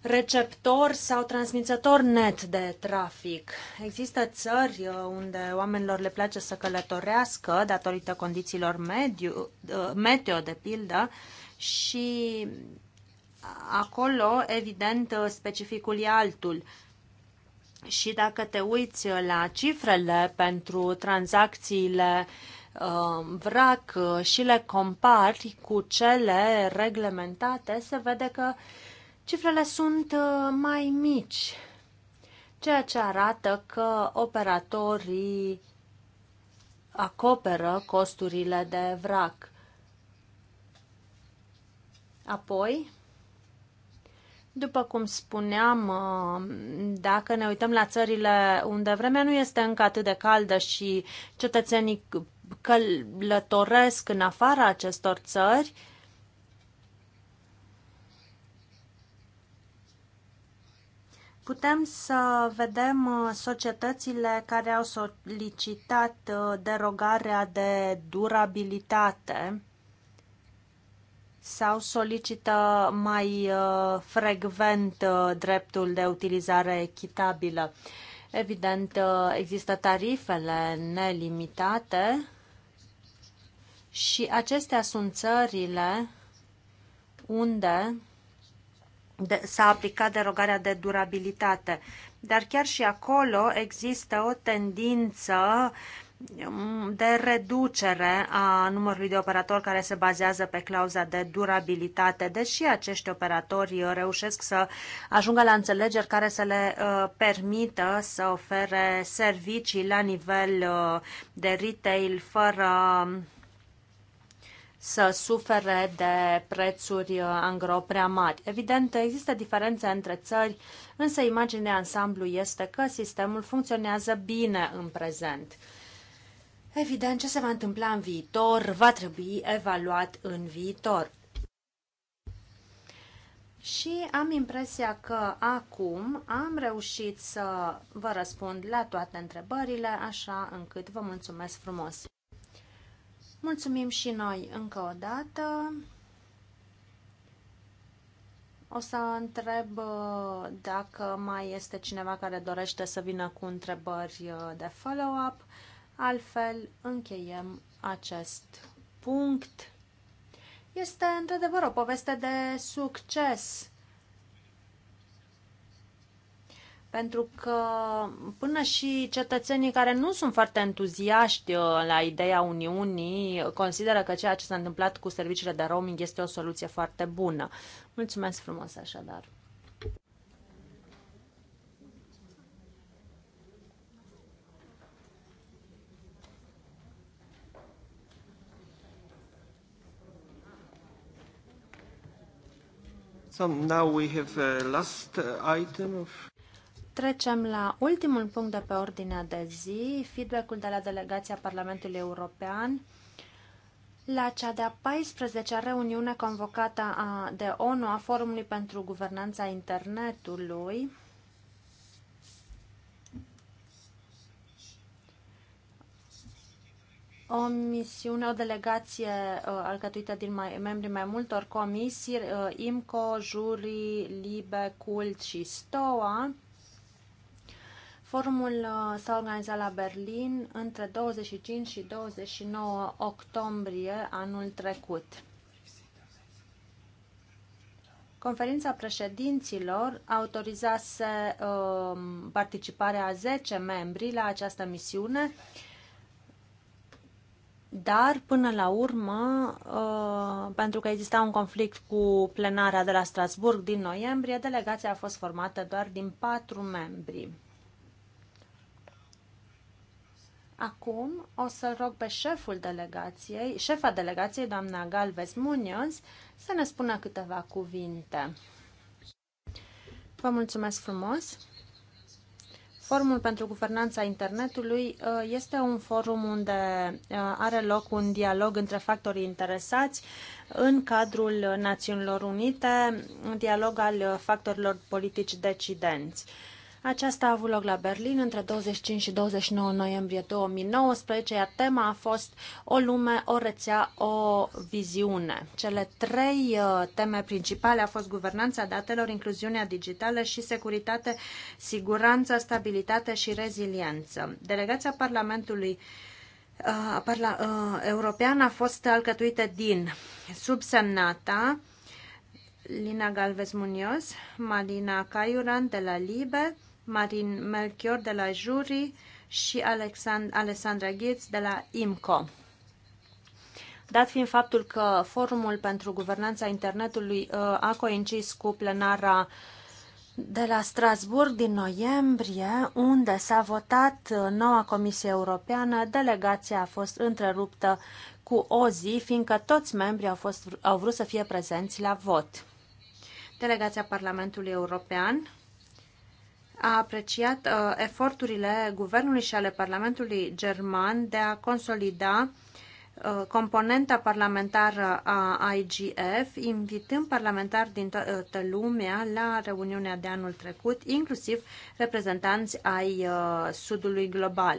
receptor sau transmițător net de trafic. Există țări uh, unde oamenilor le place să călătorească datorită condițiilor mediu, uh, meteo, de pildă, și acolo, evident, specificul e altul. Și dacă te uiți la cifrele pentru tranzacțiile uh, Um, vrac uh, și le compari cu cele reglementate, se vede că cifrele sunt uh, mai mici, ceea ce arată că operatorii acoperă costurile de vrac. Apoi, după cum spuneam, uh, dacă ne uităm la țările unde vremea nu este încă atât de caldă și cetățenii călătoresc în afara acestor țări, Putem să vedem uh, societățile care au solicitat uh, derogarea de durabilitate sau solicită mai uh, frecvent dreptul de utilizare echitabilă. Evident, există tarifele nelimitate și acestea sunt țările unde s-a aplicat derogarea de durabilitate. Dar chiar și acolo există o tendință mm, de reducere a numărului de operatori care se bazează pe clauza de durabilitate, deși acești operatori uh, reușesc să ajungă la înțelegeri care să le uh, permită să ofere servicii la nivel uh, de retail fără să sufere de prețuri uh, angro prea mari. Evident, există diferențe între țări, însă imaginea ansamblu este că sistemul funcționează bine în prezent. Evident, ce se va întâmpla în viitor va trebui evaluat în viitor. Și am impresia că acum am reușit să vă răspund la toate întrebările, așa încât vă mulțumesc frumos. Mulțumim și noi încă o dată. O să întreb uh, dacă mai este cineva care dorește să vină cu întrebări uh, de follow-up. Altfel, încheiem acest punct. Este într-adevăr o poveste de succes pentru că până și cetățenii care nu sunt foarte entuziaști uh, la ideea Uniunii consideră că ceea ce s-a întâmplat cu serviciile de roaming este o soluție foarte bună. Mulțumesc frumos așadar! So now we have a uh, last uh, item of Trecem la ultimul punct de pe ordinea de zi, feedback-ul de la Delegația Parlamentului European la cea de-a 14-a reuniune convocată de ONU a Forumului pentru Guvernanța Internetului. O misiune, o delegație uh, alcătuită din mai, membrii mai multor comisii, uh, IMCO, Juri, Libe, Cult și STOA, Forumul uh, s-a organizat la Berlin între 25 și 29 octombrie anul trecut. Conferința președinților autorizase uh, participarea a 10 membri la această misiune, dar până la urmă, uh, pentru că exista un conflict cu plenarea de la Strasburg din noiembrie, delegația a fost formată doar din patru membri. Acum o să l rog pe șeful delegației, șefa delegației, doamna Galvez Munoz, să ne spună câteva cuvinte. Vă mulțumesc frumos! Forumul pentru guvernanța internetului uh, este un forum unde uh, are loc un dialog între factorii interesați în cadrul Națiunilor Unite, un dialog al uh, factorilor politici decidenți. Aceasta a avut loc la Berlin între 25 și 29 noiembrie 2019, iar tema a fost O lume, o rețea, o viziune. Cele trei uh, teme principale au fost guvernanța datelor, incluziunea digitală și securitate, siguranță, stabilitate și reziliență. Delegația Parlamentului uh, parla, uh, European a fost alcătuită din subsemnata Lina Galvez Munoz, Malina Caiuran de la LIBE, Marin Melchior de la Jury și Alexand- Alessandra Ghiț de la IMCO. Dat fiind faptul că Forumul pentru Guvernanța Internetului uh, a coincis cu plenara de la Strasburg din noiembrie, unde s-a votat uh, noua Comisie Europeană, delegația a fost întreruptă cu o zi, fiindcă toți membrii au, fost, au vrut să fie prezenți la vot. Delegația Parlamentului European a apreciat uh, eforturile guvernului și ale Parlamentului german de a consolida uh, componenta parlamentară a IGF, invitând parlamentari din uh, toată lumea la reuniunea de anul trecut, inclusiv reprezentanți ai uh, Sudului Global.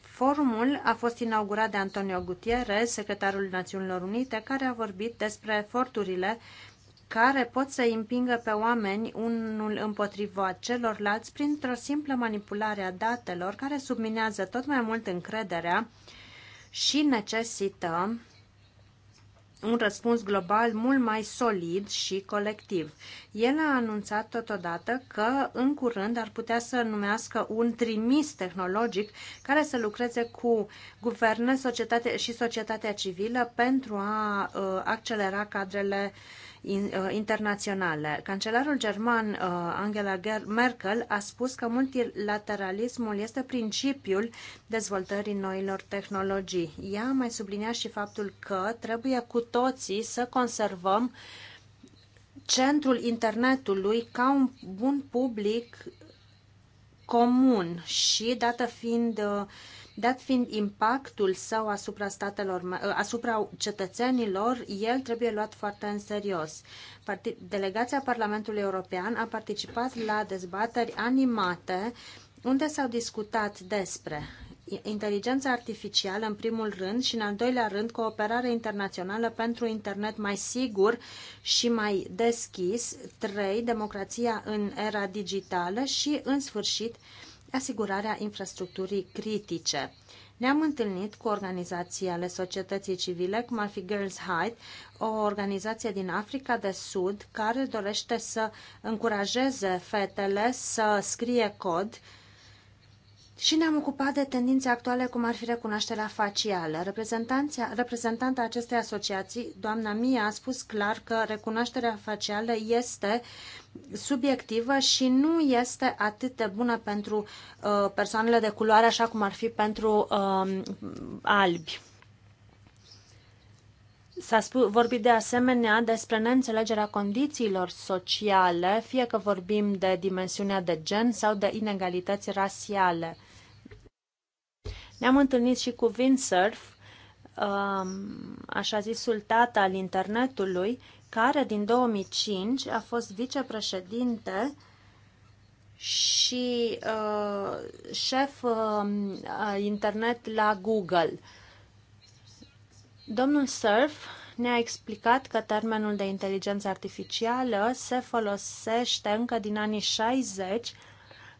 Forumul a fost inaugurat de Antonio Gutierrez, secretarul Națiunilor Unite, care a vorbit despre eforturile uh, care pot să împingă pe oameni unul împotriva celorlalți printr-o simplă manipulare a datelor care subminează tot mai mult încrederea și necesită un răspuns global mult mai solid și colectiv. El a anunțat totodată că în curând ar putea să numească un trimis tehnologic care să lucreze cu guverne societate și societatea civilă pentru a uh, accelera cadrele uh, Uh, internaționale. Cancelarul german uh, Angela Merkel a spus că multilateralismul este principiul dezvoltării noilor tehnologii. Ea a mai subliniat și faptul că trebuie cu toții să conservăm centrul internetului ca un bun public comun și dată fiind uh, Dat fiind impactul său asupra, statelor, ă, asupra cetățenilor, el trebuie luat foarte în serios. Delegația Parlamentului European a participat la dezbateri animate unde s-au discutat despre inteligența artificială în primul rând și în al doilea rând cooperare internațională pentru internet mai sigur și mai deschis, trei, democrația în era digitală și în sfârșit asigurarea infrastructurii critice. Ne-am întâlnit cu organizații ale societății civile, cum ar fi Girls Hide, o organizație din Africa de Sud care dorește să încurajeze fetele să scrie cod și ne-am ocupat de tendințe actuale, cum ar fi recunoașterea facială. Reprezentanta acestei asociații, doamna Mia, a spus clar că recunoașterea facială este subiectivă și nu este atât de bună pentru uh, persoanele de culoare, așa cum ar fi pentru uh, albi. S-a vorbit de asemenea despre neînțelegerea condițiilor sociale, fie că vorbim de dimensiunea de gen sau de inegalități rasiale. Ne-am întâlnit și cu windsurf, um, așa zisul tată al internetului, care din 2005 a fost vicepreședinte și uh, șef um, uh, internet la Google. Domnul Surf ne-a explicat că termenul de inteligență artificială se folosește încă din anii 60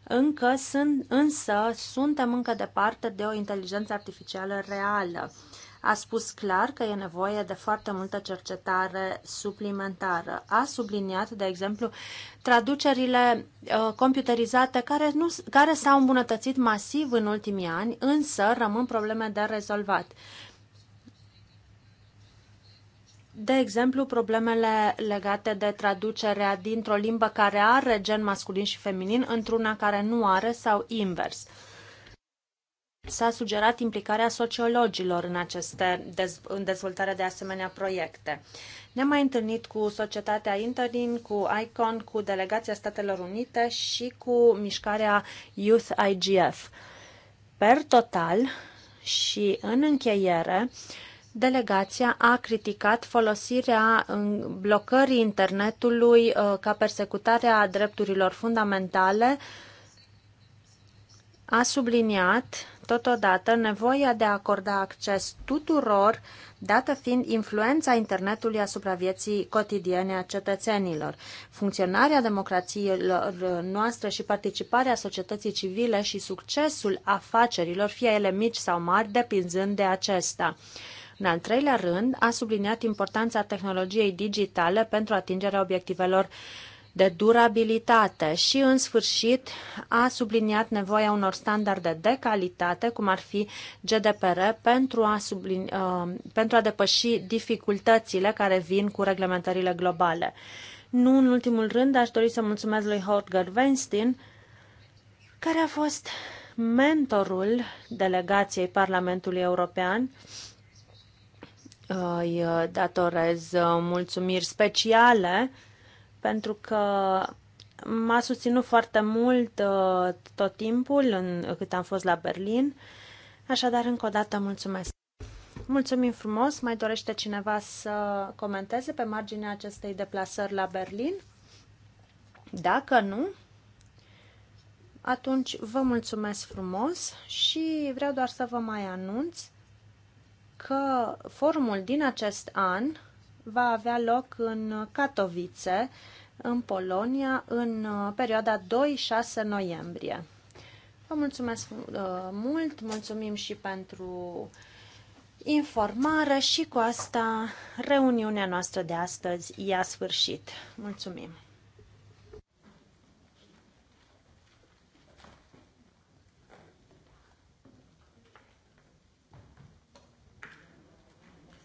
încă sunt, însă suntem încă departe de o inteligență artificială reală. A spus clar că e nevoie de foarte multă cercetare suplimentară. A subliniat, de exemplu, traducerile uh, computerizate care, nu, care s-au îmbunătățit masiv în ultimii ani, însă rămân probleme de rezolvat. Uh, de exemplu, problemele legate de traducerea dintr-o limbă care are gen masculin și feminin într-una care nu are sau invers. S-a sugerat implicarea sociologilor în, aceste dez- în dezvoltarea de asemenea proiecte. Ne-am mai întâlnit cu societatea Interin, cu ICON, cu Delegația Statelor Unite și cu mișcarea Youth IGF. Per total și în încheiere, uh, Delegația a criticat folosirea blocării internetului uh, ca persecutare a drepturilor fundamentale. A subliniat totodată nevoia de a acorda acces tuturor, dată fiind influența internetului asupra vieții cotidiene a cetățenilor. Funcționarea democrațiilor uh, noastre și participarea societății civile și succesul afacerilor, fie ele mici sau mari, depinzând de acesta. În al treilea rând, a subliniat importanța tehnologiei digitale pentru atingerea obiectivelor de durabilitate și, în sfârșit, a subliniat nevoia unor standarde de calitate, cum ar fi GDPR, pentru a, sublin, uh, pentru a depăși dificultățile care vin cu reglementările globale. Nu în ultimul rând, aș dori să mulțumesc lui Holger Weinstein, care a fost mentorul delegației Parlamentului European îi uh, datorez uh, mulțumiri speciale pentru că m-a susținut foarte mult uh, tot timpul în, cât am fost la Berlin. Așadar, încă o dată, mulțumesc! Mulțumim frumos! Mai dorește cineva să comenteze pe marginea acestei deplasări la Berlin? Dacă nu, atunci vă mulțumesc frumos și vreau doar să vă mai anunț că forumul din acest an va avea loc în Katowice, în Polonia, în uh, perioada 2-6 noiembrie. Vă mulțumesc uh, mult, mulțumim și pentru informare și cu asta reuniunea noastră de astăzi i-a sfârșit. Mulțumim!